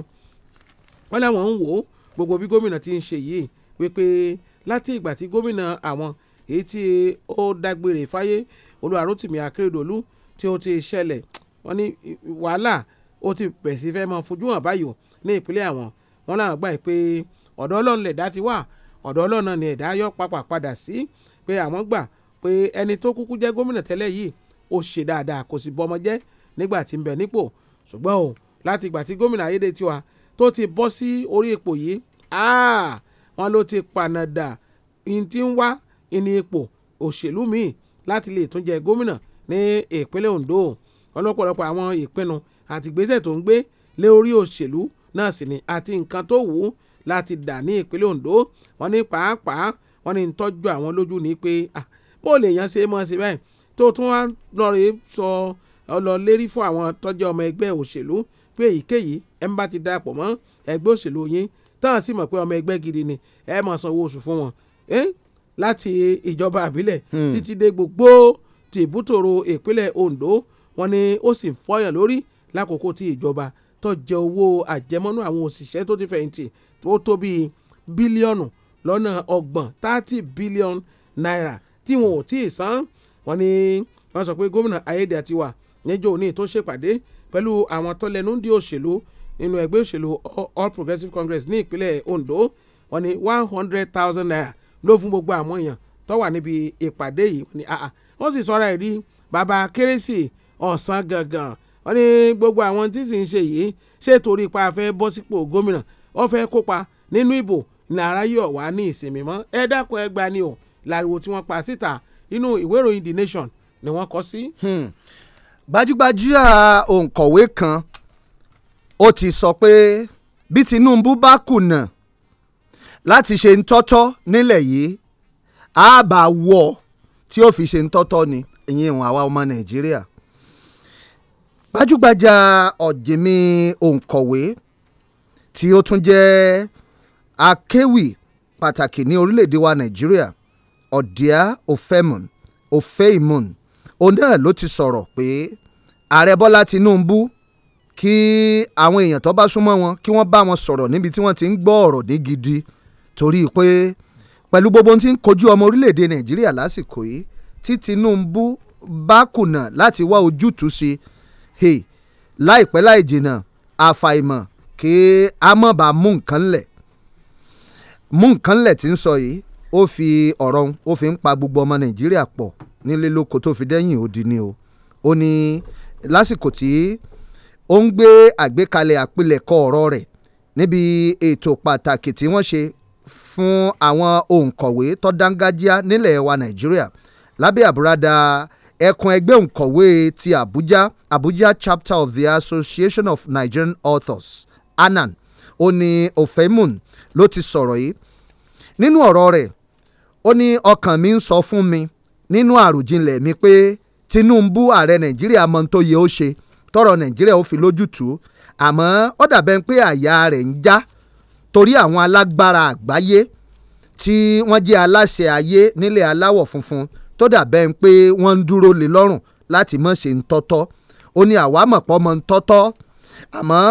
wọ́n láwọn ń wò ó gbogbo bí gómìnà ti ń ṣe yìí wípé láti ìgbà tí gómìnà àwọn èyí tí ó dágbére fáyé Olúwarótìmí Akérédolú tí ó ti ṣẹlẹ̀ wọ́n ní wàhálà ó ti bẹ̀ fẹ́ mọ fojú hàn báyìí ní ìpínlẹ̀ àwọn wọn làwọn gbà pé ọ̀dọ̀ Ọlọ́run lẹ̀dá ti wà ọ̀dọ̀ Ọlọ́run ni ẹ̀dá yọ papà padà sí pé àwọn gbà pé ẹni tó kúkú jẹ́ gómìnà tẹ́lẹ̀ yìí ó ṣe dáadáa kò sì bọmọ jẹ́ nígbà tí ń bẹ nípò ṣùgbọ́n o láti ìgbà tí gómìnà Ayédètiwa tó ti bọ́ sí orí ipò yìí wọn ló ti pànàdà ní ti ń wá ìní ipò òṣèlú míì láti lè tún jẹ gómìnà ní ìpínlẹ̀ Ondo ọlọ́pọ̀lọpọ̀ àwọn ìpinnu àti ìgbésẹ̀ tó ń gbé lé orí òṣèlú náà sì ni àti nǹkan tó wù ú láti dà ní ìpínlẹ̀ Ondo wọn ní pàápàá wọn ní tọ́jú àwọn lójú ní pé bó lè yan ṣe mọ́ sí báyìí tó tún wá lọ rè sọ ọlọ́lérí fún àwọn tọ́jú ọmọ ẹgbẹ́ òṣèlú pé èyíkéyìí ẹ̀ ń bá ti darapọ̀ mọ́ ẹgbẹ́ òṣèlú yín táwọn sì mọ̀ pé ọmọ ẹgbẹ́ gidi ni ẹ máa san owó oṣù fún wọn láti ìjọba àbílẹ̀ hmm. títí dé gbogbo tìbútòrò ìpínlẹ̀ Ondo wọ́n ní ó sì ń fọyàn lórí lákòókò tí ìjọba tó jẹ owó àjẹmọ́nú àwọn òṣìṣẹ́ tó ti fẹ̀yìntì tó tó bíi bílíọ̀nù lọ́nà ọgbọ̀n thirty billion naira tí wọn ò tí ì san wọ́n ní wọ́n sọ pé gómìnà Ayédètiwa níjọ́ òní tó ṣèpàdé pẹ̀lú àwọn tó lẹ́nu òṣèlú nínú ẹgbẹ́ òṣèlú All Progressives Congress ní ìpínlẹ̀ Ondo wọ́n ní one hundred thousand naira ló fún gbogbo àwọn èèyàn tó wà níbi ìpàdé yìí wọ́n sì sọ́ra ẹ̀rí bàbá kérésì ọ̀sán gangan wọ́n ní gbogbo àwọn tí sì ń ṣe yìí ṣé torí pa fẹ́ bọ́ sípò gómìnà wọ́n fẹ́ kópa nínú ìbò nàrá yọ̀ wá ní ìsinmi mọ́ ẹ dákun ẹ gbani o lariwo tí wọ́n pa síta inú ìwé ìròyìn The Nation ni wọ́n kọ sí. Hmm. gbajúgbajúà òǹkọ̀wé kan ó ti sọ pé bí Tinubu bá kùnà láti ṣe ntọ́tọ́ nílẹ̀ yìí a bá wọ̀ tí ó fi ṣe ntọ́tọ́ ni ìyẹn ìwọ̀n àwa ọmọ Nàìjíríà gbajúgbajà ọ̀jẹ̀mí òǹkọ̀wé tí ó tún jẹ́ akéwì pàtàkì ní orílẹ̀-èdè wa Nàìjíríà ọ̀díà Òfẹ́mùn Òfẹ́ìmùn òun náà ló ti sọ̀rọ̀ pé ààrẹ Bọ́lá Tinubu kí àwọn èèyàn tó bá súnmọ́ wọn kí wọ́n bá wọn sọ̀rọ̀ níbi tí wọ́n ti ń gbọ́ ọ̀rọ̀ ní gidi torí pé pẹ̀lú gbogbo tí ń kojú ọmọ orílẹ̀-èdè nàìjíríà lásìkò yìí tí tinubu bá kùnà láti wá ojútùú sí i láìpẹ́ láì jìnnà àfàìmọ̀ kí a mọ̀ bá mú nǹkan lẹ̀ mú nǹkan lẹ̀ tí ń sọ yìí ó fi ọ̀rọ̀ ó fi ń pa gbogbo ọmọ nàìjíríà pọ̀ nílé lóko tó fi dẹ́yìn odi ni o ó ní lásìkò tí ó ń gbé àgbékalẹ̀ àpilẹ̀kọ ọ̀rọ̀ rẹ̀ níbi ètò pàtàkì tí wọ́n ṣe fún àwọn òǹkọ̀wé tó dángájíá nílẹ̀ wa nàìjíríà lábẹ́ àbúradà ẹkùn ẹgbẹ́ òǹkọ̀wé ti àbújá àbújá chapter of the association of nigerian authors anan oni ofemun ló ti sọ̀rọ̀ yìí nínú ọ̀rọ̀ rẹ̀ ó ní ọkàn mi ń sọ fún mi nínú àròjinlẹ̀ mi pé tinubu ààrẹ nàìjíríà mọ̀ tó yẹ ó ṣe tọrọ nàìjíríà ó fi lójútùú àmọ́ ó dàbẹ̀ pé àyà rẹ̀ ń já torí àwọn alágbára àgbáyé tí wọ́n jẹ́ aláṣẹ ayé nílẹ̀ aláwọ̀ funfun tó dàbẹ́ ń pé wọ́n ń dúró lé lọ́rùn láti mọ̀ ṣe ń tọ́tọ́ ó ní àwa mọ̀ pọ́ mọ̀ ń tọ́tọ́ àmọ́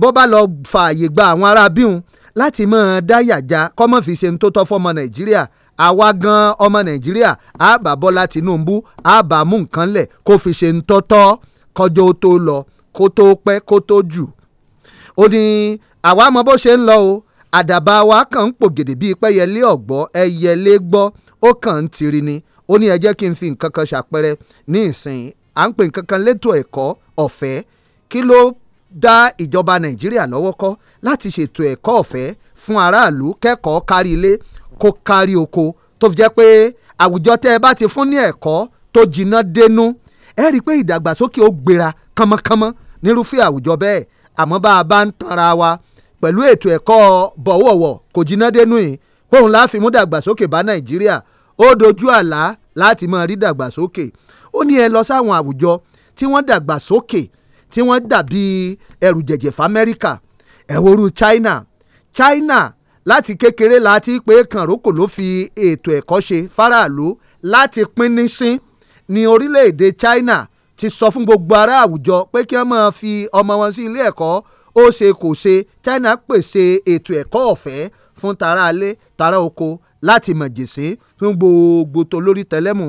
bó bá lọ fààyè gba àwọn ará bíhun láti mọ̀ dá yàjà kọ́mọ̀ fi ṣe ń tọ́tọ́ fọmọ nàìjíríà àwa gan ọmọ nàìjíríà àbá bọ́lá tìǹbù àbá mú nǹkan lẹ̀ kó fi ṣe ń tọ́tọ́ kọjọ́ tó lọ kó tó pẹ́ kó tó jù ó ní àwa mọ bó ṣe ń lọ o àdàbà wa kàn ń pògèdè bíi pẹ́yẹlé ọ̀gbọ́ ẹyẹlé gbọ́ ó kàn ń tiri ni ó ní ẹ jẹ́ kí n fi nǹkan kan ṣàpẹẹrẹ ní ìsìn à ń pè nǹkan kan létò ẹ̀kọ́ ọ̀fẹ́ kí ló dá ìjọba nàìjíríà lọ́wọ́ kọ́ láti ṣètò ẹ̀kọ́ ọ̀fẹ́ fún aráàlú kẹ́kọ̀ọ́ kárí ilé kó kárí oko tó fi jẹ́ pé àwùjọ tẹ́ ẹ bá ti fún ní ẹ̀kọ́ tó jiná dénú ẹ rí i pé ìdàgbàsókè ó gbéra kánmọ́kánmọ́ nírúfẹ́ àwùjọ bẹ́ẹ̀ àmọ́ bá a bá ń tanra wa pẹ̀lú ètò ẹ̀kọ́ bọ̀wọ̀wọ̀ kò jiná dénú yìí póun láfi mú dàgbàsókè bá nàìjíríà ó dojú àlá láti máa rí dàgbàsókè ó ní ẹ lọ sáwọn àwùjọ tí wọ́n dàgbàsókè tí wọ́n dàbí ẹrù jẹ̀jẹ̀ f'Amẹ́ríkà ẹ̀wòrú China China láti kékeré láti pé kànrókò ló fi ètò ẹ̀kọ́ ṣe faraàlú láti pín ní sín ní orílẹ̀-èdè China ti sọ fún gbogbo ará àwùjọ pé kí wọ́n máa fi ọmọ wọn sí ilé ẹ̀kọ́ ó ṣe kò ṣe China pèsè ètò ẹ̀kọ́ ọ̀fẹ́ fún tara alé tara oko láti mọ̀ jèsè fún gbogbo tó lórí tẹlẹ́mù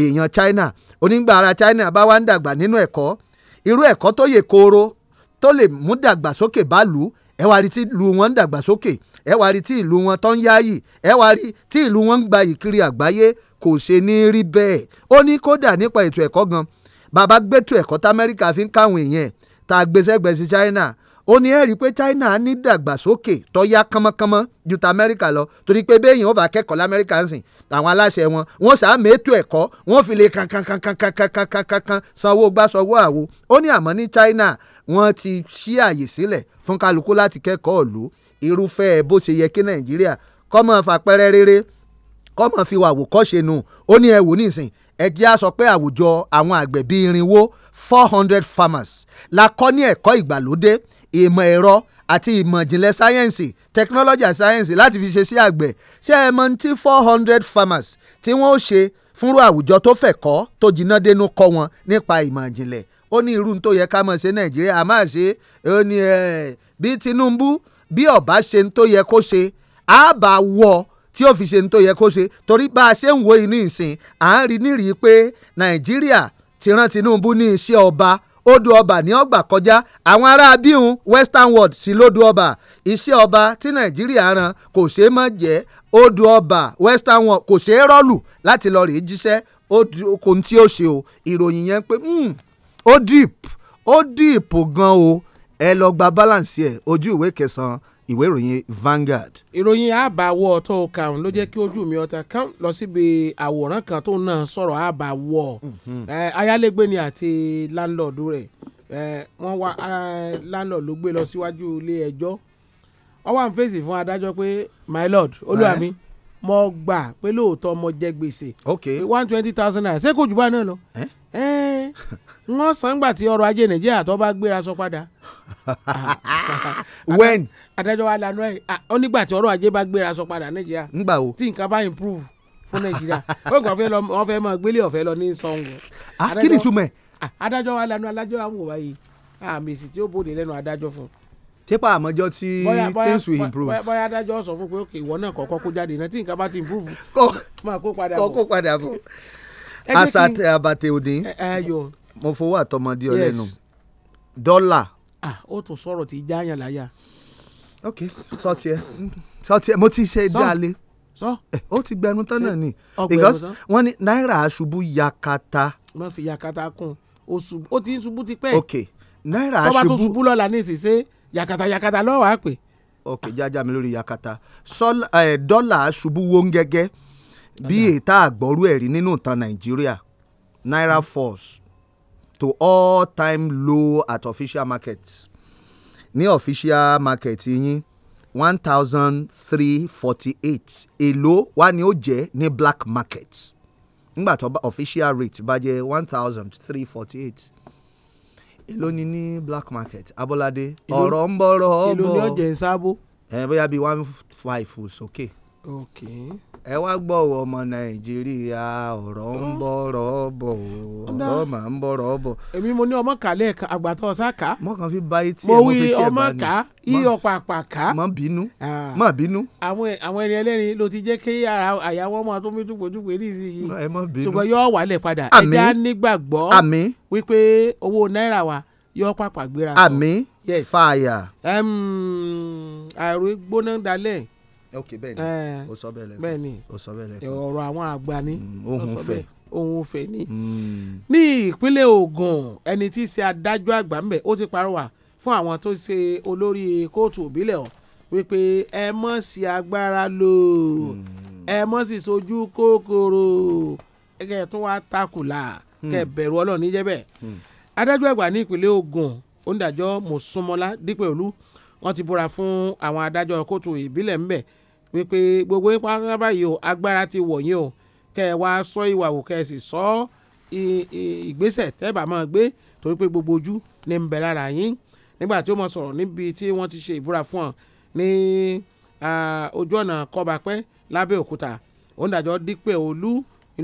èèyàn China onígbà ara China bá wá ń dàgbà nínú ẹ̀kọ́ irú ẹ̀kọ́ tó yè kooro tó lè mú dàgbàsókè bá lù ú ẹ wá rí tí ìlú wọn ń dàgbàsókè ẹ wá rí tí ìlú wọn tó ń yáàyè ẹ wá rí tí ìlú wọn ń gba ìkiri àgbáyé kò ṣe ní rí bẹ́ẹ̀ ó ní kódà nípa ètò ẹ̀kọ́ gan bàbá gbẹ́tò ẹ̀kọ́ tá Amẹ́ríkà fi ń káwọn èèyàn tá a gbé China ó ní ẹ̀rí pé China ní dàgbàsókè tó yá kánmọ́kánmọ́ ju ta Amẹ́ríkà lọ torí pé béèyàn ó bá kẹ́kọ̀ọ́ l'Amẹ́ríkà ń sìn àwọn aláṣẹ wọn wọ́n sá mẹ́tò ẹ̀kọ́ wọ́n fi lè kankankankankankankan sanwó gbá sanwó àwo ó ní àmọ́ ní China wọ́n ti ṣí àyè sílẹ̀ fún kálukú láti kẹ́kọ̀ọ́ ìlú irúfẹ́ bó ṣe yẹ kí Nàìjíríà kọ́mọ fàpẹ́rẹ́ rere kọ́mọ fi wà wòkọ́ṣe nù ó ní ẹ wò nísìn ẹ jẹ́ á sọ pé àwùjọ àwọn àgbẹ̀ bíi irinwó four hundred farmers la kọ́ ní ẹ̀kọ́ ìgbàlódé ìmọ̀ ẹ̀rọ àti ìmọ̀ ìjìnlẹ̀ sáyẹ́ǹsì technology and science láti fi ṣe sí àgbẹ̀ ṣé ẹ mọ̀ ní tí four hundred farmers tí wọ́n ó ṣe fúnrú àwùjọ tó fẹ̀ kọ́ tó jiná dénú kọ́ wọn nípa ìmọ̀ ìjìnlẹ̀ ó ní irú tó yẹ ká mọ̀ ṣe nàìjíríà a máa ṣe ó ní bí Tinubu bí ọ̀bá ṣe ń tó yẹ kó ṣe àbá wọ̀ tí ó fi ṣe ń tó yẹ kó ṣe torí bá a ṣe ń wo inú ìsìn à ń rí nírìí pé nàìjíríà ti rán Tinubu ní iṣẹ́ ọba odò ọba ní ọgbà kọjá àwọn ará abíhun western world sí lódò ọba iṣẹ́ ọba tí nàìjíríà ran kò ṣeé má jẹ́ odò ọba western world kò ṣeé rọ́ọ̀lù láti lọ rèé jíṣẹ́ kò tí ó ṣe o ìròyìn yẹn pé hmm, ó deep ó gan o ẹ lọ gba balance ẹ ojú ìwé kẹsàn-án ìwé ìròyìn Vanguard. ìròyìn àbàwọ̀ tó kàrún ló jẹ́ kí ojú mi ọ̀tá kan lọ síbi àwòrán kan tó náà sọ̀rọ̀ àbàwọ̀ mhm. ayálégbé ni àti láńlọ́ọ̀dù rẹ̀ wọ́n wá láńlọ́ọ̀dù ló gbé lọ síwájú ilé ẹjọ́ ó wá ń fèsì fún adájọ́ pé my lord olúwa mi mo gbà pé lóòótọ́ mo jẹ gbèsè one twenty thousand naira ṣé kò jù bá náà lọ (laughs) wọ́n san gbà tí ọrọ̀ ajé nàìjíríà tó bá gbéra sọ padà. (laughs) when. adájọ́ wa lanu ẹ̀ ọ nígbà tí ọrọ̀ ajé bá gbéra sọ padà nàìjíríà. ngbà wo. tí nǹkan bá improve fún nàìjíríà (laughs) ó gbà fẹ́ lọ wọ́n fẹ́ mọ gbélé ọ̀fẹ́ lọ ní sango. Ah, kí ni túmọ̀ ah, adájọ́ wa lanu adájọ́ wa wò wáyé àmì tí ó bòde lẹ́nu adájọ́ fún tipa àmọ́jọ́ tí things will improve. bóyá adájọ́ sọ fún pé òkè ìwọ náà kọ́kọ́ kó jáde náà tí nǹkan bá ti improve. kó kó padà bọ̀. àṣà àbàtẹ̀ òní. ẹ ẹ yọ mo fowó àtọmọdé ọ lẹ́nu dọ́là. ah ó tún sọ̀rọ̀ tí jáàyàn láyà. ok sọ tiẹ̀ sọ tiẹ̀ mo ti ṣe dáalé sọ eh, ó ti gbẹnu tán náà eh, ni because wọ́n ní náírà aṣubú yakata. wọ́n fi yakata kún ó ti ń ṣubú tipẹ́. ok náírà aṣubú tọ́ba tó ṣubú lọ́la ní ìsinsé yakata yakata lọ́wọ́ á pè. ok jájá mi lórí yakata eh, dọ́là aṣubú wóńgẹ́gẹ́ bí ètà àgbọ̀rú ẹ̀rí nínú ìtàn nàìjíríà Naira falls to all time low at official market ní official market yín one thousand three forty eight èló wa ni ó jẹ́ ní black market nígbà tó official rate bá jẹ́ one thousand three forty eight èló ni ní black market Abọ́ládé ọ̀rọ̀ ń bọ̀rọ̀ ọ̀bọ̀ èló ni ó jẹ́ ń sábó. ẹ bóyá bíi one five sókè. okay. okay ẹ wá ọmọ nàìjíríà ọ̀rọ̀ ń bọ̀rọ̀ bọ̀ ọ̀rọ̀ mà ń bọ̀rọ̀ bọ̀. mo ní ọmọ kàlẹ́ agbata ọ̀sá ká. mo kàn fi ba etí mo fi tiẹ̀ bá mo wí ọmọ ká iye ọ̀pàpà ká. Mọ bínú má bínú. àwọn ẹni ẹlẹ́rin ló ti jẹ́ kí ara ọmọ tó mi èyí sì ẹ bínú ṣùgbọ́n padà. Ami. ẹja nígbàgbọ́ wípé owó náírà wa pàpà gbéra. àrò gbóná ok bẹ́ẹ̀ni o sọ bẹ́ẹ̀ lẹ́kọ̀ọ́ bẹ́ẹ̀ni o sọ bẹ́ẹ̀ lẹ́kọ̀ọ́ ọ̀rọ̀ àwọn àgbà ni mm, ohun fẹ́ ohun fẹ́ ni. Mm. ní ìpínlẹ̀ Ògùn ẹni tí í ṣe adájọ́ àgbà ńbẹ̀ ó ti parọ́wà fún àwọn tó ṣe olórí kóòtù òbílẹ̀ ọ̀ wípé ẹ mọ̀ sí agbára lò mm. ẹ mọ̀ sí sojú kòkòrò kẹ́ tún wá takùlà kẹ́ bẹ̀rù Ọlọ́run níjẹ́ bẹ́ẹ̀ adájọ́ àgbà ní ìpínlẹ̀ Ògùn onídàájọ́ Mọ́súnmọ́lá Dípẹ́olú wọ́n ti búra fún àwọn adájọ́ kóòtù ìbílẹ̀ ńbẹ̀ wípé gbogbo ipa báyìí o agbára ti wọ̀ yín o kẹ́ ẹ wá sọ ìwà wò kẹ́ ẹ sì sọ ìgbésẹ̀ tẹ́bà máa gbé torí pé gbogbo ojú ní ń bẹ lára yín nígbà tí ó mọ sọ̀rọ̀ níbi tí wọ́n ti ṣe ìbúra fún ọ ní ojú ọ̀nà kọ́bapẹ́ lábẹ́òkúta òǹdàjọ́ dípẹ́ olú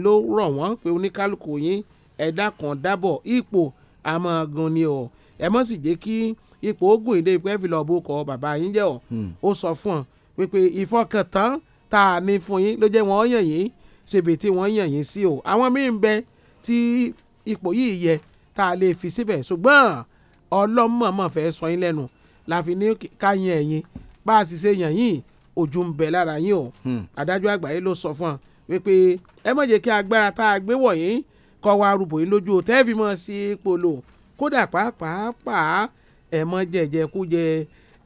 ló rọ̀ wọ́n pé oníkálukú yín ẹ̀dá kan dábọ̀ ipò àmọ́ gan ni o ẹ mọ̀ sì jẹ́ kí ipò ogun ìdè ipò ẹ̀fìlọ̀ bó kọ bàbá yín jẹ́ ọ̀ hmm. ó sọ fún ọ pípé ìfọkàntán tá a ní fún yín ló jẹ́ wọ́n yàn yín ṣèbí tí wọ́n yàn yín sí o àwọn míì ń bẹ tí ipò yìí yẹ tá a lè fi síbẹ̀ ṣùgbọ́n ọlọ́mọ̀ọ́mọ̀ fẹ́ sọ yín lẹ́nu láfi ní ká yan ẹ̀yin bá a sì ṣe yàn yín ojú ń bẹ lára yín o hmm. adájọ́ àgbáyé ló sọ fún ọ wípé ẹ má jẹ́ kí agbára tá a gbé wọ̀nyí kọ́ wa rúbò yín lójú tẹ́ẹ̀fì mọ́ sí polo kódà pàápàá ẹ mọ́ jẹ̀jẹ̀ kú jẹ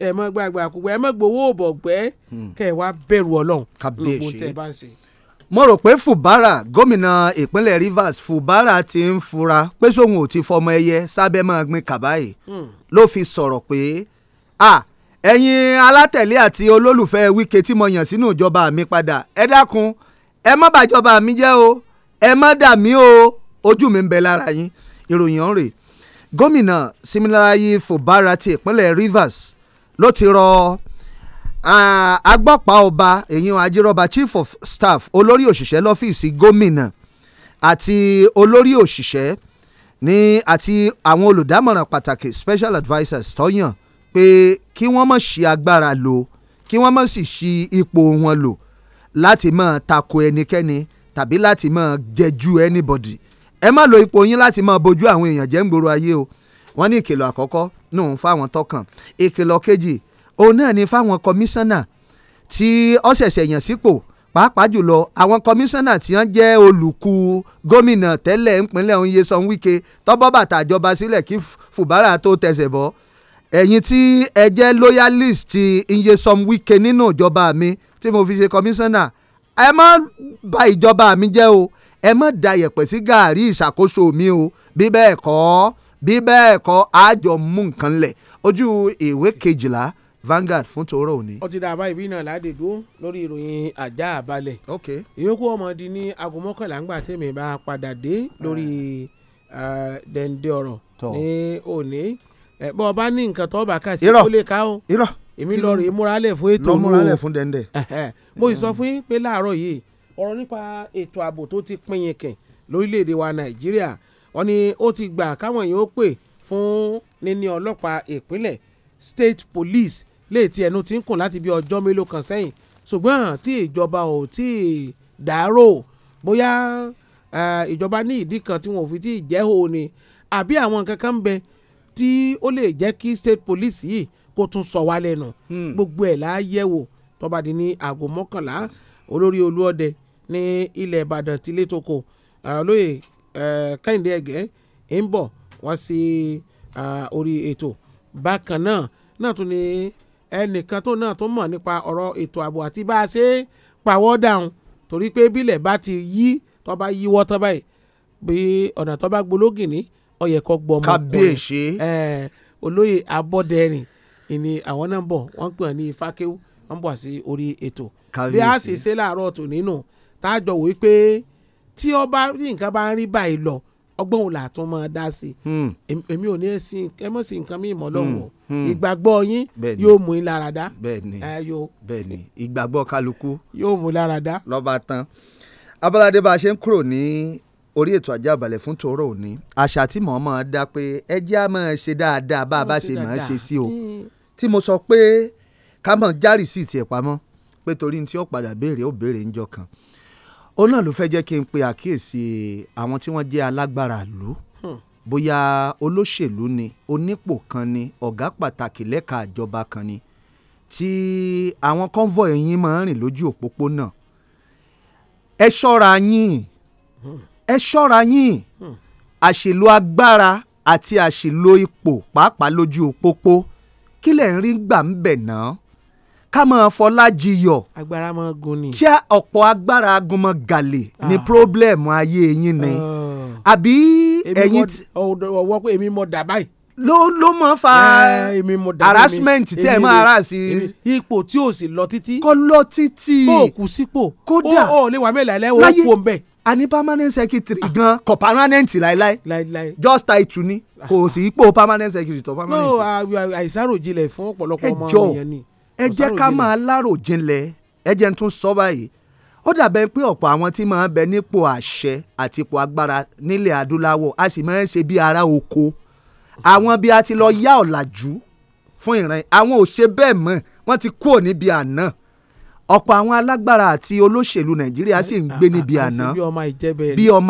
ẹ mọ́ gbàgbà kú ẹ mọ́ gbowó bọ̀gbẹ́ hmm. kẹ́ ẹ wá bẹ̀rù ọlọ́run gbogbo tẹ́ ẹ bá ń ṣe mo rò pé fubara gómìnà ìpínlẹ̀ Rivers fubara ti ń fura pé sóhun ò ti fọmọ ẹyẹ sábẹ́ máa gbin kàbáyé hmm. ló fi sọ̀rọ̀ pé a ẹ̀yin alátẹ̀lé àti olólùfẹ́ Wike tí mo yàn sínú ìjọba mi padà ẹ dákun ẹ má bàjọba mi jẹ́ o ẹ má dà mí o ojú mi ń bẹ lára yín ìròyìn ọ̀rẹ́ gómìnà Siminalayi Fubara ti ìpínlẹ̀ Rivers ló ti rọ agbọ́pá ọba èyàn ajírọ́ba chief of staff olórí òṣìṣẹ́ lọ́fíìsì gómìnà àti olórí òṣìṣẹ́ ní àti àwọn olùdámọ̀ràn pàtàkì special advisers tọ́yàn pé kí wọ́n má ṣi agbára lò kí wọ́n má sì ṣi ipò wọn lò láti máa tako ẹnikẹ́ni tàbí láti máa jẹjú anybody ẹ má lo ipò yín láti máa bojú àwọn èèyàn jẹ́ ń gbòòrò ayé o wọ́n ní ìkìlọ̀ àkọ́kọ́ nùn fáwọn tọkàn ìkìlọ̀ kejì òun náà ni fáwọn kọmíṣánná tí ó ṣẹ̀ṣẹ̀ yàn sípò pàápàá jùlọ àwọn kọmíṣánná tí wọ́n jẹ́ olùkú gómìnà tẹ́lẹ̀ ńpínlẹ̀ Nyesom Wike tọ́bọ́ bàtà àjọba sílẹ̀ kí Fubara tó tẹsẹ̀ bọ́ ẹ̀yin tí ẹ jẹ́ loyalist ti Nyesom Wike nínú ìjọba mi tí mo fi ṣe kọmíṣánná ẹ má bà ìjọba mi jẹ́ o ẹ má da yẹ̀pẹ̀ sí gàárì ìṣàkóso mi o bí bẹ́ẹ̀ kọ́ bí bẹ́ẹ̀ kọ́ àjọ mú nǹkan lẹ̀ ojú ìwé kejìlá Vanguard fún tòórọ òní. ó ti dà ìbí náà láde lórí ìròyìn àjà ok ìyókù ọmọdé ní aago mọ́kànlá ńgbà tèmi eh. eh, ní òní eh, bá ní nǹkan tó bá kó o lọ fún ètò o fún (laughs) mo sì sọ fún yín pé láàárọ̀ yìí ọ̀rọ̀ nípa ètò ààbò tó ti pín lórílẹ̀‐èdè wa nàìjíríà wọ́n ní ó ti gbà káwọn èèyàn ó pè fún níní ọlọ́pàá ìpínlẹ̀ state police léètì ẹnu ti ń kùn láti bí ọjọ́ mélòó kan sẹ́yìn ṣùgbọ́n tí ìjọba ò tí ì dàárò bóyá ìjọba ní ìdí kan tí wọn ò fi tí ì jẹ́ hò ni àbí àwọn nǹkan ń bẹ tí ó lè jẹ́ kí state police yìí kó tún sọ wá lẹ́nu hmm. gbogbo ẹ̀ láyẹ̀wò tó ní aago mọ́kànlá olórí olúọdẹ ní ilẹ̀ ìbàdàn ti létòkò olóyè kẹ́hìndé ẹ̀gẹ́ ń bọ̀ wá sí orí ètò bákan náà náà tún ní ẹnìkan tó náà tó mọ̀ nípa ọ̀rọ̀ ètò ààbò àti bá a ṣe pàwọ́ dáhùn torí pé bílẹ̀ bá ti yí tó yíwọ́ tó báyìí bí ọ̀nà tó bá gbológìní ọ̀yẹ̀kọ́ gbọmọ kábíyèsí olóyè abọ́dẹrìn ìní àwọn náà ń bọ̀ wọ́n pè ní ifákéwù wọ́n bọ̀ sí orí ètò bí a sì ṣe láàárọ̀ tò nínú. No tá a jọ wò pé tí ọba nǹkan bá ń rí báyìí lọ ọgbọ́n òun làtún máa dá sí i hmm. èmi ò ní ẹ̀sìn ẹ mọ̀ sí nǹkan mi ìmọ̀ lọ́wọ́ ìgbàgbọ́ yín yóò mú yín lára dá bẹ́ẹ̀ni bẹ́ẹ̀ni ìgbàgbọ́ kálukú yóò mú lára dá lọ́ba tán abalade bá a ṣe ń kúrò ní orí ètò àjàbalẹ̀ fún tòró òní àṣà tí mò ń mọ̀ ọ́n dá pé ẹ jẹ́ á máa ṣe dáadáa bá a bá ṣe máa ṣe sí o hmm. tí mo sọ pé ká mọ̀ járìsì tiẹ̀ pamọ́ pé torí ní tí ó padà béèrè ó béèrè ńjọ́ kan òun náà ló fẹ́ jẹ́ kí n pe àkíyèsí àwọn tí wọ́n jẹ́ alágbára ìlú hmm. bóyá olóṣèlú ni onípò kan ni ọ̀gá pàtàkì lẹ́ka ìjọba kan ni tí àwọn convoy yín máa ń rìn lójú òpópónà ẹ ṣọ́ra yín hmm. ẹ ṣọ́ra yín hmm. àṣèlò agbára àti àṣèlò ipò pàápàá lójú òpópó kí lẹ̀ ń rí gbà ń bẹ̀ náà ká mọ̀ Fọlájiyọ̀ agbára mọ̀ gun ni ṣé ọ̀pọ̀ agbára agun mọ̀ gàlè ni ah. problem ayé yín ni ah. àbí ẹ̀yin. ọwọ́ pé èmi mọ̀ dà báyìí ló ló ah, mọ fa harassment tí ẹ máa rà sí. ipò tí o sì lọ títí. kọ́ lọ títí. kó o kù sípò. kódà o ò lè wà mẹ́lẹ̀ lẹ́ o kú o mbẹ́. àní permanent secretary gan kọ permanent láíláí just title ni kò sí ipò permanent secretary tó permanent. no àìsàròjinlẹ̀ fún ọ̀pọ̀lọpọ̀ ọmọ èèyàn ni. ẹ ẹ jẹ́ ká máa lárò jinlẹ̀ ẹ jẹ́ n tún sọ báyìí ó dàbẹ̀ pé ọ̀pọ̀ àwọn tí máa ń bẹ nípò àṣẹ àti ipò agbára nílẹ̀ adúláwọ̀ a sì máa ń ṣe bí ara oko àwọn bí a ti lọ yá ọ̀làjú fún ìran àwọn ò ṣe bẹ́ẹ̀ mọ́ wọ́n ti kúrò níbi àná ọ̀pọ̀ àwọn alágbára àti olóṣèlú nàìjíríà sì ń gbé níbi àná bí ọmọ